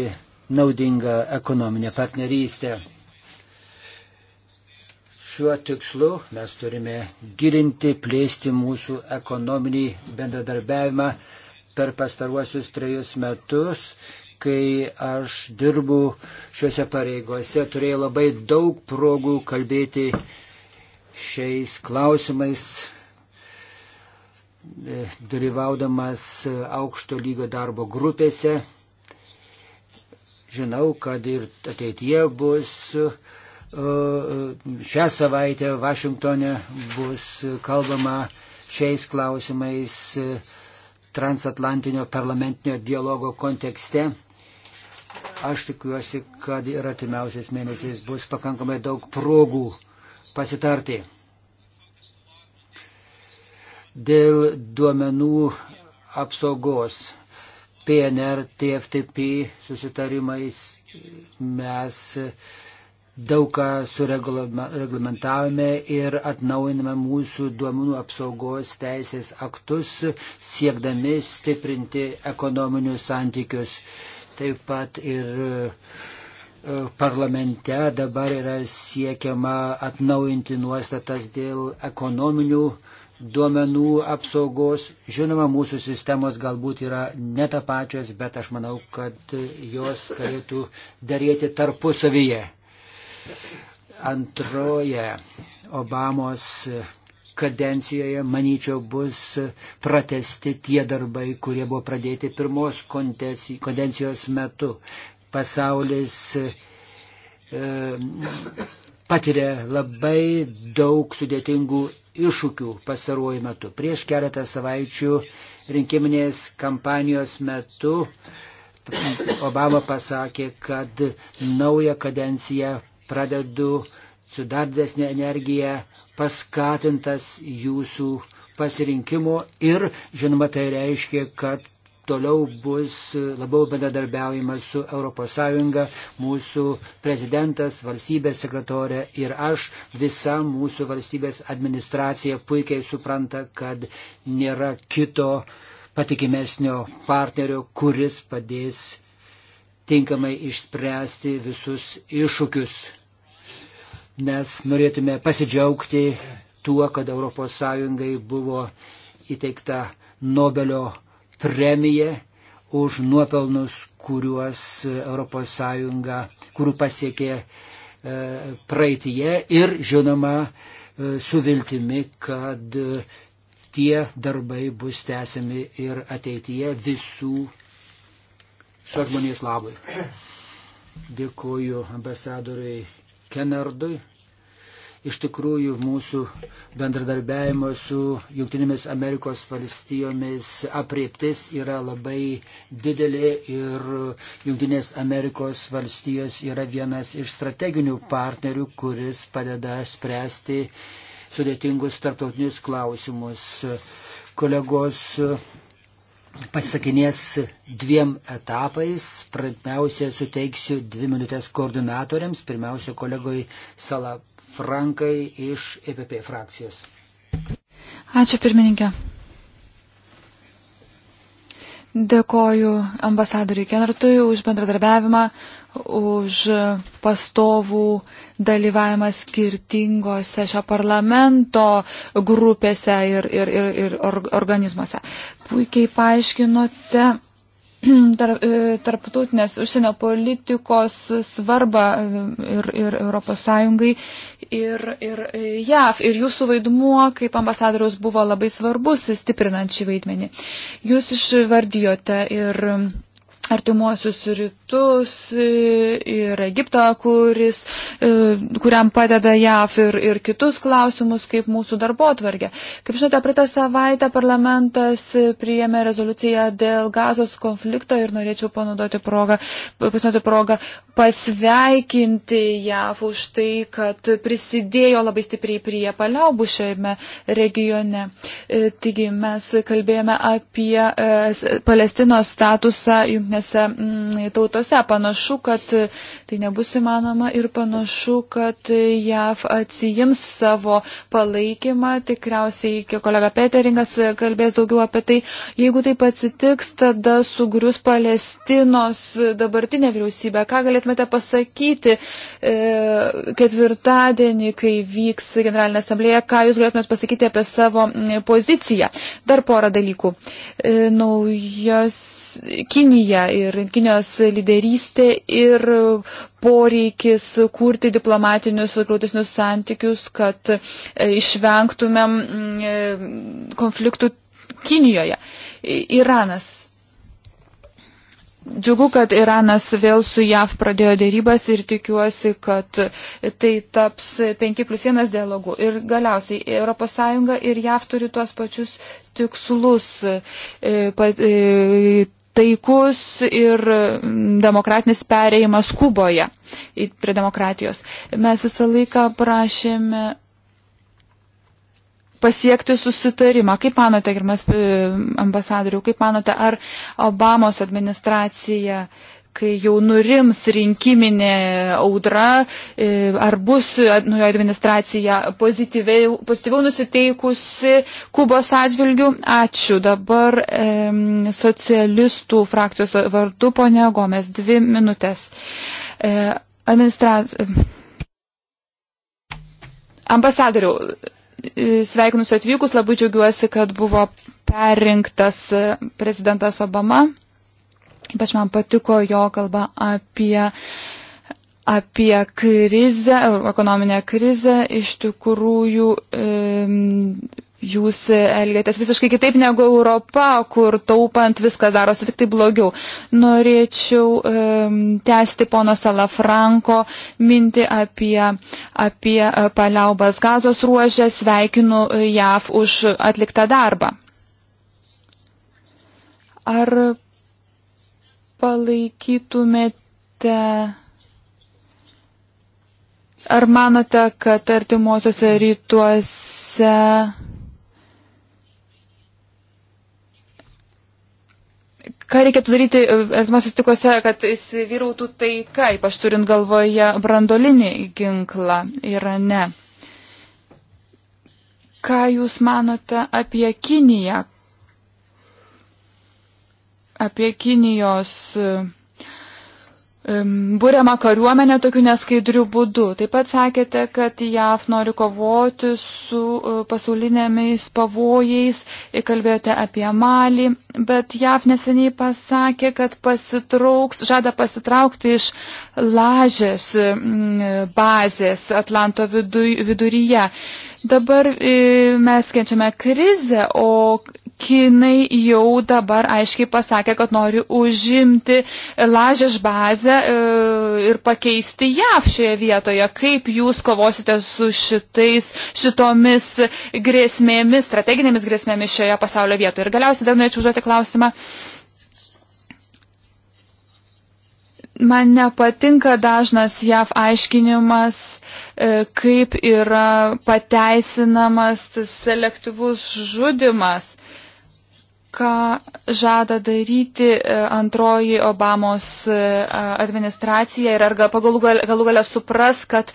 naudingą ekonominę partnerystę. Šiuo tikslu mes turime gilinti, plėsti mūsų ekonominį bendradarbiavimą per pastaruosius trejus metus. Kai aš dirbu šiuose pareigose, turėjau labai daug progų kalbėti šiais klausimais, e, dalyvaudamas aukšto lygio darbo grupėse. Žinau, kad ir ateitie bus uh, Šią savaitę Vašingtonė bus kalbama šiais klausimais transatlantinio parlamentinio dialogo kontekste. Aš tikiuosi, kad ir atimiausiais mėnesiais bus pakankamai daug progų pasitarti. Dėl duomenų apsaugos PNR, TFTP susitarimais mes daug ką sureglamentavome ir atnaujiname mūsų duomenų apsaugos teisės aktus, siekdami stiprinti ekonominius santykius. Taip pat ir e, parlamente dabar yra siekiama atnaujinti nuostatas dėl ekonominių duomenų apsaugos. Žinoma, mūsų sistemos galbūt yra netapačios, bet aš manau, kad jos galėtų daryti tarpusavyje. Antroje Obamos kadencijoje, manyčiau, bus pratesti tie darbai, kurie buvo pradėti pirmos kadencijos metu. Pasaulis e, patiria labai daug sudėtingų iššūkių pastaruoju metu. Prieš keletą savaičių rinkiminės kampanijos metu Obama pasakė, kad naują kadenciją pradedu su dar desnė energija paskatintas jūsų pasirinkimo ir, žinoma, tai reiškia, kad toliau bus labiau bendradarbiaujama su ES, mūsų prezidentas, valstybės sekretorė ir aš, visa mūsų valstybės administracija puikiai supranta, kad nėra kito patikimesnio partnerio, kuris padės tinkamai išspręsti visus iššūkius Mes norėtume pasidžiaugti tuo, kad ES buvo įteikta Nobelio premija už nuopelnus, kuriuos ES, kurių pasiekė e, praeitie ir, žinoma, e, su viltimi, kad e, tie darbai bus tęsiami ir ateityje visų su žmonės labui. Dėkuoju ambasadoriui Kenardui iš tikrųjų mūsų bendradarbiavimo su Junktinėmis Amerikos valstijomis apriektis yra labai didelė ir Junktinės Amerikos valstijos yra vienas iš strateginių partnerių, kuris padeda spręsti sudėtingus tarptautinius klausimus. Kolegos pasisakinės dviem etapais. Pirmiausia, suteiksiu dvi minutės koordinatoriams. Pirmiausia, kolegoj Sala Frankai iš EPP frakcijos. Ačiū pirmininkė. Dėkoju ambasadoriui Kenartui už bendradarbiavimą, už pastovų dalyvavimą skirtingose šio parlamento grupėse ir, ir, ir, ir organizmuose. Puikiai paaiškinote [CLEARS THROAT] tarp, e, tarptautinės užsienio politikos svarbą e, ir, ir ES ir, ir JAV. Ir jūsų vaidmuo kaip ambasadoriaus buvo labai svarbus, stiprinant šį vaidmenį. Jūs išvardijote ir artimuosius rytus e, ir Egiptą, kuris, e, kuriam padeda JAF ir, ir kitus klausimus, kaip mūsų darbo atvargė. Kaip žinote, praeitą savaitę parlamentas priėmė rezoliuciją dėl gazos konflikto ir norėčiau panaudoti progą, pasinaudoti progą pasveikinti JAF už tai, kad prisidėjo labai stipriai prie paliaubų šiame regione. E, taigi mes kalbėjome apie Palestinos statusą jungtinės jungtinėse mm, tautose. Panašu, kad tai nebus įmanoma ir panašu, kad JAV atsijims savo palaikymą. Tikriausiai kolega Peteringas kalbės daugiau apie tai. Jeigu taip atsitiks, tada sugrius Palestinos dabartinė vyriausybė. Ką galėtumėte pasakyti e, ketvirtadienį, kai vyks generalinė asamblėje, ką jūs galėtumėte pasakyti apie savo poziciją? Dar porą dalykų. E, naujos Kinija ir Kinijos lyderystė ir poreikis kurti diplomatinius ir glaudesnius santykius, kad e, išvengtumėm mm, e, konfliktų Kinijoje. Iranas. Džiugu, kad Iranas vėl su JAV pradėjo dėrybas ir tikiuosi, kad tai taps 5 plus 1 dialogų. Ir galiausiai ES ir JAV turi tuos pačius tikslus e, taikus ir mm, demokratinis perėjimas Kuboje prie demokratijos. Mes visą laiką prašėme pasiekti susitarimą. Kaip manote, gerbiamas e, ambasadoriu, kaip manote, ar Obamos administracija uh, kai jau nurims rinkiminė audra, e, ar bus naujo administracija pozityviau, pozityviau nusiteikusi Kubos atžvilgių. Ačiū. Dabar e, socialistų frakcijos vardu, ponia Gomes, dvi minutės. E, administra... Ambasadoriau, e, sveikinus atvykus, labai džiaugiuosi, kad buvo perrinktas prezidentas Obama. Ypač man patiko jo kalba apie, apie krizę, ekonominę krizę. Iš tikrųjų, e, jūs elgėtės visiškai kitaip negu Europa, kur taupant viskas darosi tik tai blogiau. Norėčiau um, tęsti pono Salafranko mintį apie, apie e, paliaubas gazos ruožę. Sveikinu e, JAV už atliktą darbą. Ar palaikytumėte Ar manote, kad artimuosiuose rytuose Ką reikėtų daryti e, artimuosiuose tikuose, kad įsivyrautų taika, ypač turint galvoje brandolinį ginklą Irane? Ką Jūs manote apie Kiniją? apie Kinijos būriamą kariuomenę tokiu neskaidriu būdu. Taip pat sakėte, kad JAF nori kovoti su e, pasaulinėmis pavojais, kalbėjote apie Malį, bet JAF neseniai pasakė, kad pasitrauks, žada pasitraukti iš lažės bazės Atlanto viduryje. Dabar e, mes kenčiame krizę, o Kinai jau dabar aiškiai pasakė, kad nori užimti lažės bazę e, ir pakeisti JAV šioje vietoje. Kaip jūs kovosite su šitais, šitomis grėsmėmis, strateginėmis grėsmėmis šioje pasaulio vietoje? Ir galiausiai dar norėčiau užduoti klausimą. Man nepatinka dažnas JAV aiškinimas, e, kaip yra pateisinamas selektyvus žudimas. Uh, ką žada daryti e, antroji Obamos e, administracija ir ar galų galę gal supras, kad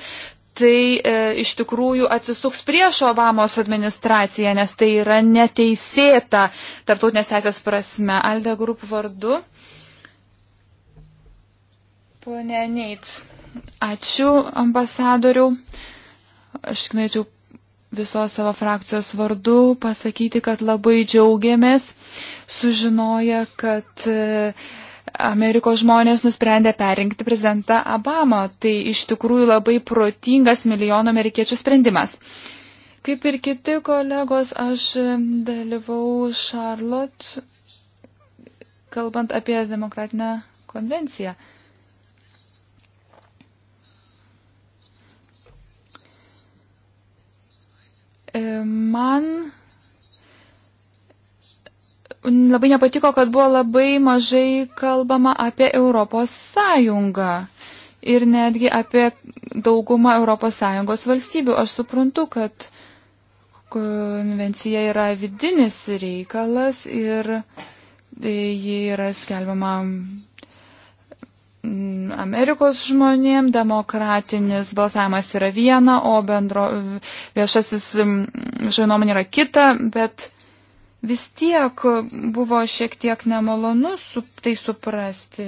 tai e, iš tikrųjų atsisuks prieš Obamos administraciją, nes tai yra neteisėta tarptautinės teisės prasme. Alde Group vardu. Pone Neits, ačiū ambasadoriu. Aš tik norėčiau visos savo frakcijos vardu pasakyti, kad labai džiaugiamės sužinoję, kad e, Amerikos žmonės nusprendė perinkti prezidentą Obamą. Tai iš tikrųjų labai protingas milijono amerikiečių sprendimas. Kaip ir kiti kolegos, aš dalyvau Charlotte, kalbant apie demokratinę konvenciją. E, man labai nepatiko, kad buvo labai mažai kalbama apie Europos Sąjungą ir netgi apie daugumą Europos Sąjungos valstybių. Aš suprantu, kad konvencija yra vidinis reikalas ir ji yra skelbiama Mm, Amerikos žmonėm demokratinis balsavimas yra viena, o bendro, viešasis žinomonė mm, yra kita, bet vis tiek buvo šiek tiek nemalonu su, tai suprasti.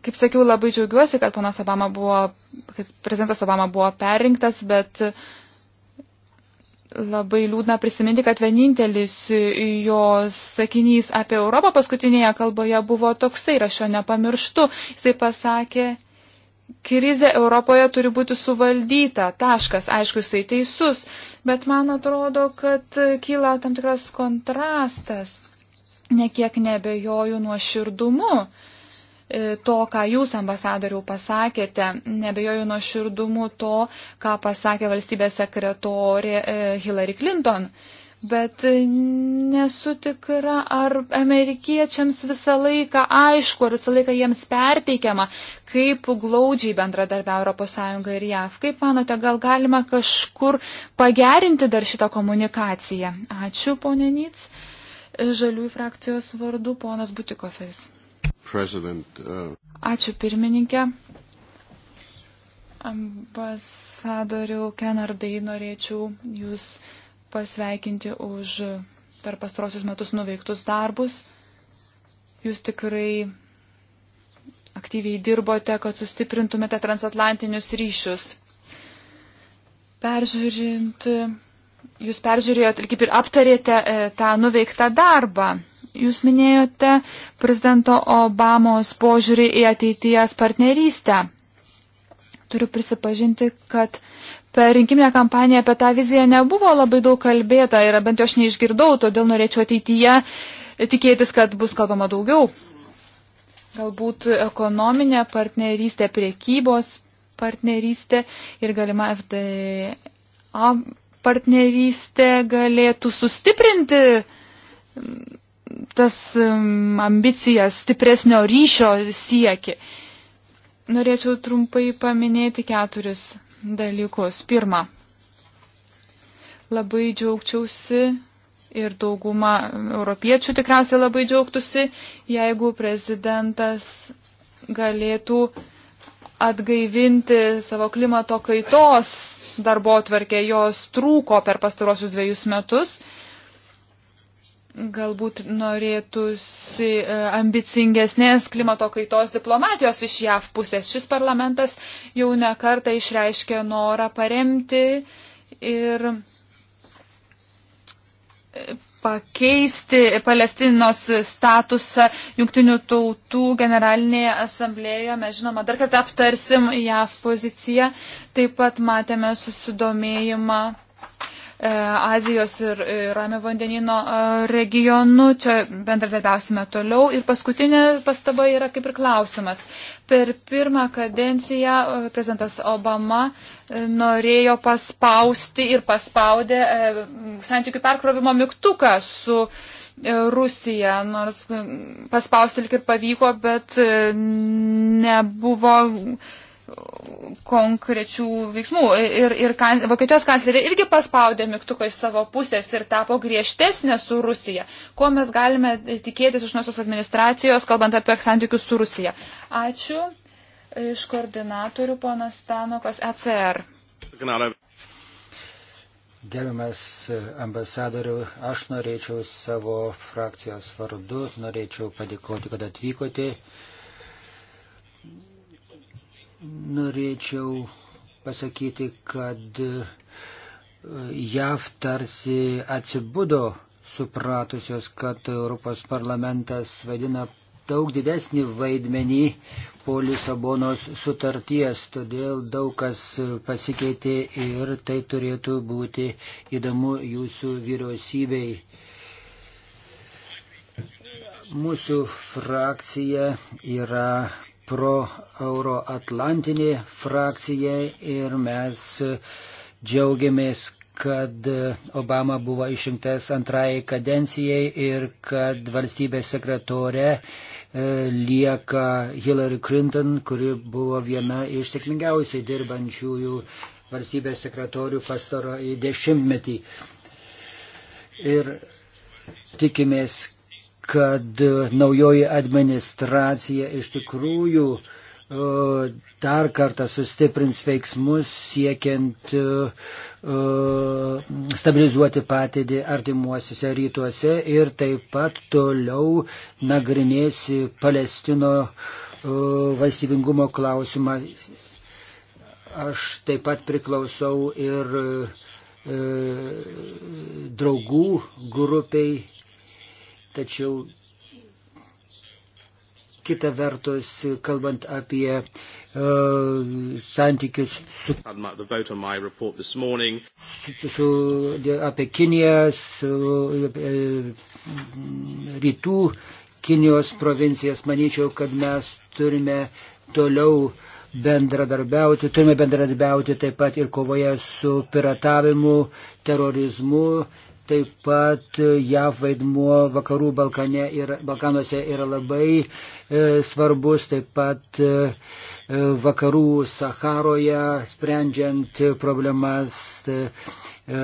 Kaip sakiau, labai džiaugiuosi, kad ponas Obama buvo, kad prezidentas Obama buvo perrinktas, bet uh, Labai liūdna prisiminti, kad vienintelis jos sakinys apie Europą paskutinėje kalboje buvo toksai, aš jo nepamirštu. Jisai pasakė, krizė Europoje turi būti suvaldyta, taškas, aišku, jisai teisus, bet man atrodo, kad kyla tam tikras kontrastas, nekiek nebejoju nuo širdumu. Uh, E, to, ką jūs, ambasadoriau, pasakėte. Nebejoju nuo širdumu to, ką pasakė valstybės sekretorė e, Hillary Clinton. Bet e, nesu tikra, ar amerikiečiams visą laiką aišku, ar visą laiką jiems perteikiama, kaip glaudžiai bendradarbiavo ES ir JAV. Kaip manote, gal galima kažkur pagerinti dar šitą komunikaciją? Ačiū, ponė Nits. Žaliųjų frakcijos vardu ponas Butikoferis. Uh... Ačiū pirmininkė. Ambasadoriu Kenardai norėčiau Jūs pasveikinti už per pastrosius metus nuveiktus darbus. Jūs tikrai aktyviai dirbote, kad sustiprintumėte transatlantinius ryšius. Peržiūrint, jūs peržiūrėjot ir kaip ir aptarėte e, tą nuveiktą darbą jūs minėjote prezidento Obamos požiūrį į ateities partnerystę. Turiu prisipažinti, kad per rinkiminę kampaniją apie tą viziją nebuvo labai daug kalbėta ir bent jau aš neišgirdau, todėl norėčiau ateityje tikėtis, kad bus kalbama daugiau. Galbūt ekonominė partnerystė, priekybos partnerystė ir galima FDA partnerystė galėtų sustiprinti tas ambicijas stipresnio ryšio sieki. Norėčiau trumpai paminėti keturis dalykus. Pirma, labai džiaugčiausi ir dauguma europiečių tikriausiai labai džiaugtųsi, jeigu prezidentas galėtų atgaivinti savo klimato kaitos darbo tvarkę, jos trūko per pastarosius dviejus metus. Galbūt norėtųsi e, ambicingesnės klimato kaitos diplomatijos iš JAV pusės. Šis parlamentas jau nekartą išreiškė norą paremti ir e, pakeisti Palestinos statusą Junktinių tautų generalinėje asamblėjoje. Mes žinoma, dar kartą aptarsim JAV poziciją. Taip pat matėme susidomėjimą E, Azijos ir Ramio vandenino e, regionu. Čia bendradarbiausime toliau. Ir paskutinė pastaba yra kaip ir klausimas. Per pirmą kadenciją e, prezidentas Obama norėjo paspausti ir paspaudė santykių perkrovimo mygtuką su Rusija, nors paspausti lik ir pavyko, bet nebuvo konkrečių veiksmų. Ir, ir kan, Vokietijos kanclerė irgi paspaudė mygtuką iš savo pusės ir tapo griežtesnė su Rusija. Ko mes galime tikėtis iš nuosios administracijos, kalbant apie santykius su Rusija? Ačiū. Iš koordinatorių ponas Stanokas ECR. Gerbiamas ambasadoriu, aš norėčiau savo frakcijos vardu, norėčiau padėkoti, kad atvykote. Norėčiau pasakyti, kad e, JAV tarsi atsibudo supratusios, kad Europos parlamentas vaidina daug didesnį vaidmenį po Lisabonos sutarties, todėl daug kas pasikeitė ir tai turėtų būti įdomu jūsų vyriausybei. Mūsų frakcija yra pro-euroatlantinė frakcija ir mes džiaugiamės, kad Obama buvo išrinktas antrajai kadencijai ir kad valstybės sekretorė e, lieka Hillary Clinton, kuri buvo viena iš sėkmingiausiai dirbančiųjų valstybės sekretorių pastaro į dešimtmetį. Ir tikimės, kad e, naujoji administracija iš tikrųjų e, dar kartą sustiprins veiksmus siekiant e, stabilizuoti patėdį artimuosiuose rytuose ir taip pat toliau nagrinėsi Palestino valstybingumo klausimą. Aš taip pat priklausau ir draugų grupiai Tačiau kita vertus, kalbant apie uh, santykius su, su, su, apie Kiniją, su uh, rytų Kinijos provincijas, manyčiau, kad mes turime toliau bendradarbiauti, turime bendradarbiauti taip pat ir kovoje su piratavimu, terorizmu Taip pat e, JAV vaidmuo vakarų Balkane ir, Balkanuose yra labai e, svarbus, taip pat e, e vakarų Saharoje sprendžiant problemas e, e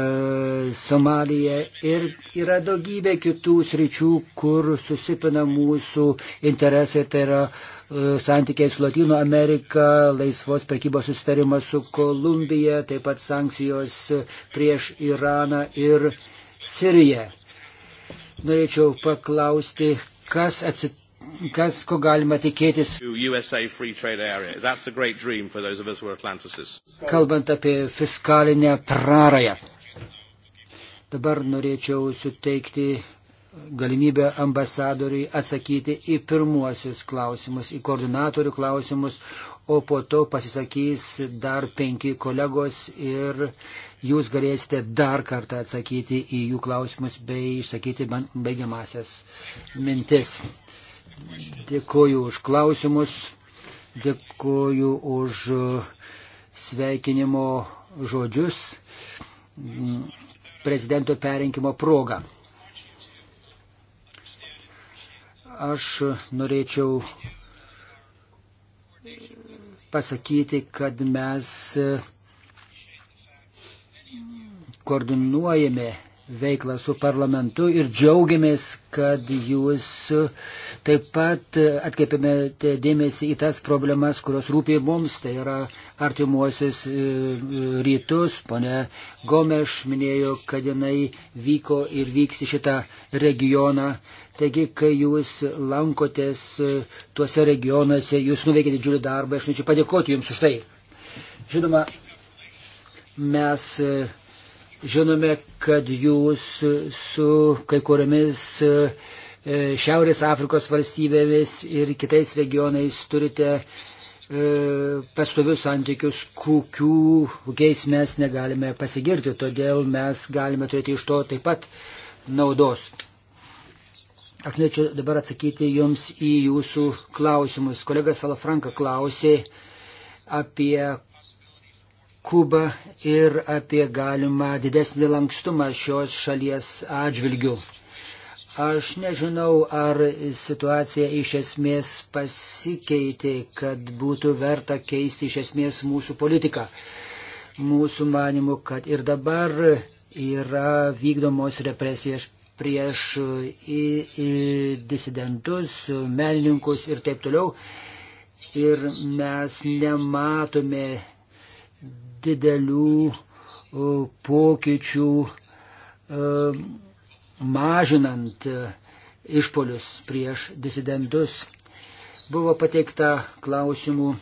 Somalija ir yra daugybė kitų sričių, kur susipina mūsų interesai, tai yra santykiai su Latino Amerika, laisvos prekybos sustarimas su Kolumbija, taip pat sankcijos prieš Iraną ir Siriją. Norėčiau paklausti, kas atsitiko kas, ko galima tikėtis. Kalbant apie fiskalinę prarąją. Dabar norėčiau suteikti galimybę ambasadoriui atsakyti į pirmuosius klausimus, į koordinatorių klausimus, o po to pasisakys dar penki kolegos ir jūs galėsite dar kartą atsakyti į jų klausimus bei išsakyti baigiamasias mintis. Dėkuoju už klausimus, dėkuoju už sveikinimo žodžius prezidento perinkimo progą. Aš norėčiau pasakyti, kad mes e, koordinuojame veiklą su parlamentu ir džiaugiamės, kad jūs taip pat atkreipėmėte dėmesį į tas problemas, kurios rūpė mums, tai yra artimuosius e, rytus. Pone Gomeš minėjo, kad jinai vyko ir vyks į šitą regioną. Taigi, kai jūs lankotės e, tuose regionuose, jūs nuveikėte didžiulį darbą, aš norėčiau padėkoti jums už tai. Žinoma, mes e, žinome, kad jūs su kai kuriomis e, Šiaurės Afrikos valstybėmis ir kitais regionais turite pastovius santykius, kokių, kokiais mes negalime pasigirti, todėl mes galime turėti iš to taip pat naudos. Aš norėčiau dabar atsakyti Jums į Jūsų klausimus. Kolega Salafranka klausė apie Kubą ir apie galimą didesnį lankstumą šios šalies atžvilgių. Aš nežinau, ar situacija iš esmės pasikeitė, kad būtų verta keisti iš esmės mūsų politiką. Mūsų manimu, kad ir dabar yra vykdomos represijos prieš į, į disidentus, menininkus ir taip toliau. Ir mes nematome didelių pokyčių mažinant e, išpolius prieš disidentus. Buvo pateikta klausimų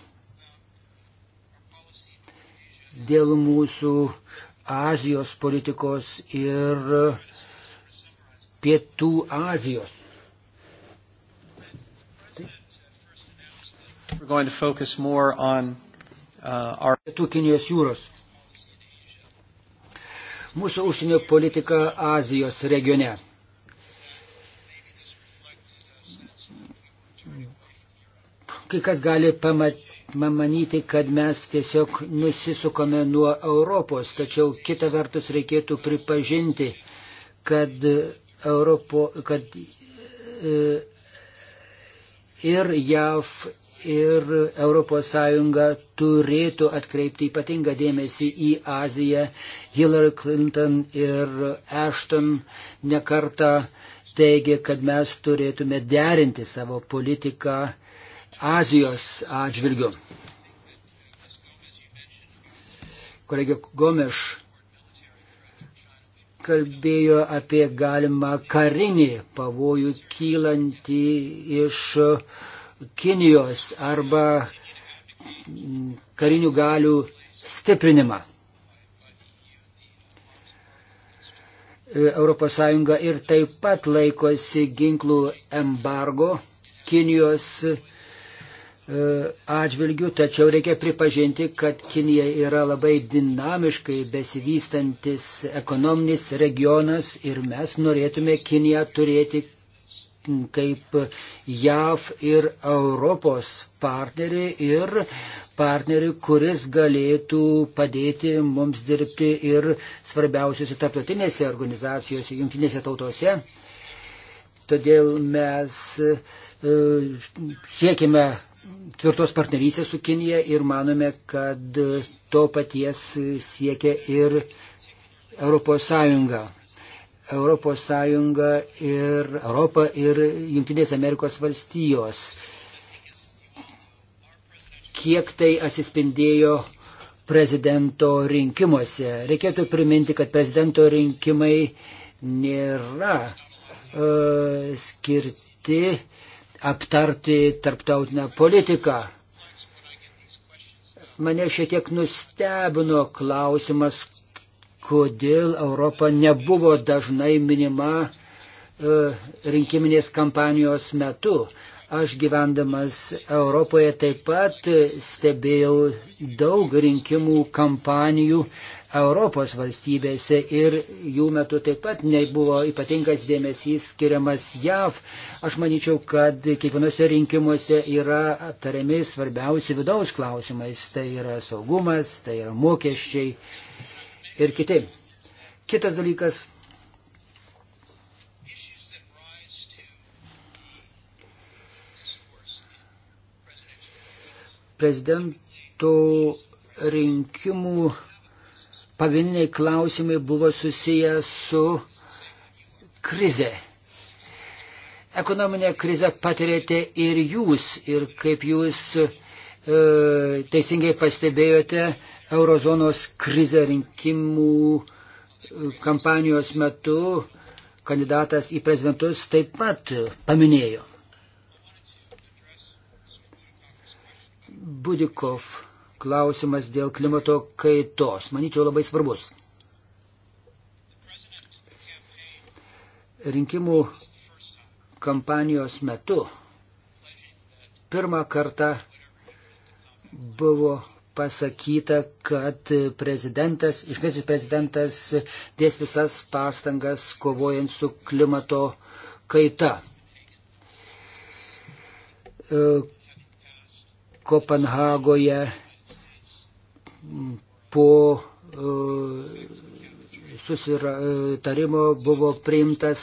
dėl mūsų Azijos politikos ir uh, Pietų Azijos. On, uh, our... Pietų Kinijos jūros. Mūsų užsienio politika Azijos regione. kai kas gali pamanyti, kad mes tiesiog nusisukome nuo Europos, tačiau kita vertus reikėtų pripažinti, kad Europo, kad e, ir JAV, ir ES turėtų atkreipti ypatingą dėmesį į Aziją. Hillary Clinton ir Ashton nekarta teigia, kad mes turėtume derinti savo politiką Azijos atžvilgiu. Kolegė Gomeš kalbėjo apie galimą karinį pavojų kylantį iš Kinijos arba karinių galių stiprinimą. ES ir taip pat laikosi ginklų embargo Kinijos E, atžvilgių, tačiau reikia pripažinti, kad Kinija yra labai dinamiškai besivystantis ekonominis regionas ir mes norėtume Kiniją turėti kaip JAV ir Europos partnerį ir partnerį, kuris galėtų padėti mums dirbti ir svarbiausiose tarptautinėse organizacijose, jungtinėse tautose. Todėl mes e, siekime tvirtos partnerysės su Kinija ir manome, kad to paties siekia ir ES. ES ir Europa ir Junktinės Amerikos valstijos. Kiek tai atsispindėjo prezidento rinkimuose? Reikėtų priminti, kad prezidento rinkimai nėra uh, skirti aptarti tarptautinę politiką. Mane šiek tiek nustebino klausimas, kodėl Europa nebuvo dažnai minima e, rinkiminės kampanijos metu. Aš gyvendamas Europoje taip pat stebėjau daug rinkimų kampanijų Europos valstybėse ir jų metu taip pat nebuvo ypatingas dėmesys skiriamas JAV. Aš manyčiau, kad kiekvienose rinkimuose yra aptariami svarbiausi vidaus klausimais. Tai yra saugumas, tai yra mokesčiai ir kiti. Kitas dalykas. Prezidentų rinkimų pagrindiniai klausimai buvo susiję su krize. Ekonominę krizę patirėte ir jūs, ir kaip jūs e, teisingai pastebėjote, eurozonos krizę rinkimų e, kampanijos metu kandidatas į prezidentus taip pat paminėjo. Budikov klausimas dėl klimato kaitos, manyčiau, labai svarbus. Rinkimų kampanijos metu pirmą kartą buvo pasakyta, kad prezidentas, iškaisis prezidentas dės visas pastangas kovojant su klimato kaita. E, Kopenhagoje po e, susitarimo e, buvo priimtas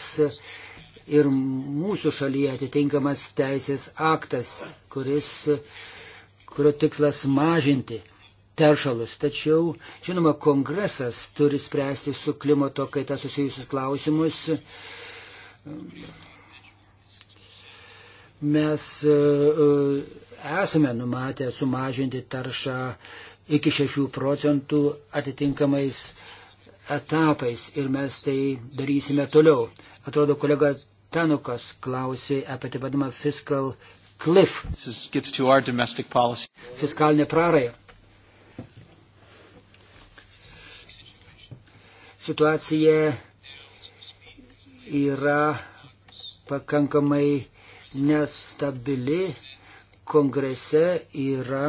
ir mūsų šalyje atitinkamas teisės aktas, kuris, kurio tikslas mažinti teršalus. Tačiau, žinoma, kongresas turi spręsti su klimato kaita susijusius klausimus. Mes e, esame numatę sumažinti taršą iki 6 procentų atitinkamais etapais ir mes tai darysime toliau. Atrodo, kolega Tanukas klausė apie tai vadinamą fiscal cliff. Fiskalinė praraja. Situacija yra pakankamai nestabili. Kongrese yra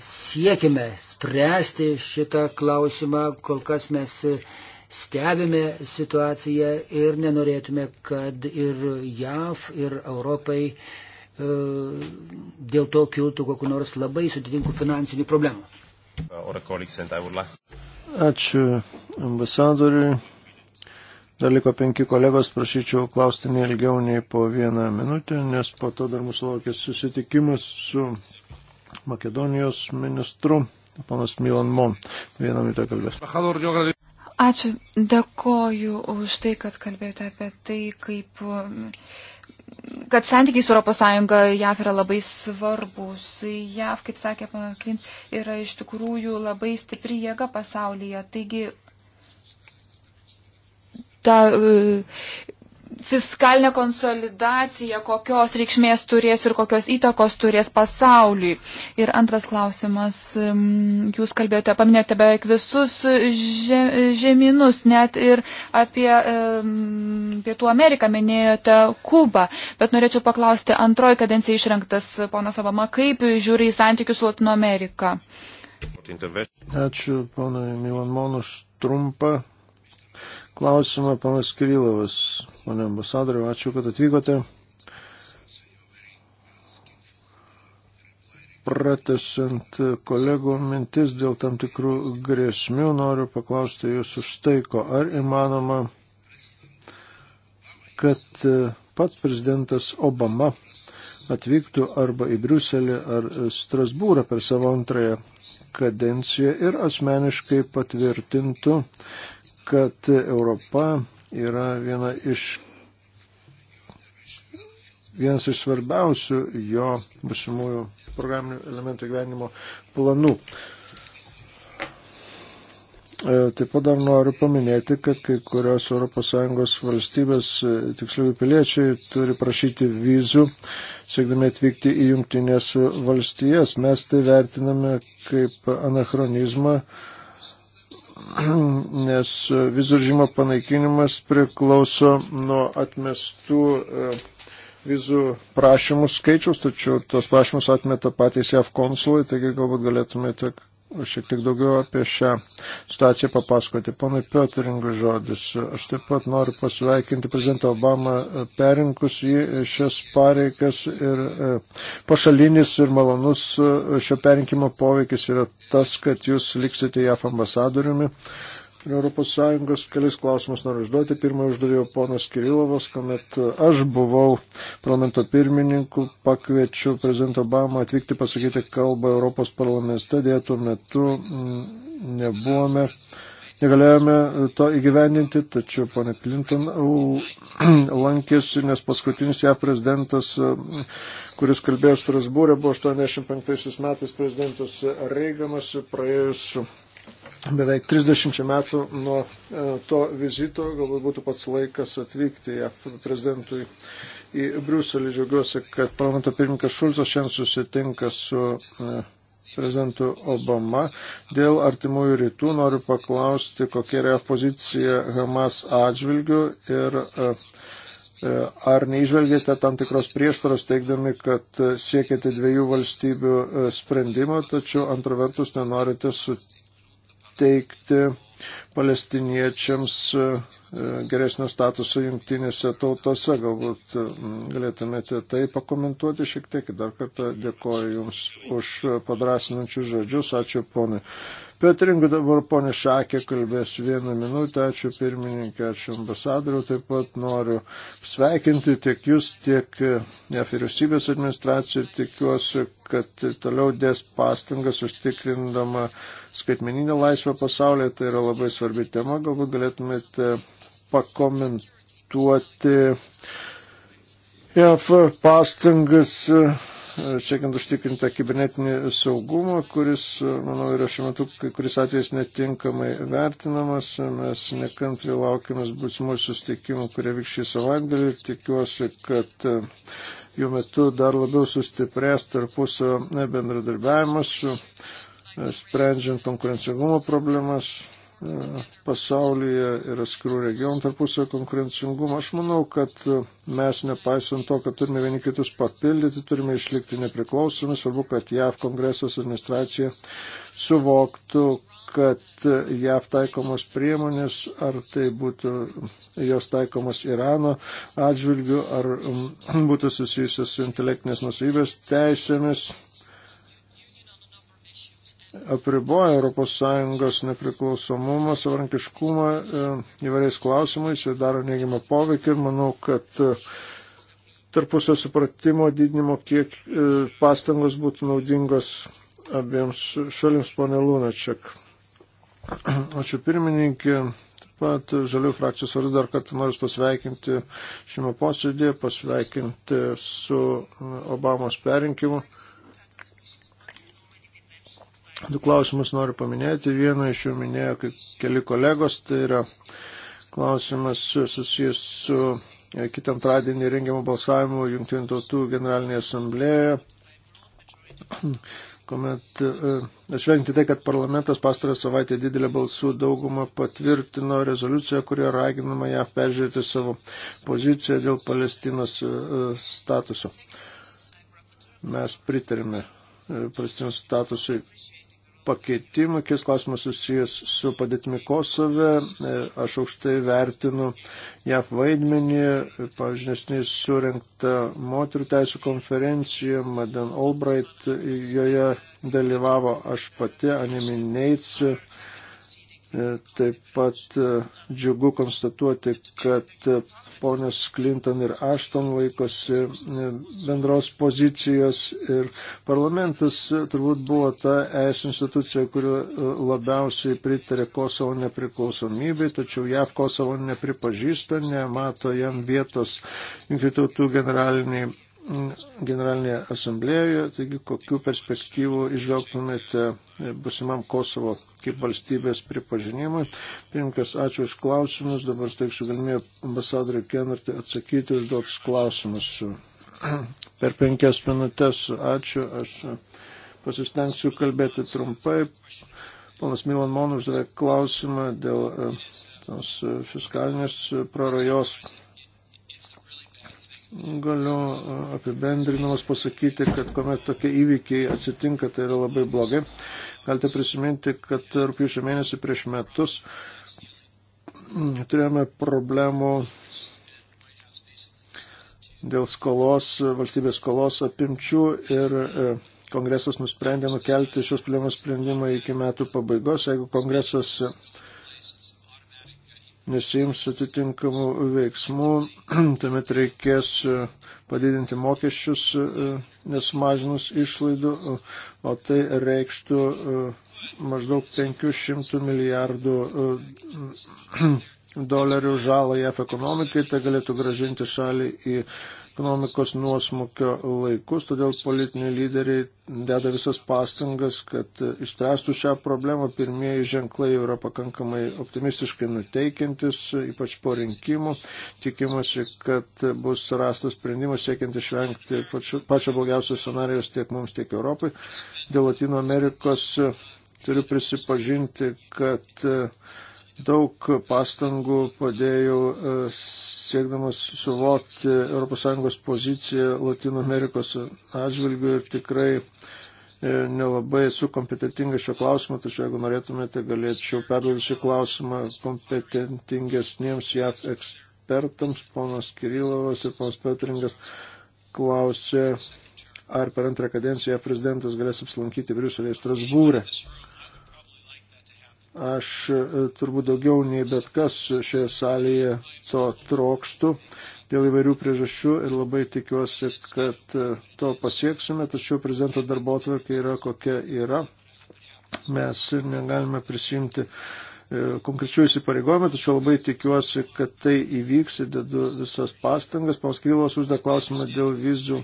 siekime spręsti šitą klausimą, kol kas mes stebime situaciją ir nenorėtume, kad ir JAV, ir Europai e, dėl to kiltų kokiu nors labai sudėtingų finansinių problemų. Ačiū ambasadoriui. Dar liko penki kolegos, prašyčiau klausti neilgiau nei po vieną minutę, nes po to dar mūsų laukia susitikimas su Makedonijos ministru, panas Milan Mon. Vieną minutę kalbės. Ačiū. Dėkoju už tai, kad kalbėjote apie tai, kaip kad santykiai su ES JAV yra labai svarbus. JAV, kaip sakė panas Lin, yra iš tikrųjų labai stipri jėga pasaulyje. Taigi ta fiskalinė konsolidacija, kokios reikšmės turės ir kokios įtakos turės pasauliui. Ir antras klausimas, jūs kalbėjote, paminėjote beveik visus žemynus, net ir apie Pietų Ameriką minėjote Kubą, bet norėčiau paklausti, antroji kadencija išrinktas ponas Obama, kaip žiūri į santykius su Latino Amerika? Ačiū ponui Milan Monus trumpą klausimą, panas Krylovas. Pane ambasadoriu, ačiū, kad atvykote. Pratesant kolegų mintis dėl tam tikrų grėsmių, noriu paklausti jūsų štai ko. Ar įmanoma, kad pats prezidentas Obama atvyktų arba į Briuselį ar Strasbūrą per savo antrąją kadenciją ir asmeniškai patvirtintų, kad Europa yra viena iš, vienas iš svarbiausių jo busimųjų programinių elementų gyvenimo planų. E, taip pat dar noriu paminėti, kad kai kurios ES valstybės, e, tiksliau piliečiai, turi prašyti vizų, siekdami atvykti į jungtinės valstijas. Mes tai vertiname kaip anachronizmą, [CLEARS THROAT] nes vizų režimo panaikinimas priklauso nuo atmestų e, vizų prašymų skaičiaus, tačiau tos prašymus atmeta patys JAV konsulai, taigi galbūt galėtumėte šiek tiek daugiau apie šią situaciją papasakoti. Ponai Piotringui žodis. Aš taip pat noriu pasveikinti prezidentą Obamą e, perinkus į e, šias pareigas ir e, pašalinis ir malonus šio perinkimo poveikis yra tas, kad jūs liksite JAF ambasadoriumi. ES kelis klausimus noriu užduoti. Pirmąjį uždavėjau ponas Kirilovas, kuomet aš buvau parlamento pirmininku, pakviečiu prezidentą Obamą atvykti pasakyti kalbą Europos parlamente. Dėja, tuo metu mm, nebuvome. Negalėjome to įgyveninti, tačiau ponė Clinton [CLEARS THROAT] lankėsi, nes paskutinis ją prezidentas, mm, kuris kalbėjo Strasbūrė, buvo 85 metais prezidentas Reiganas, praėjus beveik 30 metų nuo e, to vizito, galbūt būtų pats laikas atvykti JAF prezidentui į Briuselį. Džiaugiuosi, kad parlamento pirmininkas Šulcas šiandien susitinka su e, prezidentu Obama. Dėl artimųjų rytų noriu paklausti, kokia yra pozicija Hamas atžvilgių ir e, ar neižvelgėte tam tikros prieštaros teikdami, kad siekėte dviejų valstybių sprendimo, tačiau antra vertus nenorite sutikti suteikti palestiniečiams e, geresnio statuso jungtinėse tautose. Galbūt e, galėtumėte tai pakomentuoti šiek tiek. Dar kartą dėkoju Jums už padrasinančius žodžius. Ačiū ponai Petringu dabar ponė Šakė kalbės vieną minutę. Ačiū pirmininkė, ačiū ambasadoriu. Taip pat noriu sveikinti tiek jūs, tiek ja, e, vyriausybės administraciją. Tikiuosi, kad toliau dės pastangas užtikrindama skaitmeninę laisvę pasaulyje. Tai yra labai svarbi tema. Galbūt galėtumėte pakomentuoti. JAF pastangas e, siekiant užtikrinti kibernetinį saugumą, kuris, manau, yra šiuo metu kai kuris atvejais netinkamai vertinamas. Mes nekantri laukiamės būsimų susitikimų, kurie vyks šį savaitgalį ir tikiuosi, kad e, jų metu dar labiau sustiprės tarpusio bendradarbiavimas, e, sprendžiant konkurencingumo problemas, pasaulyje ir atskirų regionų tarpusio konkurencingumą. Aš manau, kad mes, nepaisant to, kad turime vieni kitus papildyti, turime išlikti nepriklausomi. Svarbu, kad JAV kongresas administracija suvoktų, kad JAV taikomos priemonės, ar tai būtų jos taikomos Irano atžvilgių, ar būtų susijusios su intelektinės nusavybės teisėmis, apriboja ES nepriklausomumą, savarankiškumą e, įvairiais klausimais ir daro neigiamą poveikį. Manau, kad e, tarpusio supratimo didinimo kiek e, pastangos būtų naudingos abiems šalims, ponė Lunačiak. [CLEARS THROAT] Ačiū pirmininkė. Taip pat žalių frakcijos vardu dar kartą noriu pasveikinti šiame posėdėje, pasveikinti su Obamos perinkimu. Du klausimus noriu paminėti. Vieną iš jų minėjo kaip keli kolegos, tai yra klausimas susijęs su e, kitą antradienį rengiamų balsavimų Junktinių tautų generalinėje asamblėje, [CLEARS THROAT] kuomet e, ašvengti tai, kad parlamentas pastarą savaitę didelę balsų daugumą patvirtino rezoliuciją, kurioje raginama ją peržiūrėti savo poziciją dėl Palestinos e, statuso. Mes pritarime Palestinos statusui pakeitimų, kies klausimas susijęs su padėtimi Kosove. E, aš aukštai vertinu JAF vaidmenį, pavyzdžiui, nesnei surinkta moterų teisų konferencija, Madan Albright joje dalyvavo aš pati, Anemi Neits E, taip pat e, džiugu konstatuoti, kad e, ponios Clinton ir Ashton laikosi bendros pozicijos ir parlamentas turbūt buvo ta ES institucija, kuri labiausiai pritarė Kosovo nepriklausomybei, tačiau JAV Kosovo nepripažįsta, nemato jam vietos Junktinių tautų generaliniai generalinėje asamblėjoje, taigi kokiu perspektyvu išvelgtumėte busimam Kosovo kaip valstybės pripažinimui. Pirmkas, ačiū už klausimus. Dabar steiksiu galimybę ambasadoriui Kenartį atsakyti užduotus klausimus. [CLEARS THROAT] Per penkias minutės ačiū. Aš pasistengsiu kalbėti trumpai. Ponas Milan Mon uždavė klausimą dėl e, tos e, fiskalinės e, prarajos galiu apibendrinamas pasakyti, kad kuomet tokie įvykiai atsitinka, tai yra labai blogai. Galite prisiminti, kad rūpiučio mėnesį prieš metus turėjome problemų dėl skolos, valstybės skolos apimčių ir e, kongresas nusprendė nukelti šios problemos sprendimą iki metų pabaigos. Jeigu kongresas nesijims atitinkamų veiksmų, tuomet reikės uh, padidinti mokesčius, e, nesumažinus išlaidų, o tai reikštų e, maždaug 500 milijardų e, [CLEARS THROAT] dolerių žalą JAF ekonomikai, tai galėtų gražinti šalį į ekonomikos nuosmukio laikus, todėl politiniai lyderiai deda visas pastangas, kad išspręstų šią problemą. Pirmieji ženklai yra pakankamai optimistiškai nuteikiantis, ypač po rinkimų. Tikimasi, kad bus rastas sprendimas siekiant išvengti pačio, pačio blogiausio scenarijos tiek mums, tiek Europai. Dėl Latino Amerikos turiu prisipažinti, kad uh, daug pastangų padėjau e, siekdamas suvokti ES poziciją Latino Amerikos atžvilgių ir tikrai e, nelabai esu kompetitingas šio klausimo, tačiau jeigu norėtumėte, galėčiau perduoti šį klausimą kompetentingesniems JAF ekspertams. Ponas Kirilovas ir ponas Petringas klausė, ar per antrą kadenciją JAF prezidentas galės apsilankyti Briuselėje Strasbūrė. E. Aš e, turbūt daugiau nei bet kas šioje salėje to trokštų dėl įvairių priežasčių ir labai tikiuosi, kad e, to pasieksime, tačiau prezidento darbo atvarkė yra kokia yra. Mes negalime prisimti E, konkrečių įsipareigojimų, tačiau labai tikiuosi, kad tai įvyks ir dedu visas pastangas. Pams Krylos uždė klausimą dėl vizų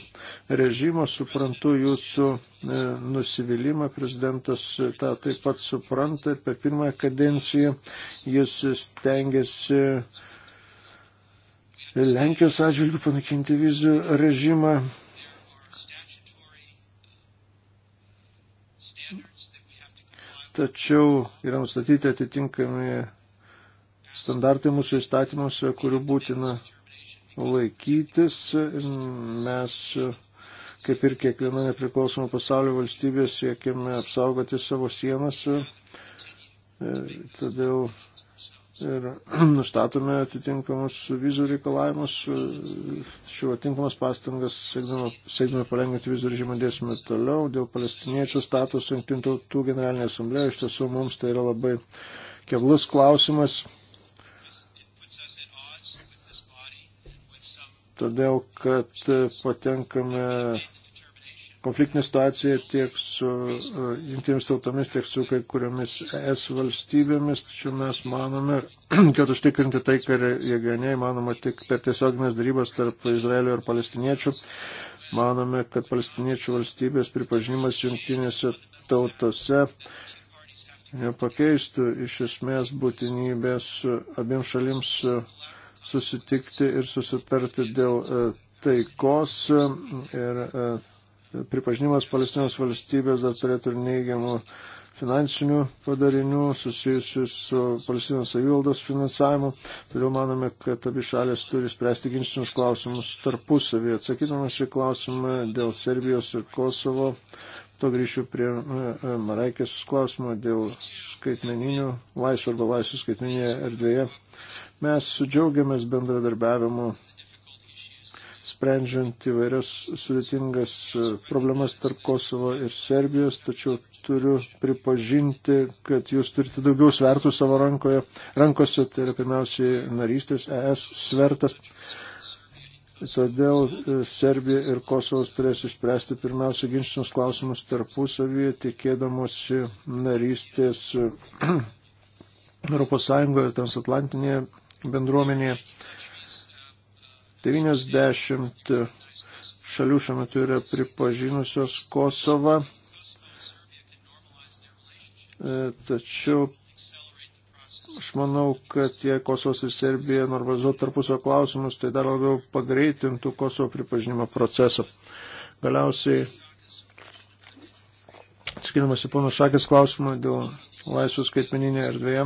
režimo, suprantu jūsų e, nusivylimą, prezidentas tą taip pat supranta ir per pirmąją kadenciją jis stengiasi Lenkijos atžvilgių panaikinti vizų režimą, tačiau yra nustatyti atitinkami standartai mūsų įstatymuose, kurių būtina laikytis. Mes, kaip ir kiekviena nepriklausoma pasaulio valstybė, siekime apsaugoti savo sienas. Todėl ir [CLEARS THROAT] nustatome atitinkamus vizų reikalavimus, e, šių atitinkamas pastangas siekdami palengvinti vizų režimą dėsime toliau. Dėl palestiniečių statuso Junktinių tautų generalinė asamblėje iš tiesų mums tai yra labai keblus klausimas. Todėl, kad e, patenkame konfliktinė situacija tiek su e, jungtinėmis tautomis, tiek su kai kuriomis es valstybėmis, tačiau mes manome, [CLEARS THROAT] kad užtikrinti tai, kad jėgane įmanoma tik per tiesioginės darybas tarp Izraelio ir palestiniečių. Manome, kad palestiniečių valstybės pripažinimas jungtinėse tautose nepakeistų iš esmės būtinybės abiems šalims susitikti ir susitarti dėl e, taikos e, ir pripažinimas Palestinos valstybės dar turėtų ir neigiamų finansinių padarinių susijusių su Palestinos savivaldos finansavimu. Todėl manome, kad abi šalės turi spręsti ginčinius klausimus tarpusavį. Atsakydamas į klausimą dėl Serbijos ir Kosovo, to grįšiu prie e, e, Maraikės klausimo dėl skaitmeninių laisvų arba laisvų skaitmeninėje erdvėje. Mes džiaugiamės bendradarbiavimu sprendžiant įvairias sudėtingas e, problemas tarp Kosovo ir Serbijos, tačiau turiu pripažinti, kad jūs turite daugiau svertų savo rankoje, rankose, tai yra pirmiausiai narystės ES svertas. Todėl e, Serbija ir Kosovas turės išspręsti pirmiausia ginčinius klausimus tarpusavyje, tikėdamosi narystės ES [CLEARS THROAT] ir transatlantinėje bendruomenėje. 90 šalių šiuo metu yra pripažinusios Kosovą, e, tačiau aš manau, kad jei Kosovas ir Serbija normalizuotų tarpusio klausimus, tai dar labiau pagreitintų Kosovo pripažinimo procesą. Galiausiai, atsakydamas į pono Šakės klausimą dėl laisvės skaitmeninėje erdvėje,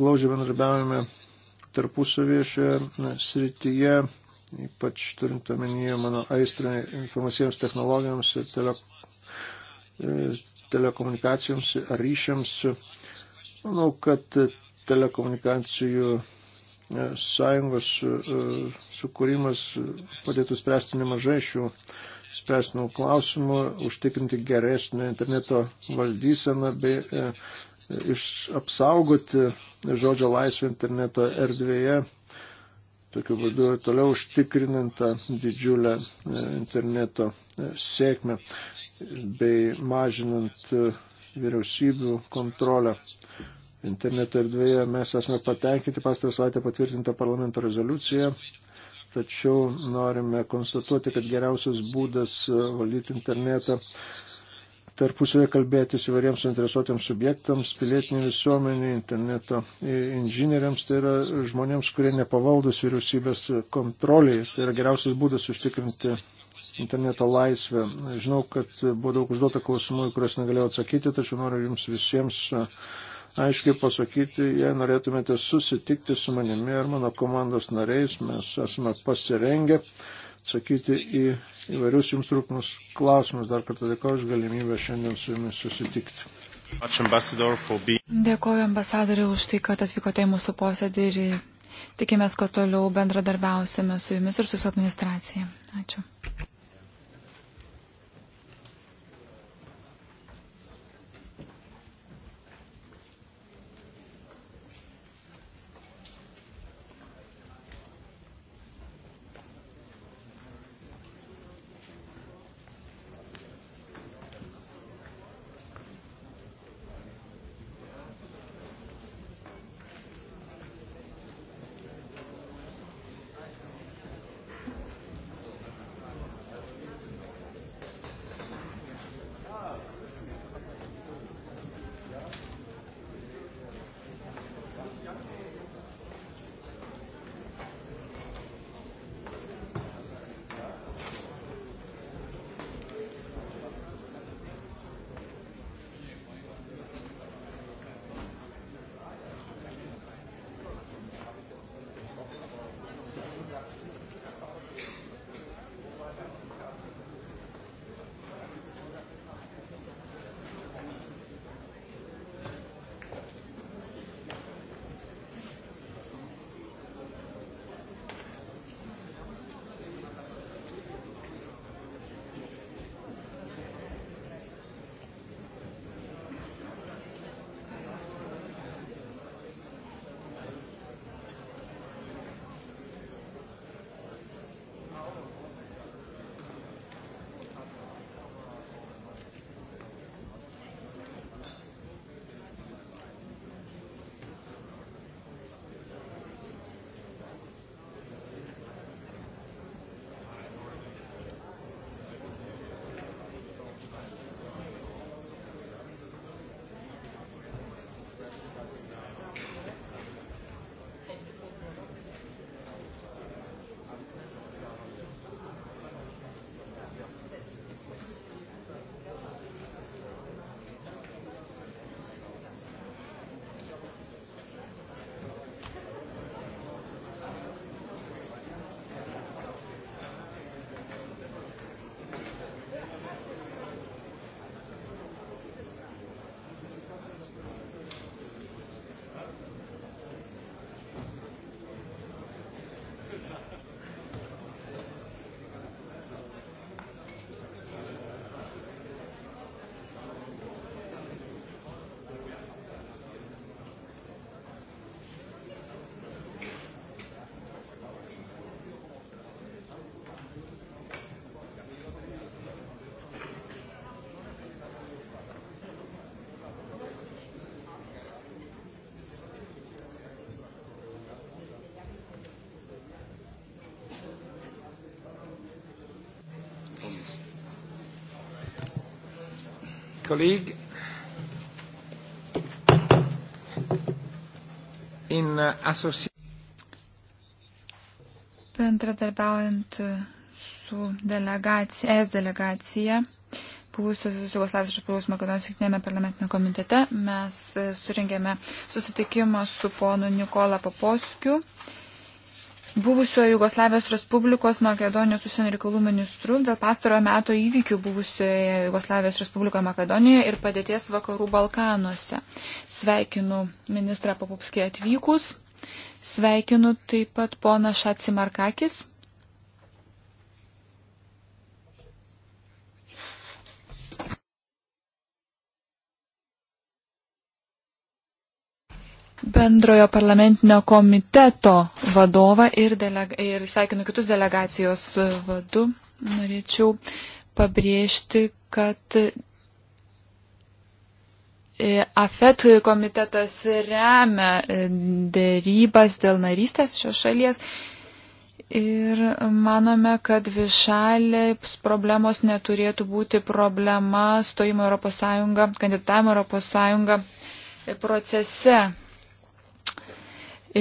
glaužiai bendrabiavime tarpusavėšioje srityje, ypač turint omenyje mano aistrą informacijoms technologijoms ir tele, e, telekomunikacijoms ar ryšiams. Manau, kad telekomunikacijų e, sąjungos e, sukūrimas padėtų spręsti nemažai šių spręstinų klausimų, užtikrinti geresnį interneto valdyseną bei iš, apsaugoti žodžio laisvę interneto erdvėje, tokiu būdu toliau užtikrinant tą didžiulę e, interneto e, sėkmę bei mažinant e, vyriausybių kontrolę. Interneto erdvėje mes esame patenkinti pastarą savaitę patvirtintą parlamento rezoliuciją, tačiau norime konstatuoti, kad geriausias būdas valdyti internetą tarpusavėje kalbėtis įvairiems suinteresuotiems subjektams, pilietiniai visuomeniai, interneto inžinieriams, tai yra žmonėms, kurie nepavaldus vyriausybės kontroliai. Tai yra geriausias būdas užtikrinti interneto laisvę. Žinau, kad buvo daug užduota klausimų, į kuriuos negalėjau atsakyti, tačiau noriu jums visiems aiškiai pasakyti, jei norėtumėte susitikti su manimi ar mano komandos nariais, mes esame pasirengę atsakyti į įvairius jums rūpimus klausimus. Dar kartą dėkoju už galimybę šiandien su jumis susitikti. Dėkoju ambasadoriu už tai, kad atvykote į mūsų posėdį ir tikimės, kad toliau bendradarbiausime su jumis ir su jūsų administracija. Ačiū. colleague, in uh, association. Bendradarbiaujant su delegacija, es delegacija, buvusios Jugoslavijos iš Pūvus Makedonijos jungtinėme parlamentinėme komitete, mes e, surengėme susitikimą su ponu Nikola Paposkiu, buvusio Jugoslavijos Respublikos Makedonijos užsienio reikalų ministru dėl pastarojo meto įvykių buvusioje Jugoslavijos Respublikoje Makedonijoje ir padėties vakarų Balkanuose. Sveikinu ministrą Papupskį atvykus. Sveikinu taip pat pona Šacimarkakis. Bendrojo parlamentinio komiteto vadovą ir, delega, ir sveikinu kitus delegacijos vadu. Norėčiau pabrėžti, kad e, AFET komitetas remia e, dėrybas dėl narystės šios šalies. Ir manome, kad višalės problemos neturėtų būti problema stojimo Europos Sąjunga, kandidatavimo Europos Sąjunga procese. E,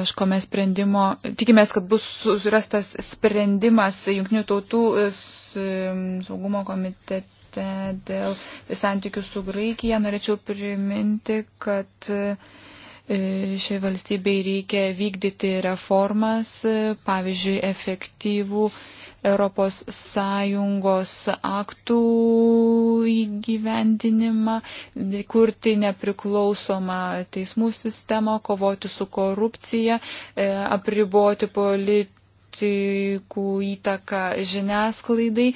ieškome sprendimo, tikimės, kad bus surastas sprendimas Junktinių tautų e, saugumo komitete dėl santykių su Graikija. Norėčiau priminti, kad e, šiai valstybei reikia vykdyti reformas, pavyzdžiui, efektyvų ES aktų įgyvendinimą, kurti nepriklausomą teismų sistemą, kovoti su korupcija, e, apriboti politiką politikų įtaką žiniasklaidai.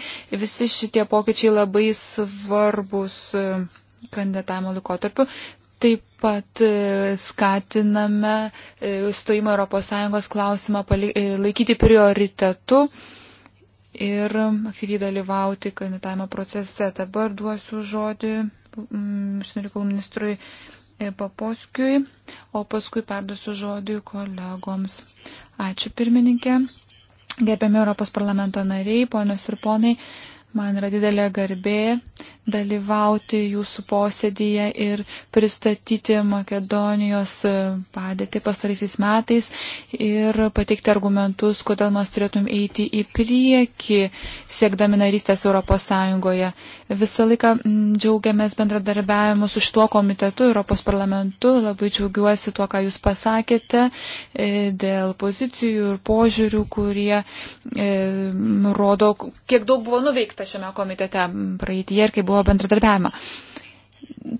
Visi šitie pokyčiai labai svarbus e, kandidatavimo laikotarpiu. Taip pat e, skatiname stojimo ES klausimą laikyti prioritetu ir aktyviai dalyvauti kandidatavimo procese. Dabar duosiu žodį mm, užsienio reikalų ministrui e, Paposkiui, o paskui perduosiu žodį kolegoms. Ačiū pirmininkė, gerbiami Europos parlamento nariai, ponios ir ponai, man yra didelė garbė dalyvauti jūsų posėdėje ir pristatyti Makedonijos e, padėtį pastaraisiais metais ir pateikti argumentus, kodėl mes turėtum eiti į priekį, siekdami narystės Europos Sąjungoje. Visą laiką džiaugiamės bendradarbiavimu su šituo komitetu, Europos parlamentu. Labai džiaugiuosi tuo, ką jūs pasakėte e, dėl pozicijų ir požiūrių, kurie e, rodo, kiek daug buvo nuveikta šiame komitete praeitie ir kai buvo savo bendradarbiavimą.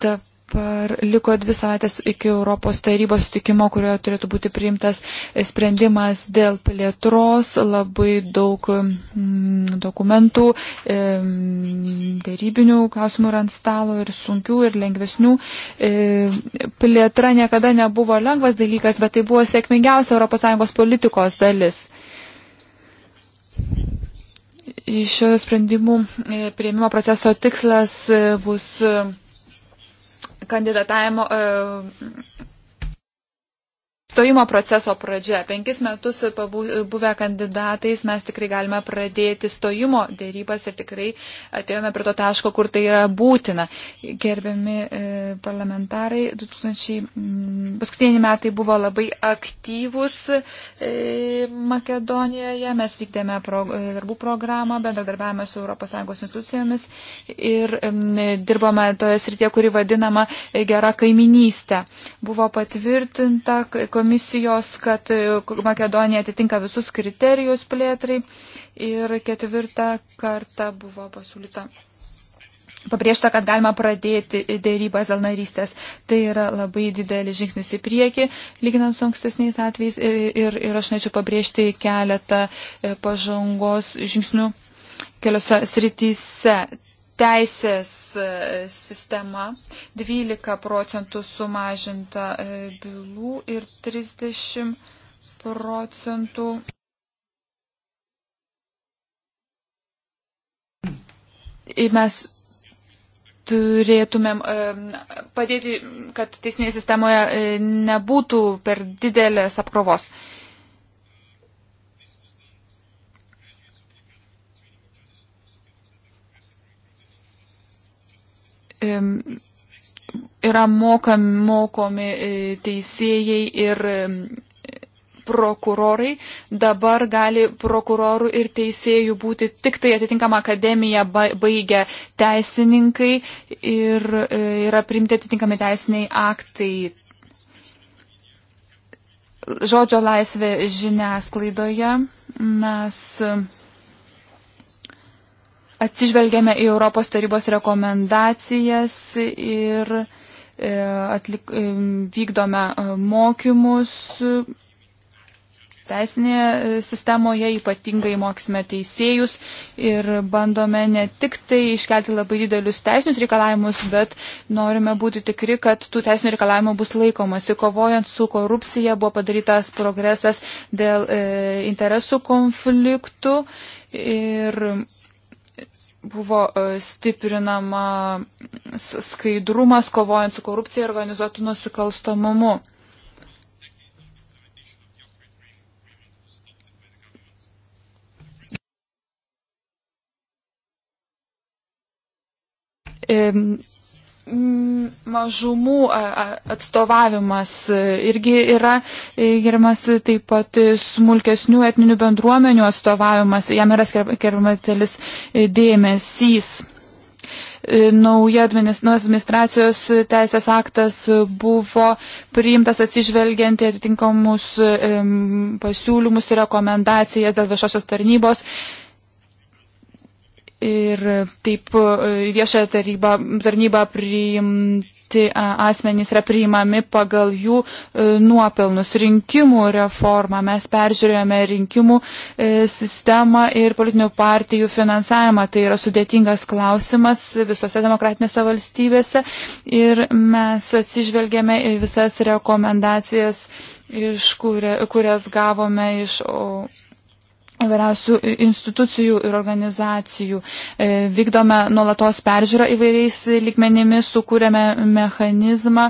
Dabar liko dvi savaitės iki Europos tarybos sutikimo, kurioje turėtų būti priimtas sprendimas dėl plėtros, labai daug mm, dokumentų, e, dėrybinių klausimų yra ant stalo ir sunkių ir lengvesnių. E, plėtra niekada nebuvo lengvas dalykas, bet tai buvo sėkmingiausia ES politikos dalis šio sprendimų e, prieimimo proceso tikslas e, bus e, kandidatavimo stojimo proceso pradžia. Penkis metus buvę kandidatais mes tikrai galime pradėti stojimo dėrybas ir tikrai atėjome prie to taško, kur tai yra būtina. Gerbiami e, parlamentarai, 2000, mm, paskutiniai metai buvo labai aktyvus e, Makedonijoje. Mes vykdėme pro, e, darbų programą, bendradarbiavome su ES institucijomis ir mm, dirbome toje srityje, kuri vadinama gera kaiminystė. Buvo patvirtinta, komisijos, kad e, Makedonija atitinka visus kriterijus plėtrai ir ketvirtą kartą buvo pasiūlyta. Pabrėžta, kad galima pradėti dėrybas dėl narystės. Tai yra labai didelis žingsnis į priekį, lyginant su ankstesniais atvejais. E, ir, ir aš norėčiau pabrėžti keletą e, pažangos žingsnių keliose srityse teisės e, sistema, 12 procentų sumažinta e, bylų ir 30 procentų. Mes turėtumėm e, padėti, kad teisinėje sistemoje nebūtų per didelės apkrovos. yra mokami, mokomi e, teisėjai ir prokurorai. Dabar gali prokurorų ir teisėjų būti tik tai atitinkama akademija baigę teisininkai ir e, yra primti atitinkami teisiniai aktai. Žodžio laisvė žiniasklaidoje mes atsižvelgiame į Europos tarybos rekomendacijas ir e, atlik, e, vykdome e, mokymus teisinėje sistemoje, ypatingai mokysime teisėjus ir bandome ne tik tai iškelti labai didelius teisinius reikalavimus, bet norime būti tikri, kad tų teisinių reikalavimų bus laikomasi. Kovojant su korupcija buvo padarytas progresas dėl e, interesų konfliktų ir buvo e, stiprinama skaidrumas kovojant su korupcija ir organizuotų nusikalstamumu mažumų atstovavimas irgi yra e, gerimas taip pat smulkesnių etninių bendruomenių atstovavimas, jam yra skiriamas dėlis e, dėmesys. E, nauja administracijos teisės aktas buvo priimtas atsižvelgiant į atitinkamus pasiūlymus ir rekomendacijas dėl viešosios tarnybos ir taip e, viešąją tarybą, tarnybą priimti e, asmenys yra priimami pagal jų e, nuopelnus. Rinkimų reformą mes peržiūrėjome rinkimų sistemą ir politinių partijų finansavimą. Tai yra sudėtingas klausimas visose demokratinėse valstybėse ir mes atsižvelgėme į visas rekomendacijas, iš kuria, kurias gavome iš. O, įvairiausių institucijų ir organizacijų. E, vykdome nuolatos peržiūrą įvairiais likmenimis, sukūrėme mechanizmą,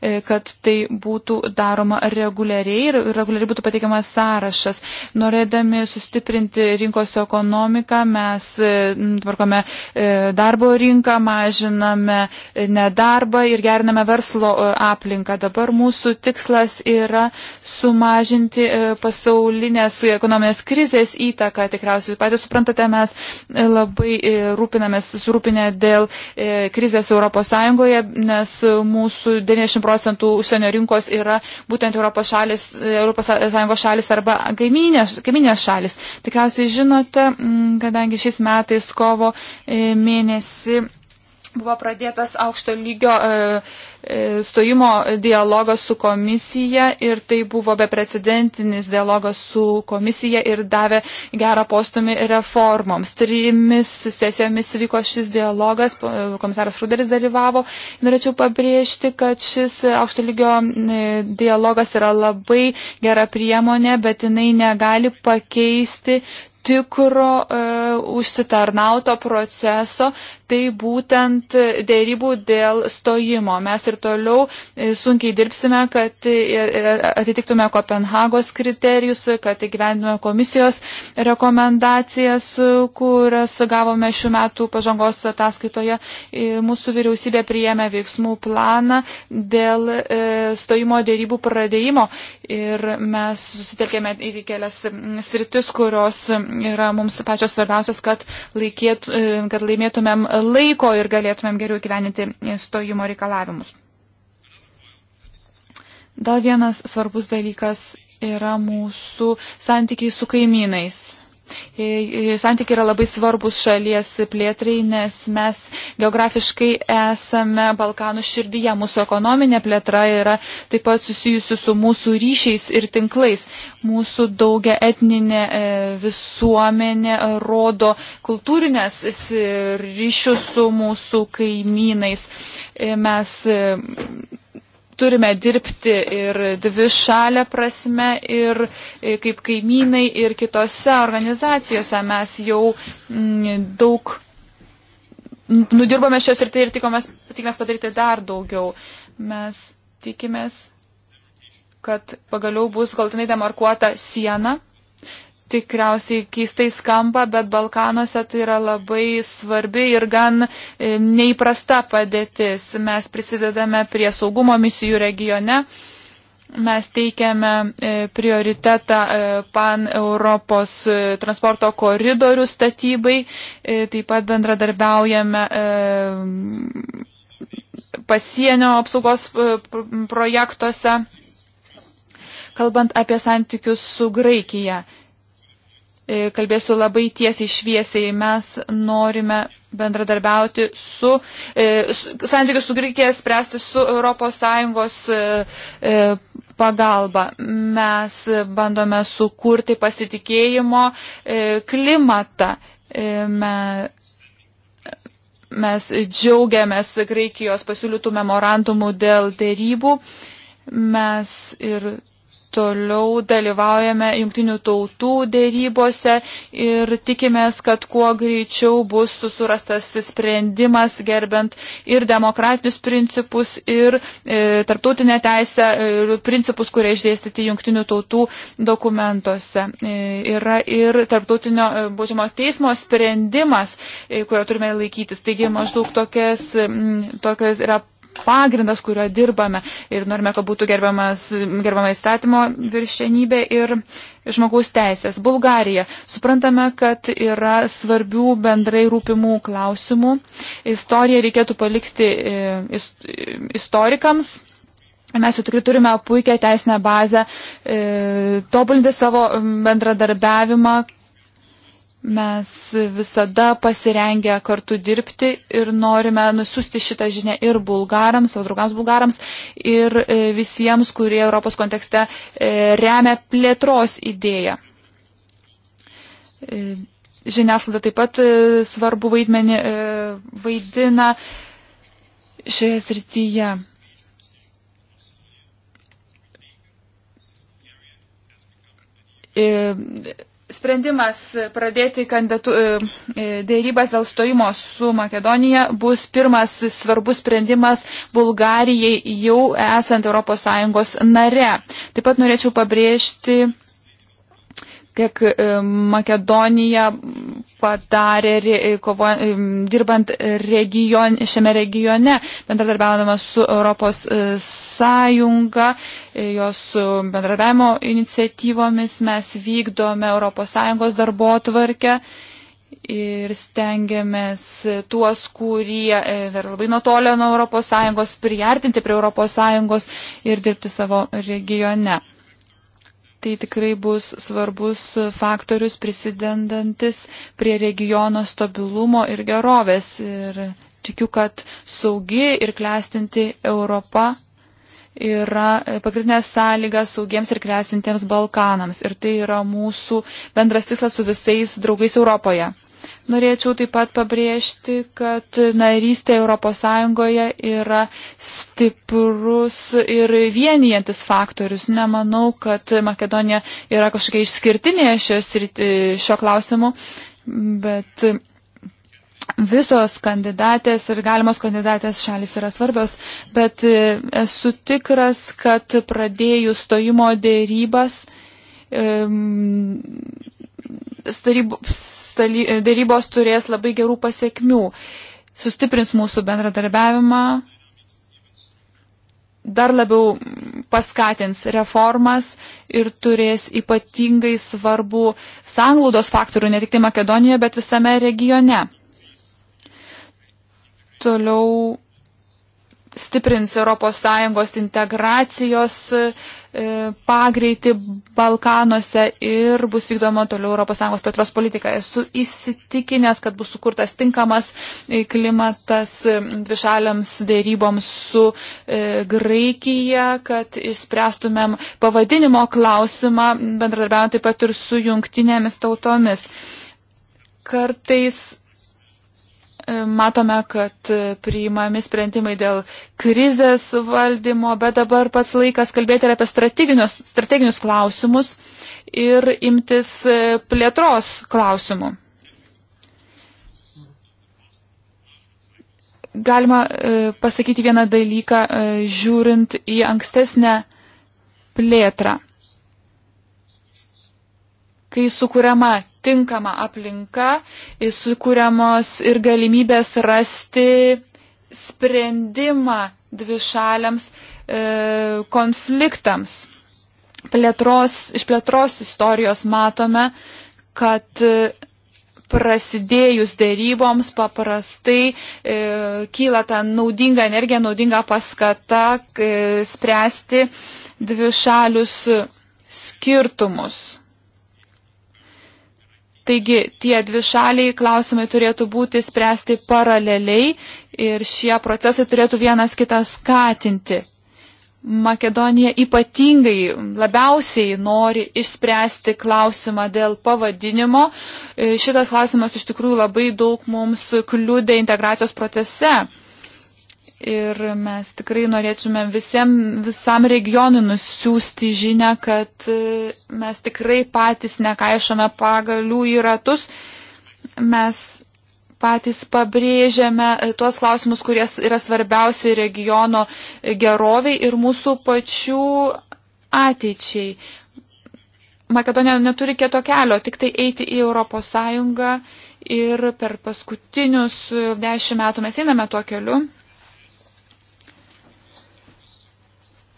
e, kad tai būtų daroma reguliariai ir reguliariai būtų pateikiamas sąrašas. Norėdami sustiprinti rinkos ekonomiką, mes e, tvarkome darbo rinką, mažiname nedarbą ir geriname verslo aplinką. Dabar mūsų tikslas yra sumažinti pasaulinės ekonominės krizės krizės įtaką. Tikriausiai patys suprantate, mes e, labai e, rūpinamės, surūpinę dėl e, krizės ES, nes mūsų 90 procentų užsienio rinkos yra būtent ES šalis, ES šalis arba kaiminės, kaiminės šalis. Tikriausiai žinote, kadangi šiais metais kovo mėnesį buvo pradėtas aukšto lygio e, e, stojimo dialogas su komisija ir tai buvo beprecedentinis dialogas su komisija ir davė gerą postumį reformoms. Trimis sesijomis vyko šis dialogas, e, komisaras Ruderis dalyvavo. Norėčiau pabrėžti, kad šis aukšto lygio dialogas yra labai gera priemonė, bet jinai negali pakeisti tikro e, užsitarnauto proceso, tai būtent dėrybų dėl stojimo. Mes ir toliau e, sunkiai dirbsime, kad e, e, atitiktume Kopenhagos kriterijus, kad įgyvendintume komisijos rekomendacijas, kurias gavome šių metų pažangos ataskaitoje. Mūsų vyriausybė priėmė veiksmų planą dėl stojimo dėrybų pradėjimo ir mes susitelkėme į kelias sritis, kurios yra mums pačios svarbiausios, kad, laikėt, kad laimėtumėm laiko ir galėtumėm geriau gyveninti stojimo reikalavimus. Dar vienas svarbus dalykas yra mūsų santykiai su kaimynais. E, e, santykiai yra labai svarbus šalies plėtrai, nes mes geografiškai esame Balkanų širdyje. Mūsų ekonominė plėtra yra taip pat susijusi su mūsų ryšiais ir tinklais. Mūsų daugia etninė e, visuomenė rodo kultūrinės ryšius su mūsų kaimynais. Mes turime dirbti ir dvi šalia prasme, ir e, kaip kaimynai, ir kitose organizacijose mes jau mm, daug nudirbome šios ir tai ir tikomės, tikimės padaryti dar daugiau. Mes tikimės, kad pagaliau bus galtinai demarkuota siena tikriausiai keistai skamba, bet Balkanuose tai yra labai svarbi ir gan e, neįprasta padėtis. Mes prisidedame prie saugumo misijų regione. Mes teikiame e, prioritetą e, pan Europos transporto koridorių statybai, taip pat bendradarbiaujame pasienio apsaugos projektuose, kalbant apie santykius su Graikija E, kalbėsiu labai tiesiai šviesiai, mes norime bendradarbiauti su, e, su santykius su Grikija spręsti su ES e, pagalba. Mes bandome sukurti pasitikėjimo klimatą. Mes, mes džiaugiamės Graikijos pasiūlytų memorandumų dėl dėrybų. Mes ir toliau dalyvaujame jungtinių tautų dėrybose ir tikimės, kad kuo greičiau bus surastas sprendimas gerbent ir demokratinius principus, ir e, tarptautinę teisę, ir principus, kurie išdėstyti jungtinių tautų dokumentuose. E, yra ir tarptautinio e, būdžimo teismo sprendimas, e, kurio turime laikytis. Taigi maždaug tokias, m, tokias yra pagrindas, kurio dirbame ir norime, kad būtų gerbama įstatymo viršenybė ir žmogaus teisės. Bulgarija. Suprantame, kad yra svarbių bendrai rūpimų klausimų. Istoriją reikėtų palikti e, istorikams. Mes jau tikrai turime puikią teisinę bazę, e, tobulinti savo bendradarbiavimą, Mes visada pasirengę kartu dirbti ir norime nusiųsti šitą žinę ir bulgarams, savo draugams bulgarams, ir e, visiems, kurie Europos kontekste e, remia plėtros idėją. E, žiniasklaida taip pat svarbu vaidmenį vaidina šioje srityje sprendimas pradėti kandidatu, e, e, dėrybas dėl stojimo su Makedonija bus pirmas svarbus sprendimas Bulgarijai jau esant ES nare. Taip pat norėčiau pabrėžti kiek e, Makedonija padarė e, kovo, e, dirbant region, šiame regione, bendradarbiaudama su Europos Sąjunga, jos bendradarbiavimo iniciatyvomis mes vykdome Europos Sąjungos darbo tvarkę ir stengiamės tuos, kurie dar labai nutolę nuo ES, priartinti prie ES ir dirbti savo regione tai tikrai bus svarbus faktorius prisidendantis prie regiono stabilumo ir gerovės. Ir tikiu, kad saugi ir klestinti Europa yra pagrindinė sąlyga saugiems ir klestintiems Balkanams. Ir tai yra mūsų bendras tikslas su visais draugais Europoje. Norėčiau taip pat pabrėžti, kad narystė ES yra stiprus ir vienijantis faktorius. Nemanau, kad Makedonija yra kažkokia išskirtinė šios, šio klausimu, bet visos kandidatės ir galimos kandidatės šalis yra svarbios, bet esu tikras, kad pradėjus stojimo dėrybas, starybos dėrybos turės labai gerų pasiekmių, sustiprins mūsų bendradarbiavimą, dar labiau paskatins reformas ir turės ypatingai svarbu sanglaudos faktorių ne tik tai Makedonijoje, bet visame regione. Toliau stiprins ES integracijos e, pagreitį Balkanuose ir bus vykdoma toliau ES plėtros politika. Esu įsitikinęs, kad bus sukurtas tinkamas e, klimatas e, dvišaliams dėryboms su Graikija, kad išspręstumėm pavadinimo klausimą, bendradarbiavant taip pat ir su jungtinėmis tautomis. Kartais E, matome, kad priimami sprendimai dėl krizės valdymo, bet dabar pats laikas kalbėti ir apie strateginius, strateginius klausimus ir imtis e, plėtros klausimų. Galima e, pasakyti vieną dalyką, žiūrint į ankstesnę plėtrą. Kai sukūriama tinkama aplinka, sukūriamos ir galimybės rasti sprendimą dvišaliams e, konfliktams. Plėtros, iš plėtros istorijos matome, kad e, prasidėjus dėryboms paprastai e, kyla ta naudinga energija, naudinga paskata e, spręsti dvišalius skirtumus. Taigi tie dvi šaliai klausimai turėtų būti spręsti paraleliai ir šie procesai turėtų vienas kitą skatinti. Makedonija ypatingai labiausiai nori išspręsti klausimą dėl pavadinimo. E, šitas klausimas iš tikrųjų labai daug mums kliūdė integracijos procese. Ir mes tikrai norėtume visiem, visam regionui nusiųsti žinę, kad e, mes tikrai patys nekaišome pagalių į ratus. Mes patys pabrėžiame e, tuos klausimus, kurie yra svarbiausi regiono e, geroviai ir mūsų pačių ateičiai. Makedonija neturi kieto kelio, tik tai eiti į Europos Sąjungą ir per paskutinius dešimt metų mes einame tuo keliu.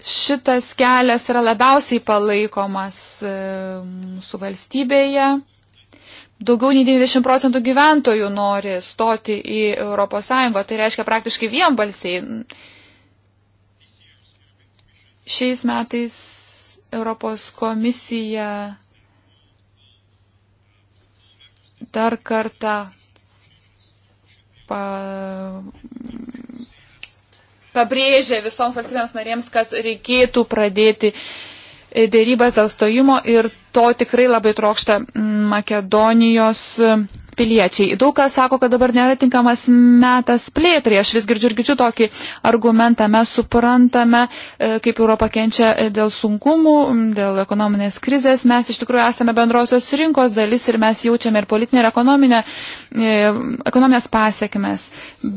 šitas kelias yra labiausiai palaikomas e, mūsų valstybėje. Daugiau nei 90 procentų gyventojų nori stoti į ES, tai reiškia praktiškai vienbalsiai. Šiais metais Europos komisija dar kartą pa, pabrėžė visoms valstybėms narėms, kad reikėtų pradėti e, dėrybas dėl stojimo ir to tikrai labai trokšta Makedonijos piliečiai. Daug kas sako, kad dabar nėra tinkamas metas plėtrai. Aš vis girdžiu ir girdžiu tokį argumentą. Mes suprantame, e, kaip Europa kenčia e, dėl sunkumų, dėl ekonominės krizės. Mes iš tikrųjų esame bendrosios rinkos dalis ir mes jaučiame ir politinę, ir ekonominę, e, ekonominės pasiekmes.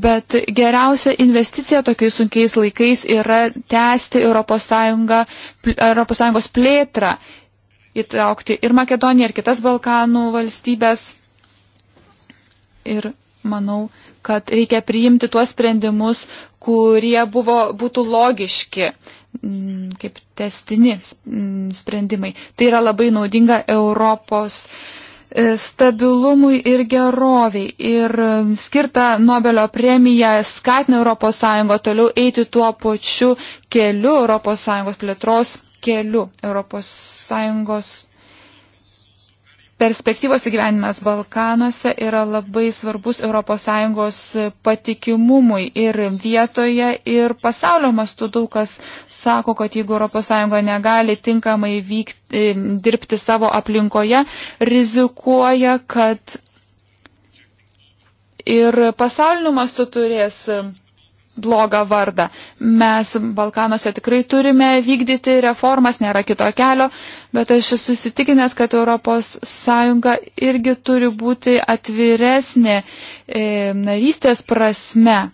Bet geriausia investicija tokiais sunkiais laikais yra tęsti ES, ES plėtrą įtraukti ir Makedoniją, ir kitas Balkanų valstybės. Ir manau, kad reikia priimti tuos sprendimus, kurie buvo, būtų logiški, mm, kaip testini mm, sprendimai. Tai yra labai naudinga Europos e, stabilumui ir geroviai. Ir skirta Nobelio premija skatina ES toliau eiti tuo pačiu keliu, ES plėtros keliu, ES perspektyvos įgyvenimas Balkanuose yra labai svarbus ES patikimumui ir vietoje, ir pasaulio mastu daug kas sako, kad jeigu ES negali tinkamai vykti, e, dirbti savo aplinkoje, rizikuoja, kad ir pasauliniu mastu turės blogą vardą. Mes Balkanuose tikrai turime vykdyti reformas, nėra kito kelio, bet aš esu įsitikinęs, kad ES irgi turi būti atviresnė e, narystės prasme.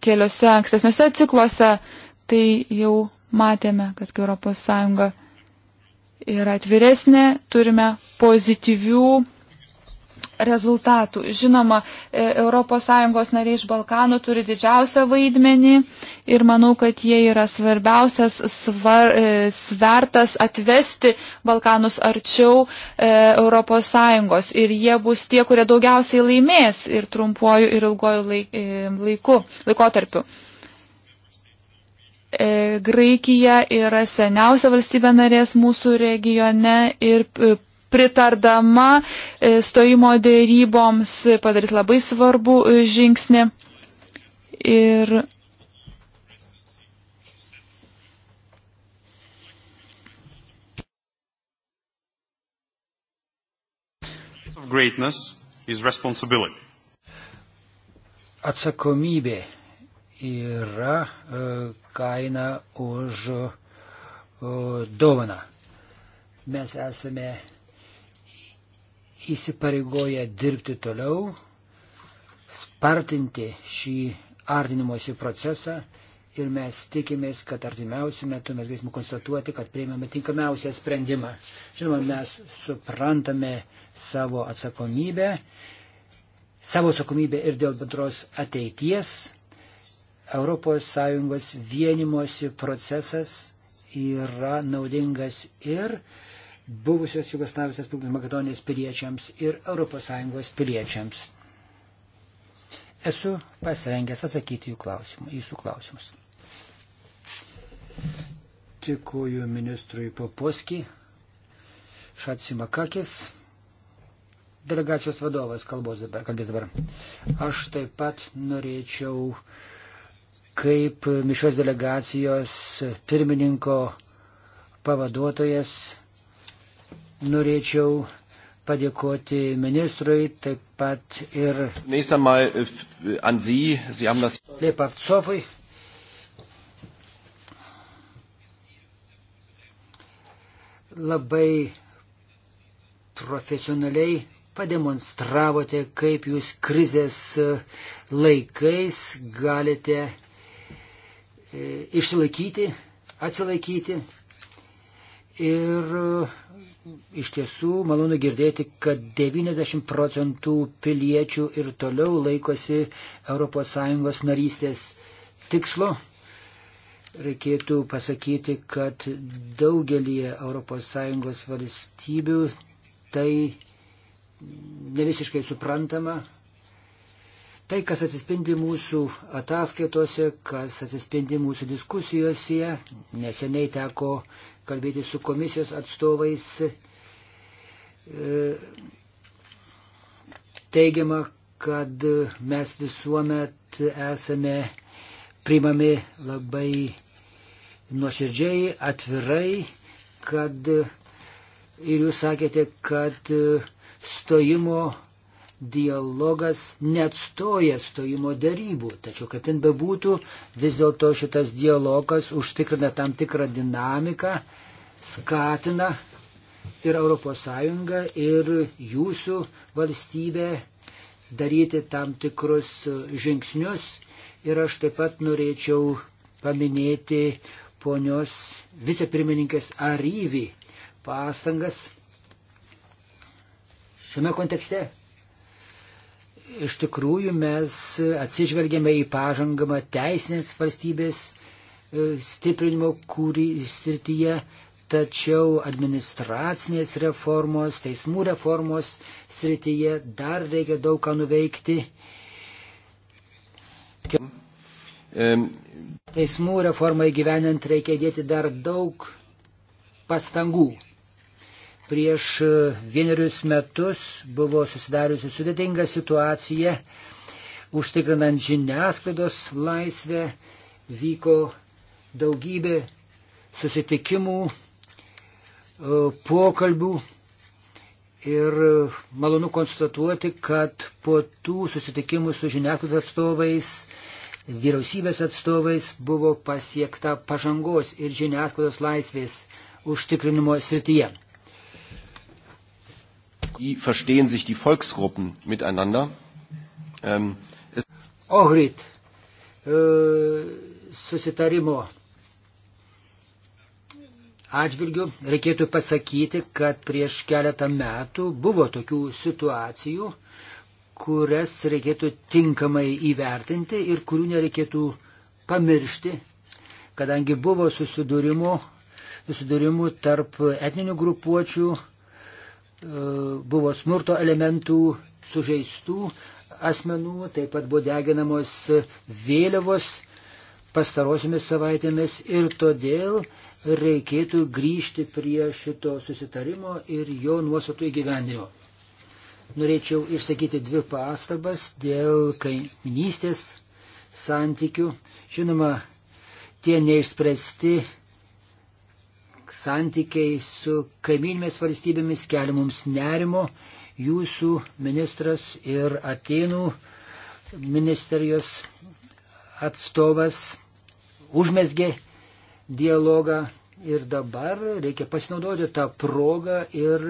Keliuose ankstesniuose cikluose tai jau matėme, kad ES yra atviresnė, turime pozityvių rezultatų. Žinoma, ES nariai iš Balkanų turi didžiausią vaidmenį ir manau, kad jie yra svarbiausias svar, e, svertas atvesti Balkanus arčiau ES ir jie bus tie, kurie daugiausiai laimės ir trumpuoju ir ilgoju e, laiku, laikotarpiu. E, Graikija yra seniausia valstybė narės mūsų regione ir pritardama e, stojimo dėryboms e, padarys labai svarbų e, žingsnį. Ir Atsakomybė yra kaina už dovaną. Mes esame įsipareigoja dirbti toliau, spartinti šį ardinimosi procesą ir mes tikimės, kad artimiausių metų mes galėsime konstatuoti, kad prieimėme tinkamiausią sprendimą. Žinoma, mes suprantame savo atsakomybę, savo atsakomybę ir dėl bendros ateities. ES vienimosi procesas yra naudingas ir buvusios Jugoslavijos Respublikos Makedonijos piliečiams ir ES piliečiams. Esu pasirengęs atsakyti jų klausimų, jūsų klausimus. Tikuoju ministrui Poposki, Šatsimakakis, delegacijos vadovas kalbos dabar, kalbės dabar. Aš taip pat norėčiau, kaip mišos delegacijos pirmininko pavaduotojas norėčiau padėkoti ministrui, taip pat ir äh, Lepavcovui. Labai profesionaliai pademonstravote, kaip jūs krizės äh, laikais galite äh, išsilaikyti, atsilaikyti. Ir iš tiesų malonu girdėti, kad 90 procentų piliečių ir toliau laikosi ES narystės tikslo. Reikėtų pasakyti, kad daugelį ES valstybių tai nevisiškai suprantama. Tai, kas atsispindi mūsų ataskaitose, kas atsispindi mūsų diskusijose, neseniai teko uh, kalbėti su komisijos atstovais. E, teigiama, kad mes visuomet esame priimami labai nuoširdžiai, atvirai, kad ir jūs sakėte, kad stojimo dialogas neatstoja stojimo darybų. Tačiau, kaip ten bebūtų, vis dėlto šitas dialogas užtikrina tam tikrą dinamiką skatina ir ES, ir jūsų valstybė daryti tam tikrus žingsnius. Ir aš taip pat norėčiau paminėti ponios vicepirmininkės Aryvi pastangas šiame kontekste. Iš tikrųjų mes atsižvelgėme į pažangą teisinės valstybės e, stiprinimo kūrį srityje, Tačiau administracinės reformos, teismų reformos srityje dar reikia daug ką nuveikti. Teismų reformai gyvenant reikia dėti dar daug pastangų. Prieš e, vienerius metus buvo susidariusi sudėtinga situacija, užtikrinant žiniasklaidos laisvę, vyko daugybė susitikimų E, pokalbių ir e, malonu konstatuoti, kad po tų susitikimų su žiniasklaidos atstovais, vyriausybės atstovais buvo pasiekta pažangos ir žiniasklaidos laisvės užtikrinimo srityje. Verstehen sich die Volksgruppen miteinander. Ähm, es... Ohrid, e, susitarimo atžvilgių reikėtų pasakyti, kad prieš keletą metų buvo tokių situacijų, kurias reikėtų tinkamai įvertinti ir kurių nereikėtų pamiršti, kadangi buvo susidūrimų, susidūrimų tarp etninių grupuočių, e, buvo smurto elementų, sužeistų asmenų, taip pat buvo deginamos vėliavos pastarosiomis savaitėmis ir todėl reikėtų grįžti prie šito susitarimo ir jo nuostatų įgyvendinimo. Norėčiau išsakyti dvi pastabas dėl kaiminystės santykių. Žinoma, tie neišspręsti santykiai su kaiminėmis valstybėmis kelia mums nerimo. Jūsų ministras ir Atenų ministerijos atstovas užmesgė dialogą ir dabar reikia pasinaudoti tą progą ir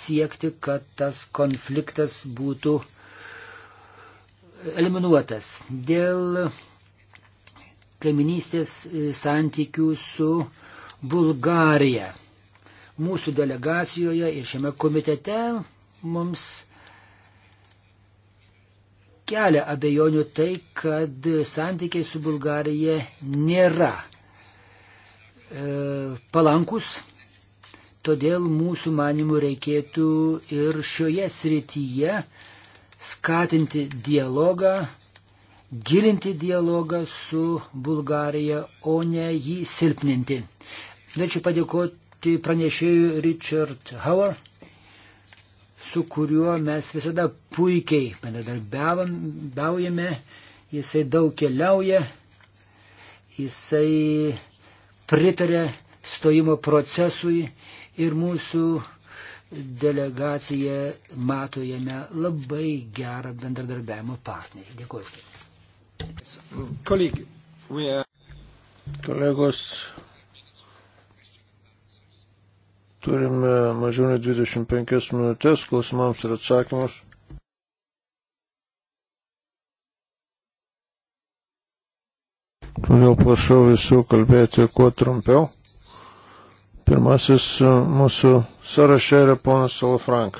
siekti, kad tas konfliktas būtų eliminuotas. Dėl kaiminystės e, santykių su Bulgarija. Mūsų delegacijoje ir šiame komitete mums kelia abejonių tai, kad santykiai su Bulgarija nėra E, palankus, todėl mūsų manimų reikėtų ir šioje srityje skatinti dialogą, gilinti dialogą su Bulgarija, o ne jį silpninti. Norėčiau padėkoti pranešėjui Richard Hauer, su kuriuo mes visada puikiai bendradarbiaujame, jisai daug keliauja, jisai pritarė stojimo procesui ir mūsų delegacija mato jame labai gerą bendradarbiavimo partnerį. Dėkuoju. Kolegi, are... kolegos, turime mažiau nei 25 minutės klausimams ir atsakymams. Todėl prašau visų kalbėti kuo trumpiau. Pirmasis e, mūsų sąraše yra ponas Salafrank.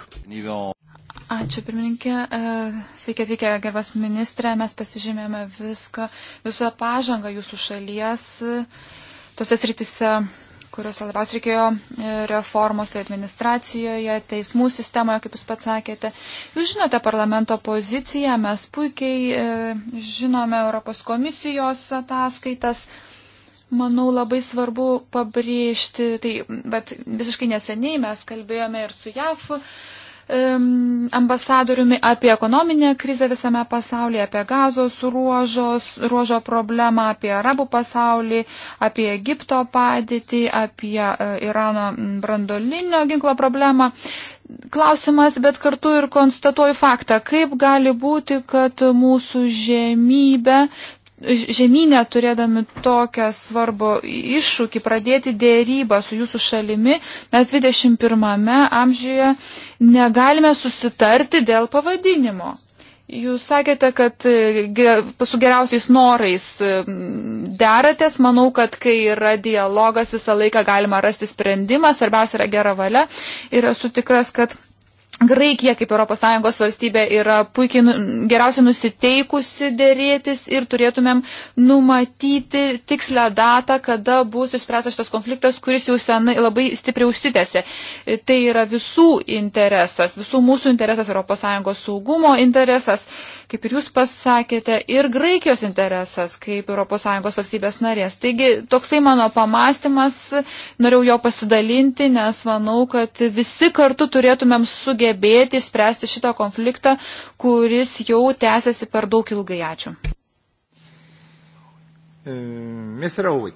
Ačiū, pirmininkė. E, sveiki atvykę, gerbas ministrė. Mes pasižymėjome viską, visą pažangą jūsų šalies, e, tose sritise, kuriuose labiausiai reikėjo e, reformos, tai administracijoje, teismų sistemoje, kaip jūs pats sakėte. Jūs žinote parlamento poziciją, mes puikiai e, žinome Europos komisijos ataskaitas. Manau, labai svarbu pabrėžti, tai, bet visiškai neseniai mes kalbėjome ir su JAF ambasadoriumi apie ekonominę krizę visame pasaulyje, apie gazos ruožos, ruožo problemą, apie arabų pasaulį, apie Egipto padėtį, apie e, Irano brandolinio ginklo problemą. Klausimas, bet kartu ir konstatuoju faktą, kaip gali būti, kad mūsų žemybė žemynę turėdami tokią svarbą iššūkį pradėti dėrybą su jūsų šalimi, mes 21-ame amžiuje negalime susitarti dėl pavadinimo. Jūs sakėte, kad e, su geriausiais norais e, deratės. Manau, kad kai yra dialogas, visą laiką galima rasti sprendimą. Svarbiausia yra gera valia. Ir esu tikras, kad Graikija kaip ES valstybė yra puikiai nu, geriausiai nusiteikusi dėrėtis ir turėtumėm numatyti tikslę datą, kada bus išspręstas šitas konfliktas, kuris jau senai labai stipriai užsitęsė. Tai yra visų interesas, visų mūsų interesas, ES saugumo interesas, kaip ir jūs pasakėte, ir Graikijos interesas kaip ES valstybės narės. Taigi toksai mano pamastymas, norėjau jo pasidalinti, nes manau, kad visi kartu turėtumėm sugebėti sugebėti spręsti šitą konfliktą, kuris jau tęsiasi per daug ilgai. Ačiū. Uh, Mr. Howitt,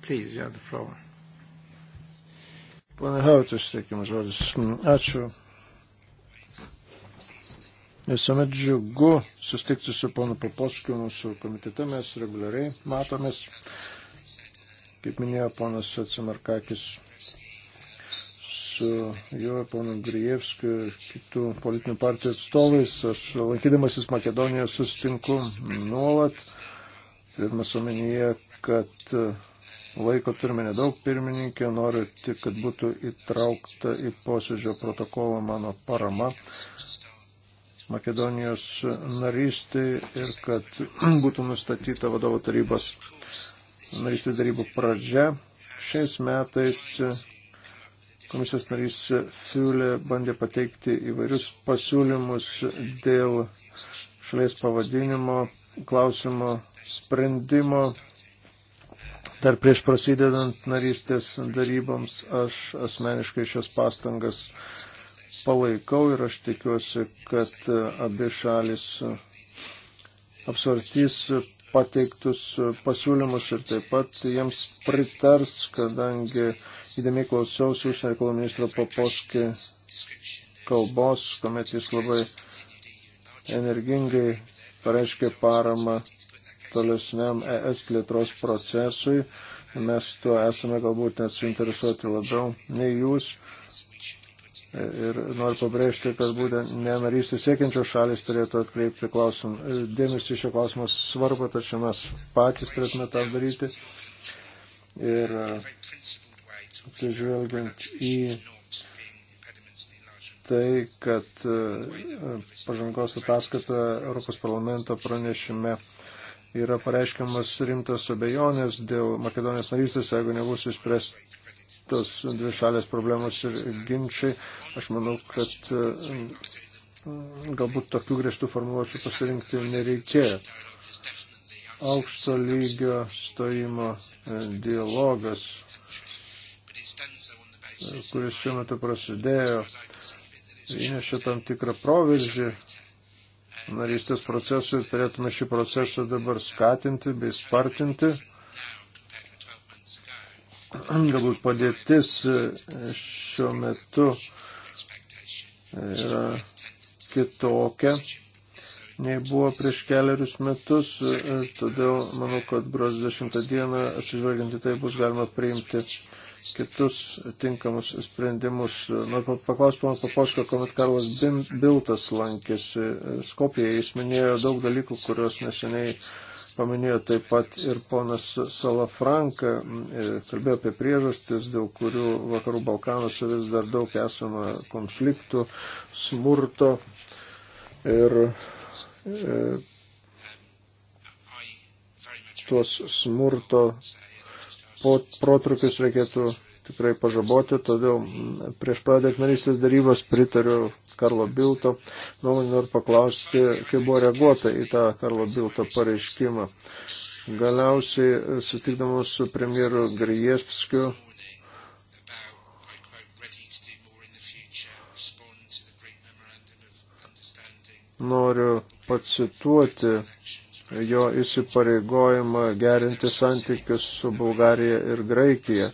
please, you have the floor. Pane Hautis, teikimas žodis. Mm, ačiū. Visuomet džiugu sustikti su ponu Paposkiu, mūsų komitete mes reguliariai matomės. Kaip minėjo ponas Atsimarkakis, jo, pono Grijevskio ir kitų politinių partijų atstovais. Aš lankydamasis Makedonijoje sustinku nuolat, turėdamas omenyje, kad e, laiko turime nedaug pirmininkė, noriu tik, kad būtų įtraukta į posėdžio protokolą mano parama Makedonijos narystai ir kad [CLEARS THROAT] būtų nustatyta vadovo tarybos narystės darybų pradžia. Šiais metais Komisijos narys Fiulė bandė pateikti įvairius pasiūlymus dėl šalies pavadinimo, klausimo sprendimo. Dar prieš prasidedant narystės daryboms aš asmeniškai šias pastangas palaikau ir aš tikiuosi, kad abi šalis apsvarstys pateiktus pasiūlymus ir taip pat jiems pritars, kadangi įdėmiai klausiausi užsienio reikalų ministro Poposki kalbos, kuomet jis labai energingai pareiškė paramą tolesniam ES plėtros procesui. Mes tuo esame galbūt net suinteresuoti labiau nei jūs. Ir noriu pabrėžti, kad būtent nenarystį siekiančios šalis turėtų atkreipti klausimą. E, dėmesį šio klausimo svarbą, tačiau mes patys turėtume tą daryti. Ir e, atsižvelgiant į tai, kad e, pažangos ataskaita Europos parlamento pranešime yra pareiškiamas rimtas abejonės dėl Makedonijos narystės, jeigu nebus išspręsti tos dvišalės problemos ir ginčiai. Aš manau, kad mm, galbūt tokių griežtų formuluočių pasirinkti nereikėjo. Aukšto lygio stojimo e, dialogas, e, kuris šiuo metu prasidėjo, įnešė tam tikrą proveržį narystės procesui, turėtume šį procesą dabar skatinti bei spartinti galbūt padėtis e, šiuo metu e, yra kitokia nei buvo prieš keliarius metus ir e, todėl manau, kad gruodžio 10 dieną atsižvelgiant į tai bus galima priimti kitus tinkamus sprendimus. Noriu paklausti pana Paposko, kuomet Karlas Biltas lankėsi Skopijoje, jis minėjo daug dalykų, kuriuos neseniai paminėjo taip pat ir ponas Salafranka, e, kalbėjo apie priežastis, dėl kurių vakarų Balkanuose vis dar daug esama konfliktų, smurto ir e, tuos smurto protrukius reikėtų tikrai pažaboti, todėl prieš pradėt narystės darybos pritariu Karlo Bilto nuomonį ir paklausti, kaip buvo reaguota į tą Karlo Bilto pareiškimą. Galiausiai susitikdamas su premjeru Grijevskiu noriu pacituoti jo įsipareigojimą gerinti santykius su Bulgarija ir Graikija.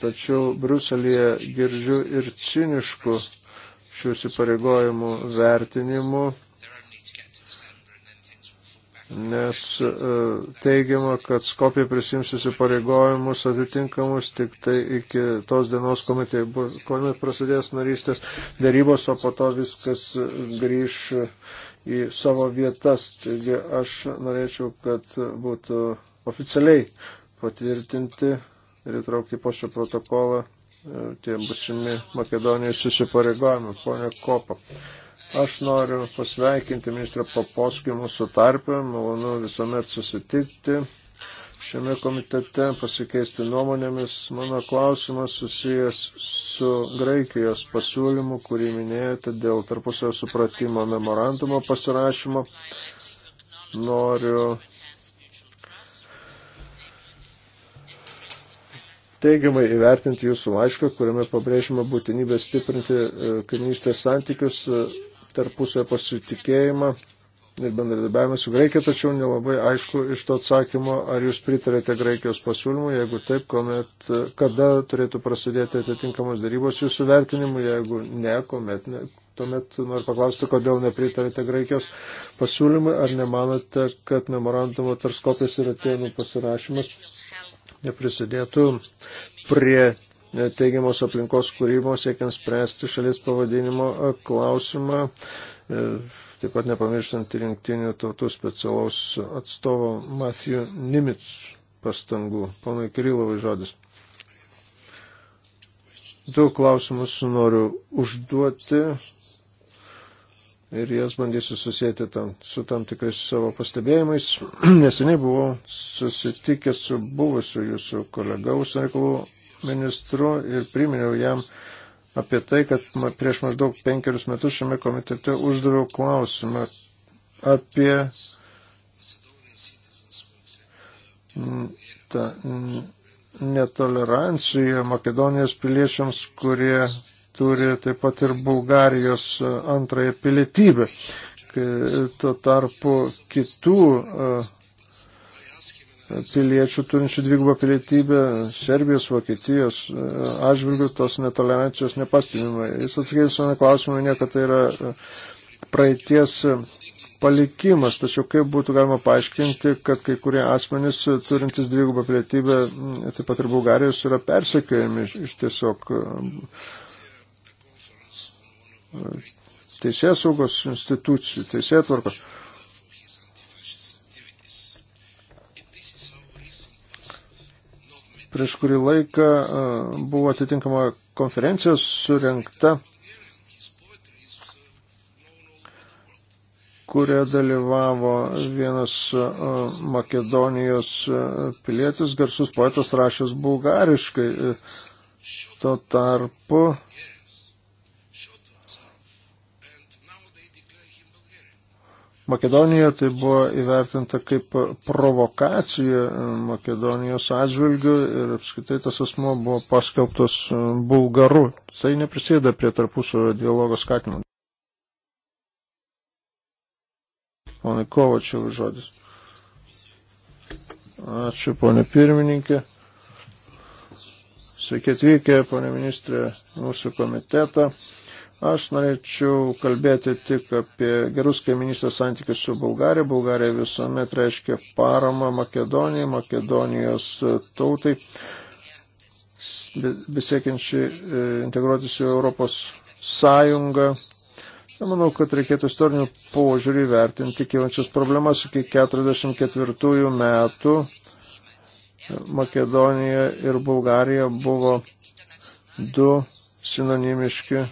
Tačiau Bruselėje girdžiu ir ciniškų šių įsipareigojimų vertinimų, nes e, teigiama, kad Skopija prisims įsipareigojimus atitinkamus tik tai iki tos dienos, kuomet, kuomet prasidės narystės darybos, o po to viskas grįž į savo vietas. Taigi aš norėčiau, kad būtų oficialiai patvirtinti ir įtraukti po šio protokolą e, tie busimi Makedonijos susipareigojimai. Pone Kopa, aš noriu pasveikinti ministrą Paposkį mūsų tarpę, malonu visuomet susitikti šiame komitete pasikeisti nuomonėmis. Mano klausimas susijęs su Graikijos pasiūlymu, kurį minėjote dėl tarpusio supratimo memorandumo pasirašymo. Noriu teigiamai įvertinti jūsų laišką, kuriame pabrėžima būtinybė stiprinti e, kaimynystės santykius, e, tarpusio pasitikėjimą ir bendradarbiavimą su Graikija, tačiau nelabai aišku iš to atsakymo, ar jūs pritarėte Graikijos pasiūlymui, jeigu taip, kuomet, kada turėtų prasidėti atitinkamos darybos jūsų vertinimu, jeigu ne, kuomet ne. Tuomet noriu paklausti, kodėl nepritarėte Graikijos pasiūlymui, ar nemanote, kad memorandumo tarp Skopės ir Atenų pasirašymas neprisidėtų prie teigiamos aplinkos kūrimo, siekiant spręsti šalies pavadinimo klausimą e, Taip pat nepamirštant rinktinių tautų specialaus atstovo Matthew Nimitz pastangų. Ponai Kirilovai žodis. Du klausimus noriu užduoti ir jas bandysiu susijęti tam, su tam tikrais savo pastebėjimais. [CLEARS THROAT] Neseniai buvau susitikęs su buvusiu jūsų kolega užsienio reikalų ministru ir priminiau jam apie tai, kad prieš maždaug penkerius metus šiame komitete uždaviau klausimą apie mm, tą netoleranciją Makedonijos piliečiams, kurie turi taip pat ir Bulgarijos e, antrąją pilietybę. Tuo tarpu kitų uh, piliečių turinčių dvigubą pilietybę Serbijos, Vokietijos e, atžvilgių tos netolerancijos nepastebima. Jis atsakė visuomenį klausimą, ne, kad tai yra e, praeities e, palikimas, tačiau kaip būtų galima paaiškinti, kad kai kurie asmenys turintys dvigubą pilietybę, taip pat ir Bulgarijos, yra persekiojami iš tiesiog teisėsaugos institucijų, teisėtvarkos. Prieš kurį laiką e, buvo atitinkama konferencija surinkta, kurioje dalyvavo vienas e, Makedonijos e, pilietis, garsus poetas rašęs bulgariškai. Tuo tarpu Makedonijoje tai buvo įvertinta kaip provokacija Makedonijos atžvilgių ir apskaitai tas asmo buvo paskelbtas bulgaru. Tai neprisėda prie tarpusio dialogo skatinimo. Ponai Kovačiau žodis. Ačiū, ponė pirmininkė. Sveiki atvykę, ponė ministrė, mūsų komitetą. Aš norėčiau kalbėti tik apie gerus kaiminystės santykius su Bulgarija. Bulgarija visuomet reiškia paramą Makedonijai, Makedonijos tautai, besiekiančiai e, integruotis į Europos sąjungą. Manau, kad reikėtų istorinių požiūrį vertinti kilančias problemas iki 44 metų. Makedonija ir Bulgarija buvo du sinonimiški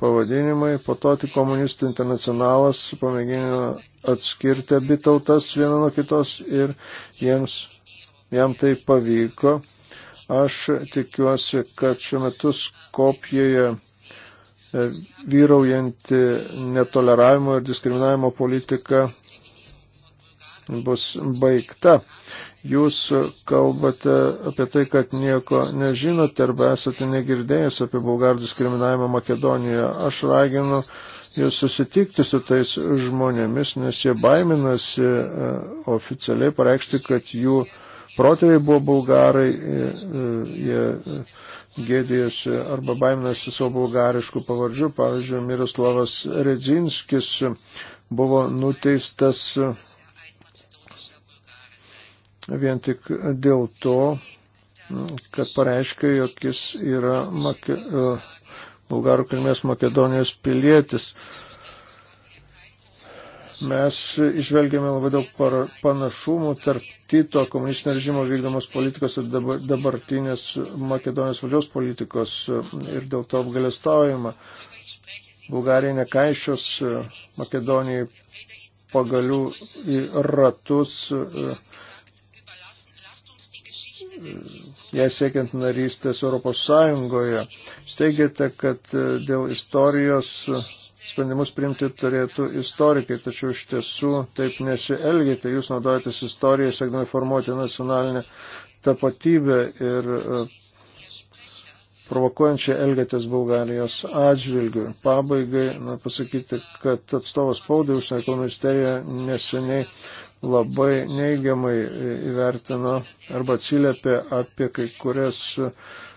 pavadinimai, po to tik komunistų internacionalas pamėgino atskirti abi tautas vieną nuo kitos ir jiems, jam tai pavyko. Aš tikiuosi, kad šiuo metu Skopijoje e, vyraujanti netoleravimo ir diskriminavimo politika bus baigta. Jūs kalbate apie tai, kad nieko nežinote arba esate negirdėjęs apie bulgarų diskriminavimą Makedonijoje. Aš raginu jūs susitikti su tais žmonėmis, nes jie baiminasi e, oficialiai pareikšti, kad jų protėviai buvo bulgarai, e, e, jie gėdėjosi arba baiminasi savo bulgariškų pavardžių. Pavyzdžiui, Miroslavas Redzinskis buvo nuteistas vien tik dėl to, nu, kad pareiškia, jog jis yra make, e, bulgarų kilmės Makedonijos pilietis. Mes išvelgėme labai daug par, panašumų tarp Tito komunistinio režimo vykdomos politikos ir dabar, dabartinės Makedonijos valdžios politikos e, ir dėl to apgalestaujama. Bulgarija nekaišios e, Makedonijai pagalių į ratus. Uh, jai siekiant narystės Europos Sąjungoje. Steigėte, kad e, dėl istorijos e, sprendimus priimti turėtų istorikai, tačiau iš tiesų taip nesielgite. Jūs naudojatės istoriją, siekdami formuoti nacionalinę tapatybę ir e, provokuojančiai elgėtės Bulgarijos atžvilgių. Pabaigai na, pasakyti, kad atstovas spaudai užsienio reikalų ministerija neseniai labai neigiamai įvertino arba atsiliepė apie kai kurias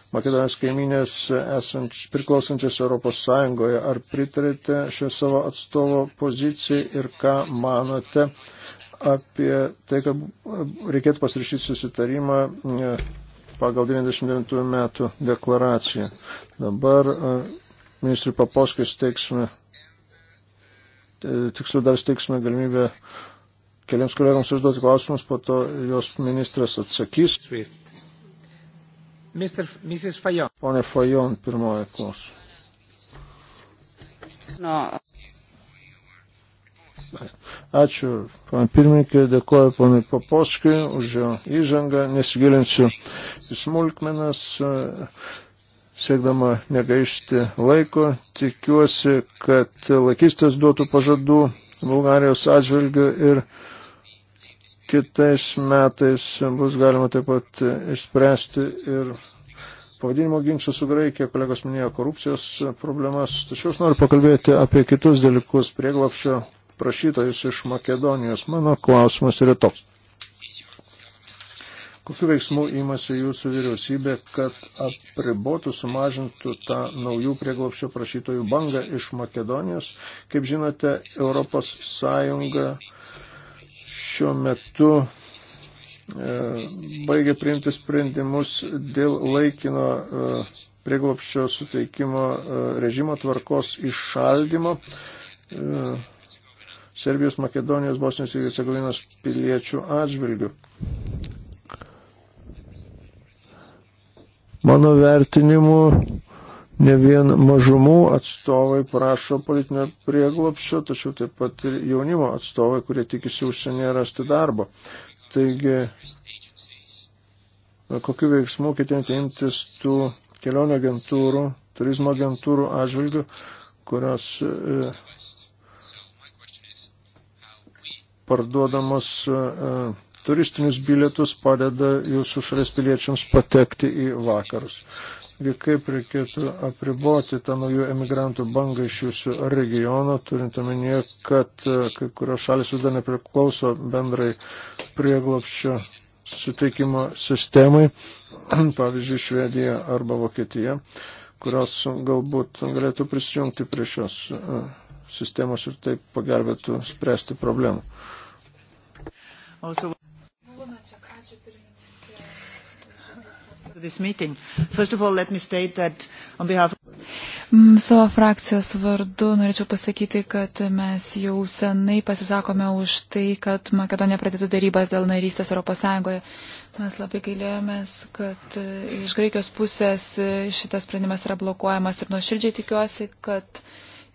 Makedonijos kaiminės esanč, priklausančias Europos Sąjungoje. Ar pritarėte šią savo atstovo poziciją ir ką manote apie tai, kad reikėtų pasirašyti susitarimą e, pagal 99 metų deklaraciją. Dabar e, ministrui Paposkai steiksime, e, tiksliau dar steiksime galimybę keliams kolegams užduoti klausimus, po to jos ministras atsakys. Mister, Mrs. Fajon. Pone Fajon, pirmoji klausimas. No. Ačiū, pana pirmininkė, dėkoju panai Papoškai už jo įžangą, nesigilinsiu į smulkmenas, siekdama negaišti laiko. Tikiuosi, kad laikystas duotų pažadų Bulgarijos atžvilgių ir Kitais metais bus galima taip pat išspręsti ir pavadinimo ginčių su Graikija, kolegos minėjo korupcijos problemas. Tačiau aš noriu pakalbėti apie kitus dalykus prieglapščio prašytojus iš Makedonijos. Mano klausimas yra toks. Kokiu veiksmu įmasi jūsų vyriausybė, kad apribotų, sumažintų tą naujų prieglapščio prašytojų bangą iš Makedonijos? Kaip žinote, ES šiuo metu e, baigė priimti sprendimus dėl laikino e, prieglopščio suteikimo e, režimo tvarkos iššaldymo. Serbijos, Makedonijos, Bosnijos ir Hercegovinos piliečių atžvilgių. Mano vertinimu, ne vien mažumų atstovai prašo politinio prieglopščio, tačiau taip pat ir jaunimo atstovai, kurie tikisi užsienyje rasti darbo. Taigi, kokiu veiksmu ketinate imtis tų kelionių agentūrų, turizmo agentūrų atžvilgių, kurios e, parduodamos e, turistinius bilietus padeda jūsų šalies piliečiams patekti į vakarus. E, kaip reikėtų apriboti tą naujų emigrantų bangą iš jūsų regiono, turint omenyje, kad e, kai kurios šalis vis dar nepriklauso bendrai prieglopščio suteikimo sistemai, [CLEARS THROAT] pavyzdžiui, Švedija arba Vokietija, kurios galbūt galėtų prisijungti prie šios e, sistemos ir taip pagelbėtų spręsti problemą. this meeting. First of all, let me state that on behalf mm, Savo frakcijos vardu norėčiau pasakyti, kad mes jau senai pasisakome už tai, kad Makedonija pradėtų darybas dėl narystės Europos Sąjungoje. Mes labai gailėjomės, kad e, iš Graikijos pusės e, šitas sprendimas yra blokuojamas ir nuoširdžiai tikiuosi, kad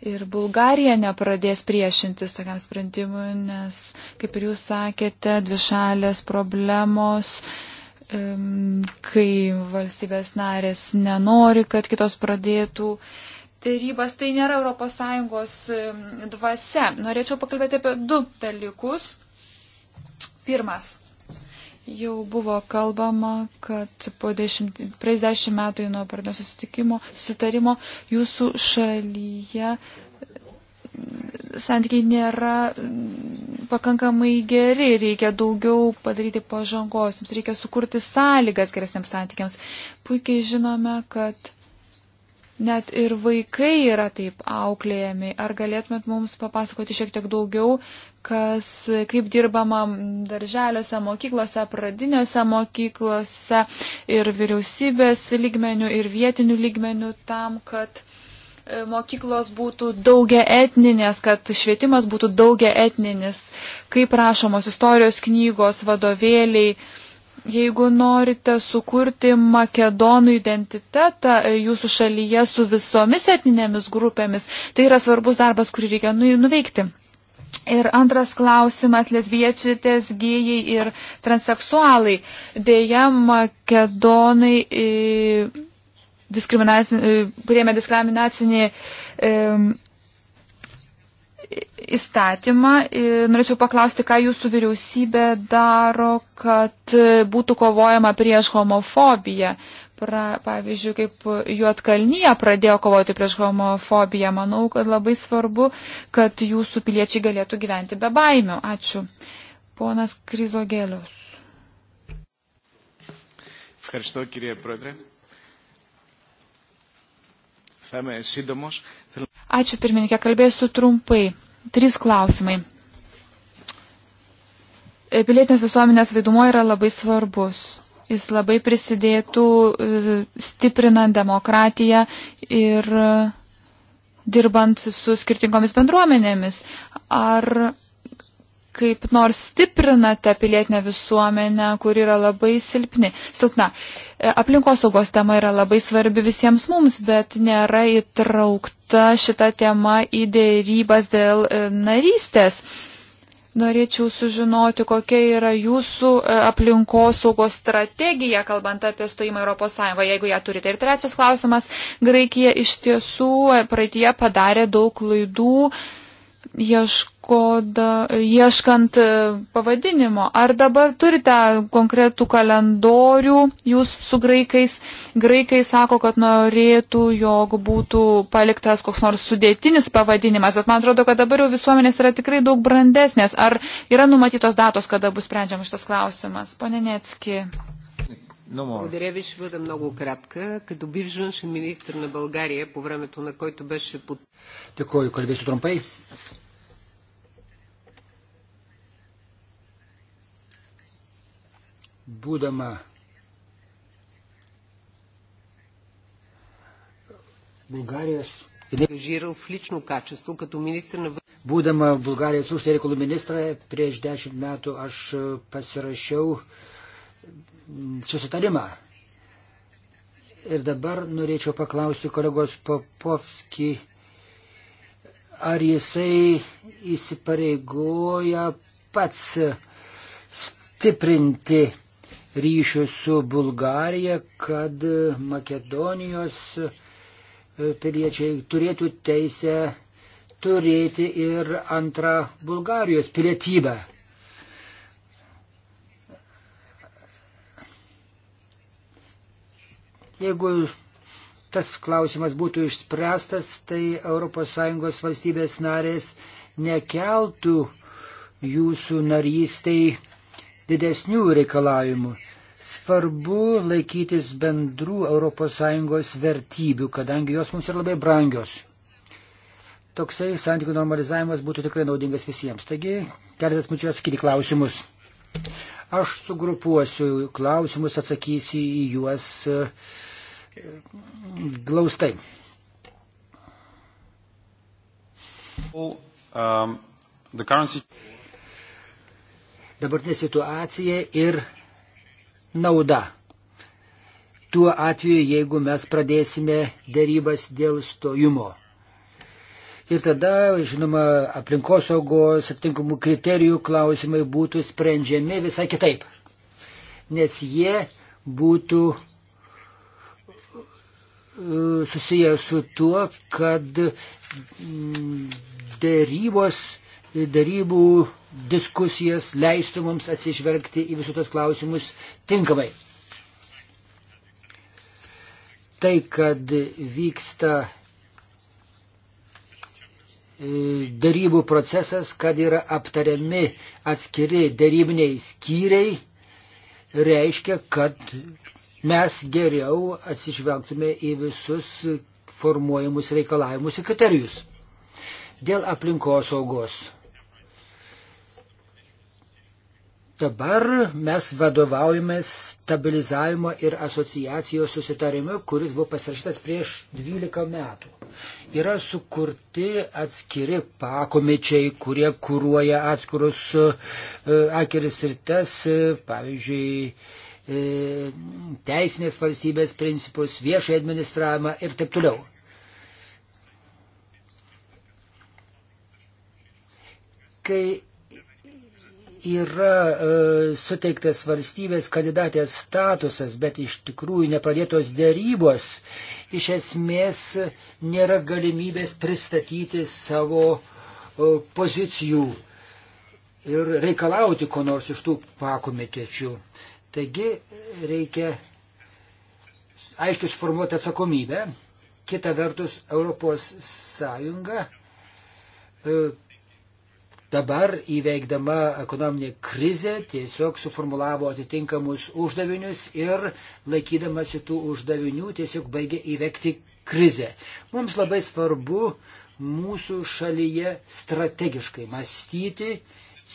ir Bulgarija nepradės priešintis tokiam sprendimui, nes, kaip ir jūs sakėte, dvišalės problemos kai valstybės narės nenori, kad kitos pradėtų tarybas, tai nėra ES dvasia. Norėčiau pakalbėti apie du dalykus. Pirmas. Jau buvo kalbama, kad po dešimt, praeis dešimt metų nuo pradės susitikimo, susitarimo jūsų šalyje santykiai nėra mm, pakankamai geri, reikia daugiau padaryti pažangos, jums reikia sukurti sąlygas geresniams santykiams. Puikiai žinome, kad net ir vaikai yra taip auklėjami. Ar galėtumėt mums papasakoti šiek tiek daugiau, kas, kaip dirbama darželiuose, mokyklose, pradinėse mokyklose ir vyriausybės lygmenių, ir vietinių lygmenių tam, kad E, mokyklos būtų daugia etninės, kad švietimas būtų daugia etninis, kaip rašomos istorijos knygos, vadovėliai. Jeigu norite sukurti makedonų identitetą e, jūsų šalyje su visomis etninėmis grupėmis, tai yra svarbus darbas, kurį reikia nu, nuveikti. Ir antras klausimas - lesbiečiatės, gėjai ir transeksualai. Deja, makedonai. E, diskriminacinį, e, priėmė diskriminacinį e, įstatymą. E, norėčiau paklausti, ką jūsų vyriausybė daro, kad būtų kovojama prieš homofobiją. Pra, pavyzdžiui, kaip Juotkalnyje pradėjo kovoti prieš homofobiją. Manau, kad labai svarbu, kad jūsų piliečiai galėtų gyventi be baimių. Ačiū. Ponas Krizogelius. Ευχαριστώ κύριε Πρόεδρε. Ačiū pirmininkė, kalbėsiu trumpai. Trys klausimai. E, pilietinės visuomenės vaidumo yra labai svarbus. Jis labai prisidėtų e, stiprinant demokratiją ir e, dirbant su skirtingomis bendruomenėmis. Ar kaip nors stiprinate pilietinę visuomenę, kuri yra labai silpni. Silpna. E, aplinkosaugos tema yra labai svarbi visiems mums, bet nėra įtraukta šita tema į dėrybas dėl e, narystės. Norėčiau sužinoti, kokia yra jūsų e, aplinkosaugos strategija, kalbant apie stojimą Europos Sąjungą, jeigu ją turite. Ir trečias klausimas. Graikija iš tiesų praeitie padarė daug klaidų. Iešk kodą, ieškant e, pavadinimo. Ar dabar turite konkretų kalendorių, jūs su graikais, graikai sako, kad norėtų, jog būtų paliktas koks nors sudėtinis pavadinimas, bet man atrodo, kad dabar jau visuomenės yra tikrai daug brandesnės. Ar yra numatytos datos, kada bus sprendžiamas šitas klausimas? Pone Necki. Благодаря ви. Ще бъда много кратка. Като бив външен министр на България по времето, на който беше под... Дякую, колебе, трумпей. būdama Bulgarijos. Žirau v ličnu kačestvu, kad ministr na... Būdama Bulgarijos užsienio reikalų ministra, prieš dešimt metų aš e, pasirašiau susitarimą. Ir dabar norėčiau paklausti kolegos Popovski, ar jisai įsipareigoja pats stiprinti ryšių su Bulgarija, kad Makedonijos e, piliečiai turėtų teisę turėti ir antrą Bulgarijos pilietybę. Jeigu tas klausimas būtų išspręstas, tai ES valstybės narės nekeltų jūsų narystiai didesnių reikalavimų svarbu laikytis bendrų ES vertybių, kadangi jos mums yra labai brangios. Toksai santykių normalizavimas būtų tikrai naudingas visiems. Taigi, keletas minučių atskiri klausimus. Aš sugrupuosiu klausimus, atsakysiu į juos e, glaustai. Well, um, currency... Dabartinė situacija ir nauda. Tuo atveju, jeigu mes pradėsime dėrybas dėl stojimo. Ir tada, žinoma, aplinkosaugos atitinkamų kriterijų klausimai būtų sprendžiami visai kitaip. Nes jie būtų e, susiję su tuo, kad mm, dėrybos, dėrybų diskusijas leistų mums atsižvelgti į visus tos klausimus tinkamai. Tai, kad vyksta e, darybų procesas, kad yra aptariami atskiri darybiniai skyriai, reiškia, kad mes geriau atsižvelgtume į visus formuojamus reikalavimus ir kriterijus. Dėl aplinkosaugos Dabar mes vadovaujamės stabilizavimo ir asociacijos susitarimu, kuris buvo pasirašytas prieš 12 metų. Yra sukurti atskiri pakomičiai, kurie kūruoja atskirus e, akiris ir tas, e, pavyzdžiui, e, teisinės valstybės principus, viešai administravimą ir taip toliau. Kai yra e, suteiktas valstybės kandidatės statusas, bet iš tikrųjų nepradėtos dėrybos, iš esmės nėra galimybės pristatyti savo e, pozicijų ir reikalauti ko nors iš tų pakomitečių. Taigi reikia aiškiai suformuoti atsakomybę. Kita vertus, Europos Sąjunga e, dabar įveikdama ekonominė krizė tiesiog suformulavo atitinkamus uždavinius ir laikydamasi tų uždavinių tiesiog baigė įveikti krizę. Mums labai svarbu mūsų šalyje strategiškai mąstyti,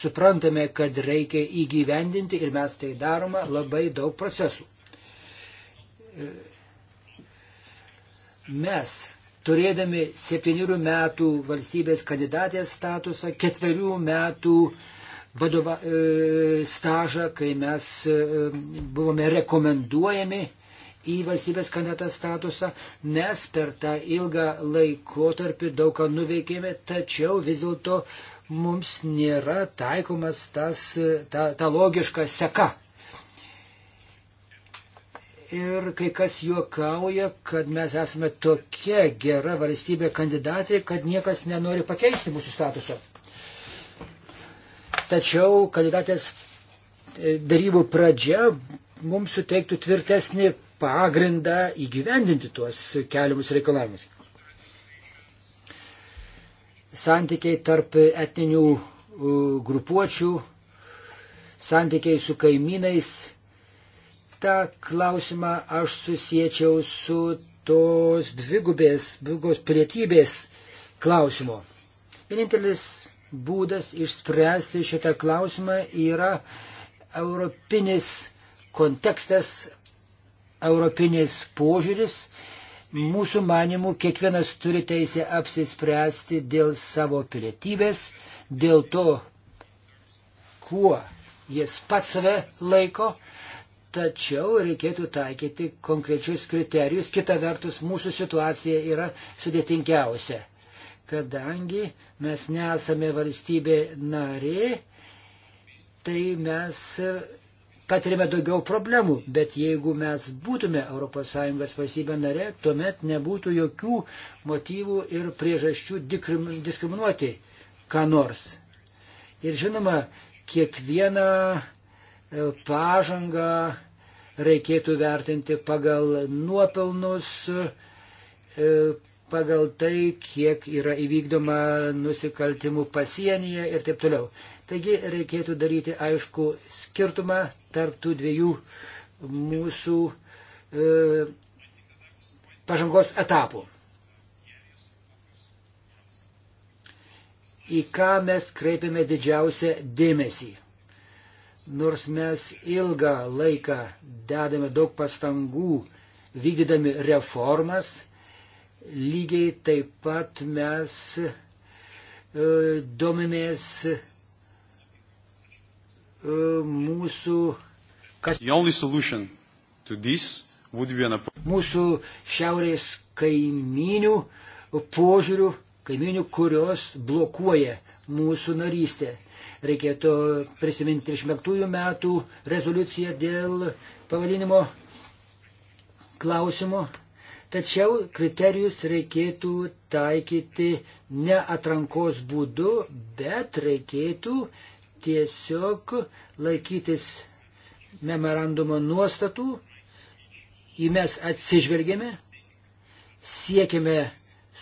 suprantame, kad reikia įgyvendinti ir mes tai darome labai daug procesų. Mes turėdami septynių metų valstybės kandidatės statusą, ketverių metų vadova, e, stažą, kai mes e, buvome rekomenduojami į valstybės kandidatą statusą, mes per tą ilgą laikotarpį daug ką nuveikėme, tačiau vis dėlto mums nėra taikomas tas, ta, ta logiška seka ir kai kas juokauja, kad mes esame tokia gera valstybė kandidatė, kad niekas nenori pakeisti mūsų statuso. Tačiau kandidatės e, darybų pradžia mums suteiktų tvirtesnį pagrindą įgyvendinti tuos keliamus reikalavimus. Santykiai tarp etninių grupuočių, santykiai su kaimynais, tą klausimą aš susiečiau su tos dvigubės, dvigubos pilietybės klausimo. Vienintelis būdas išspręsti šitą klausimą yra europinis kontekstas, europinis požiūris. Mūsų manimų kiekvienas turi teisę apsispręsti dėl savo pilietybės, dėl to, kuo jis pats save laiko Tačiau reikėtų taikyti konkrečius kriterijus. Kita vertus, mūsų situacija yra sudėtingiausia, kadangi mes nesame valstybė narė, tai mes patiriame daugiau problemų, bet jeigu mes būtume ES valstybė narė, tuomet nebūtų jokių motyvų ir priežasčių diskriminuoti ką nors. Ir žinoma, kiekvieną pažangą reikėtų vertinti pagal nuopelnus, e, pagal tai, kiek yra įvykdoma nusikaltimų pasienyje ir taip toliau. Taigi reikėtų daryti aišku skirtumą tarp tų dviejų mūsų e, pažangos etapų. Į ką mes kreipiame didžiausią dėmesį. Nors mes ilgą laiką dedame daug pastangų vykdydami reformas, lygiai taip pat mes e, domimės e, mūsų, kas, mūsų šiaurės kaiminių požiūrių, kaiminių, kurios blokuoja mūsų narystę. Reikėtų prisiminti 35 metų rezoliuciją dėl pavadinimo klausimo. Tačiau kriterijus reikėtų taikyti ne atrankos būdu, bet reikėtų tiesiog laikytis memorandumo nuostatų. Į mes atsižvelgėme, siekime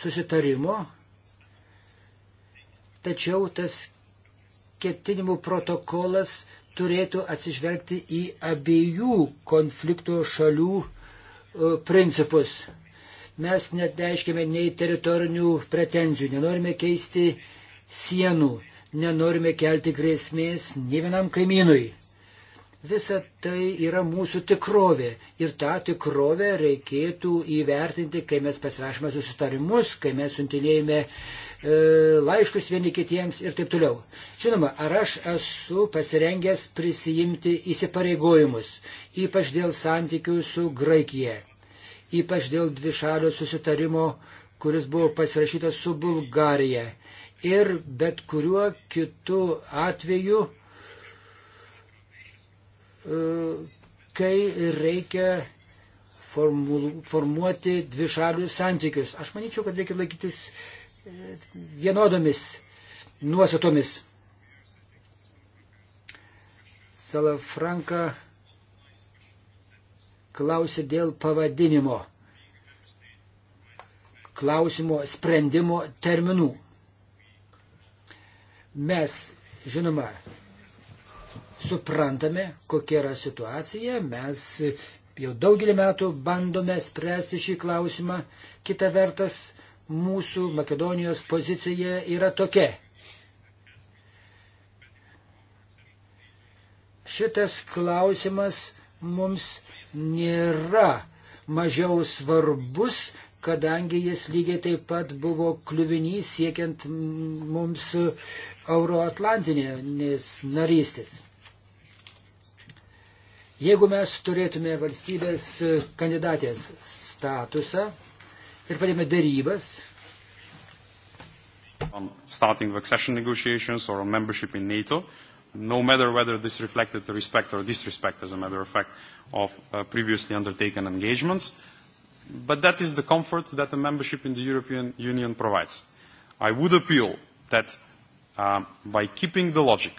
susitarimo, tačiau tas ketinimų protokolas turėtų atsižvelgti į abiejų konflikto šalių e, principus. Mes net reiškime nei teritorinių pretenzijų, nenorime keisti sienų, nenorime kelti grėsmės nei vienam kaimynui. Visa tai yra mūsų tikrovė ir tą tikrovę reikėtų įvertinti, kai mes pasirašome susitarimus, kai mes suntinėjame E, laiškus vieni kitiems ir taip toliau. Žinoma, ar aš esu pasirengęs prisijimti įsipareigojimus, ypač dėl santykių su Graikija, ypač dėl dvišalio susitarimo, kuris buvo pasirašytas su Bulgarija ir bet kuriuo kitu atveju, e, kai reikia formuluoti dvišalius santykius. Aš manyčiau, kad reikia laikytis vienodomis nuostatomis. Salafranka klausė dėl pavadinimo, klausimo sprendimo terminų. Mes, žinoma, suprantame, kokia yra situacija, mes jau daugelį metų bandome spręsti šį klausimą. Kita vertas, mūsų Makedonijos pozicija yra tokia. Šitas klausimas mums nėra mažiau svarbus, kadangi jis lygiai taip pat buvo kliuvinys siekiant mums euroatlantinės narystės. Jeigu mes turėtume valstybės kandidatės statusą, ir padėmė darybas. On starting accession negotiations or on membership in NATO, no matter whether this reflected the respect or disrespect, as a matter of fact, of uh, previously undertaken engagements. But that is the comfort that a membership in the European Union provides. I would appeal that uh, by keeping the logic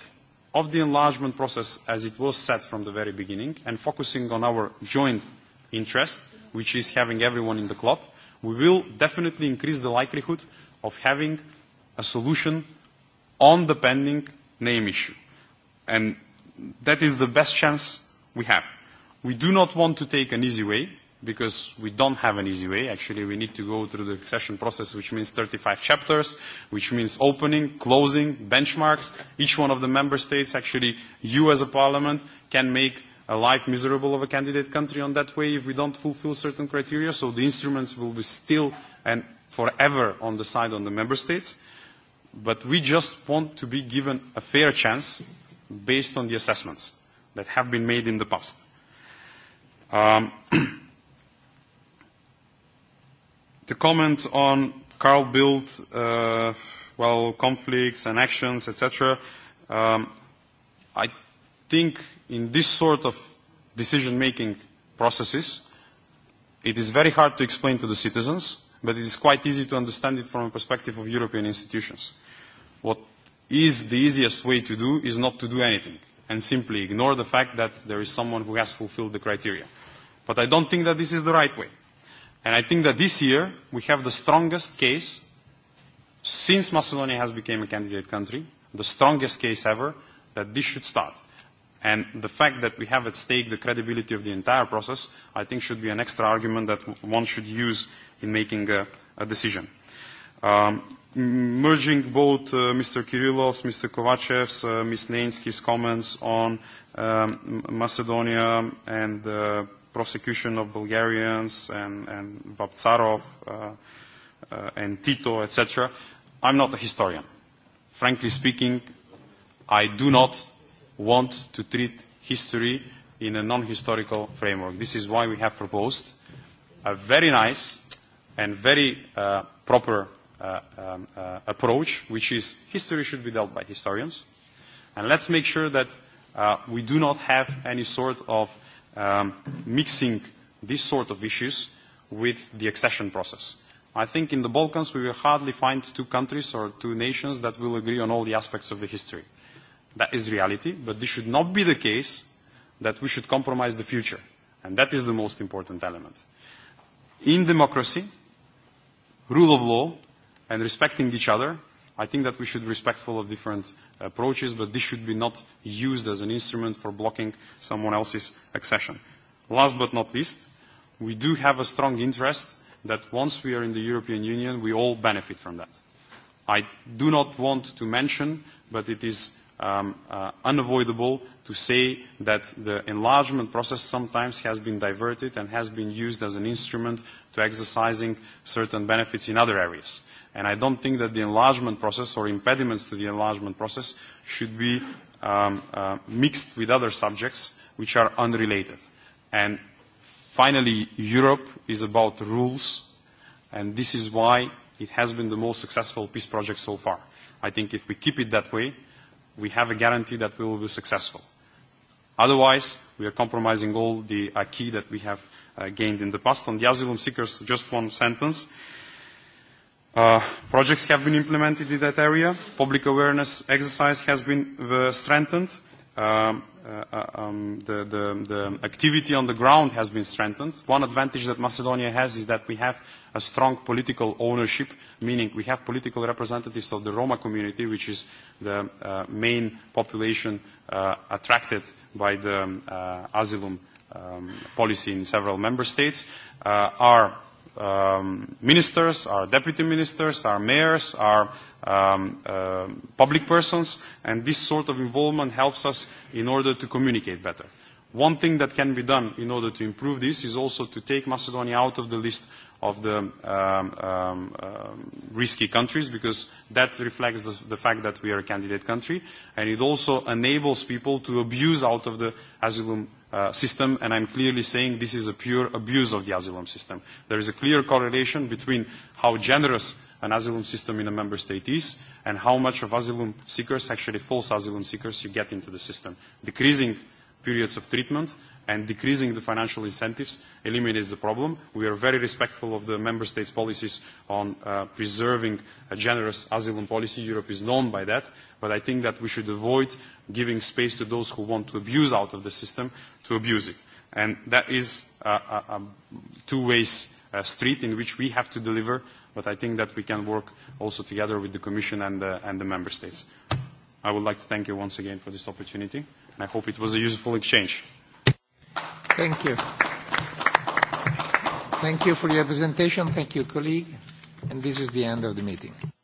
of the enlargement process as it was set from the very beginning and focusing on our joint interest, which is having everyone in the club, uh, we will definitely increase the likelihood of having a solution on the pending name issue. And that is the best chance we have. We do not want to take an easy way because we don't have an easy way. Actually, we need to go through the accession process, which means 35 chapters, which means opening, closing, benchmarks. Each one of the member states, actually, you as a parliament, can make a life miserable of a candidate country on that way if we don't fulfill certain criteria. So the instruments will be still and forever on the side on the member states. But we just want to be given a fair chance based on the assessments that have been made in the past. Um, [CLEARS THROAT] the comment on Carl Bildt, uh, well, conflicts and actions, etc. Um, I think in this sort of decision-making processes, it is very hard to explain to the citizens, but it is quite easy to understand it from a perspective of European institutions. What is the easiest way to do is not to do anything and simply ignore the fact that there is someone who has fulfilled the criteria. But I don't think that this is the right way. And I think that this year we have the strongest case since Macedonia has become a candidate country, the strongest case ever, that this should start. And the fact that we have at stake the credibility of the entire process, I think, should be an extra argument that one should use in making a, a decision. Um, merging both uh, Mr. Kirillov's, Mr. Kovachev's, uh, Ms. Nainsky's comments on um, Macedonia and the uh, prosecution of Bulgarians and, and Vaptsarov uh, uh, and Tito, etc. I'm not a historian. Frankly speaking, I do not want to treat history in a non-historical framework. This is why we have proposed a very nice and very uh, proper uh, um, uh, approach, which is history should be dealt by historians. And let's make sure that uh, we do not have any sort of um, mixing this sort of issues with the accession process. I think in the Balkans we will hardly find two countries or two nations that will agree on all the aspects of the history. Uh, That is reality, but this should not be the case that we should compromise the future. And that is the most important element. In democracy, rule of law, and respecting each other, I think that we should be respectful of different approaches, but this should be not used as an instrument for blocking someone else's accession. Last but not least, we do have a strong interest that once we are in the European Union, we all benefit from that. I do not want to mention, but it is um, uh, unavoidable to say that the enlargement process sometimes has been diverted and has been used as an instrument to exercising certain benefits in other areas. And I don't think that the enlargement process or impediments to the enlargement process should be um, uh, mixed with other subjects which are unrelated. And finally, Europe is about rules, and this is why it has been the most successful peace project so far. I think if we keep it that way, we have a guarantee that we will be successful. Otherwise, we are compromising all the acquis uh, that we have uh, gained in the past. On the asylum seekers, just one sentence. Uh, projects have been implemented in that area. Public awareness exercise has been uh, strengthened. Um, Uh, uh, um, the, the, the activity on the ground has been strengthened. One advantage that Macedonia has is that we have a strong political ownership, meaning we have political representatives of the Roma community, which is the uh, main population uh, attracted by the um, uh, asylum um, policy in several member states. Uh, our um, ministers, our deputy ministers, our mayors, our um, uh, public persons, and this sort of involvement helps us in order to communicate better. One thing that can be done in order to improve this is also to take Macedonia out of the list of the um, um, um, risky countries because that reflects the, the fact that we are a candidate country and it also enables people to abuse out of the asylum uh, system and I'm clearly saying this is a pure abuse of the asylum system. There is a clear correlation between how generous an asylum system in a member state is and how much of asylum seekers, actually false asylum seekers, you get into the system. Decreasing periods of treatment and decreasing the financial incentives eliminates the problem. We are very respectful of the member states' policies on uh, preserving a generous asylum policy. Europe is known by that, but I think that we should avoid giving space to those who want to abuse out of the system to abuse it. And that is a, uh, a, uh, a um, two-way uh, street in which we have to deliver but I think that we can work also together with the Commission and the, and the Member States. I would like to thank you once again for this opportunity, and I hope it was a useful exchange. Thank you. Thank you for your presentation. Thank you, colleague. And this is the end of the meeting.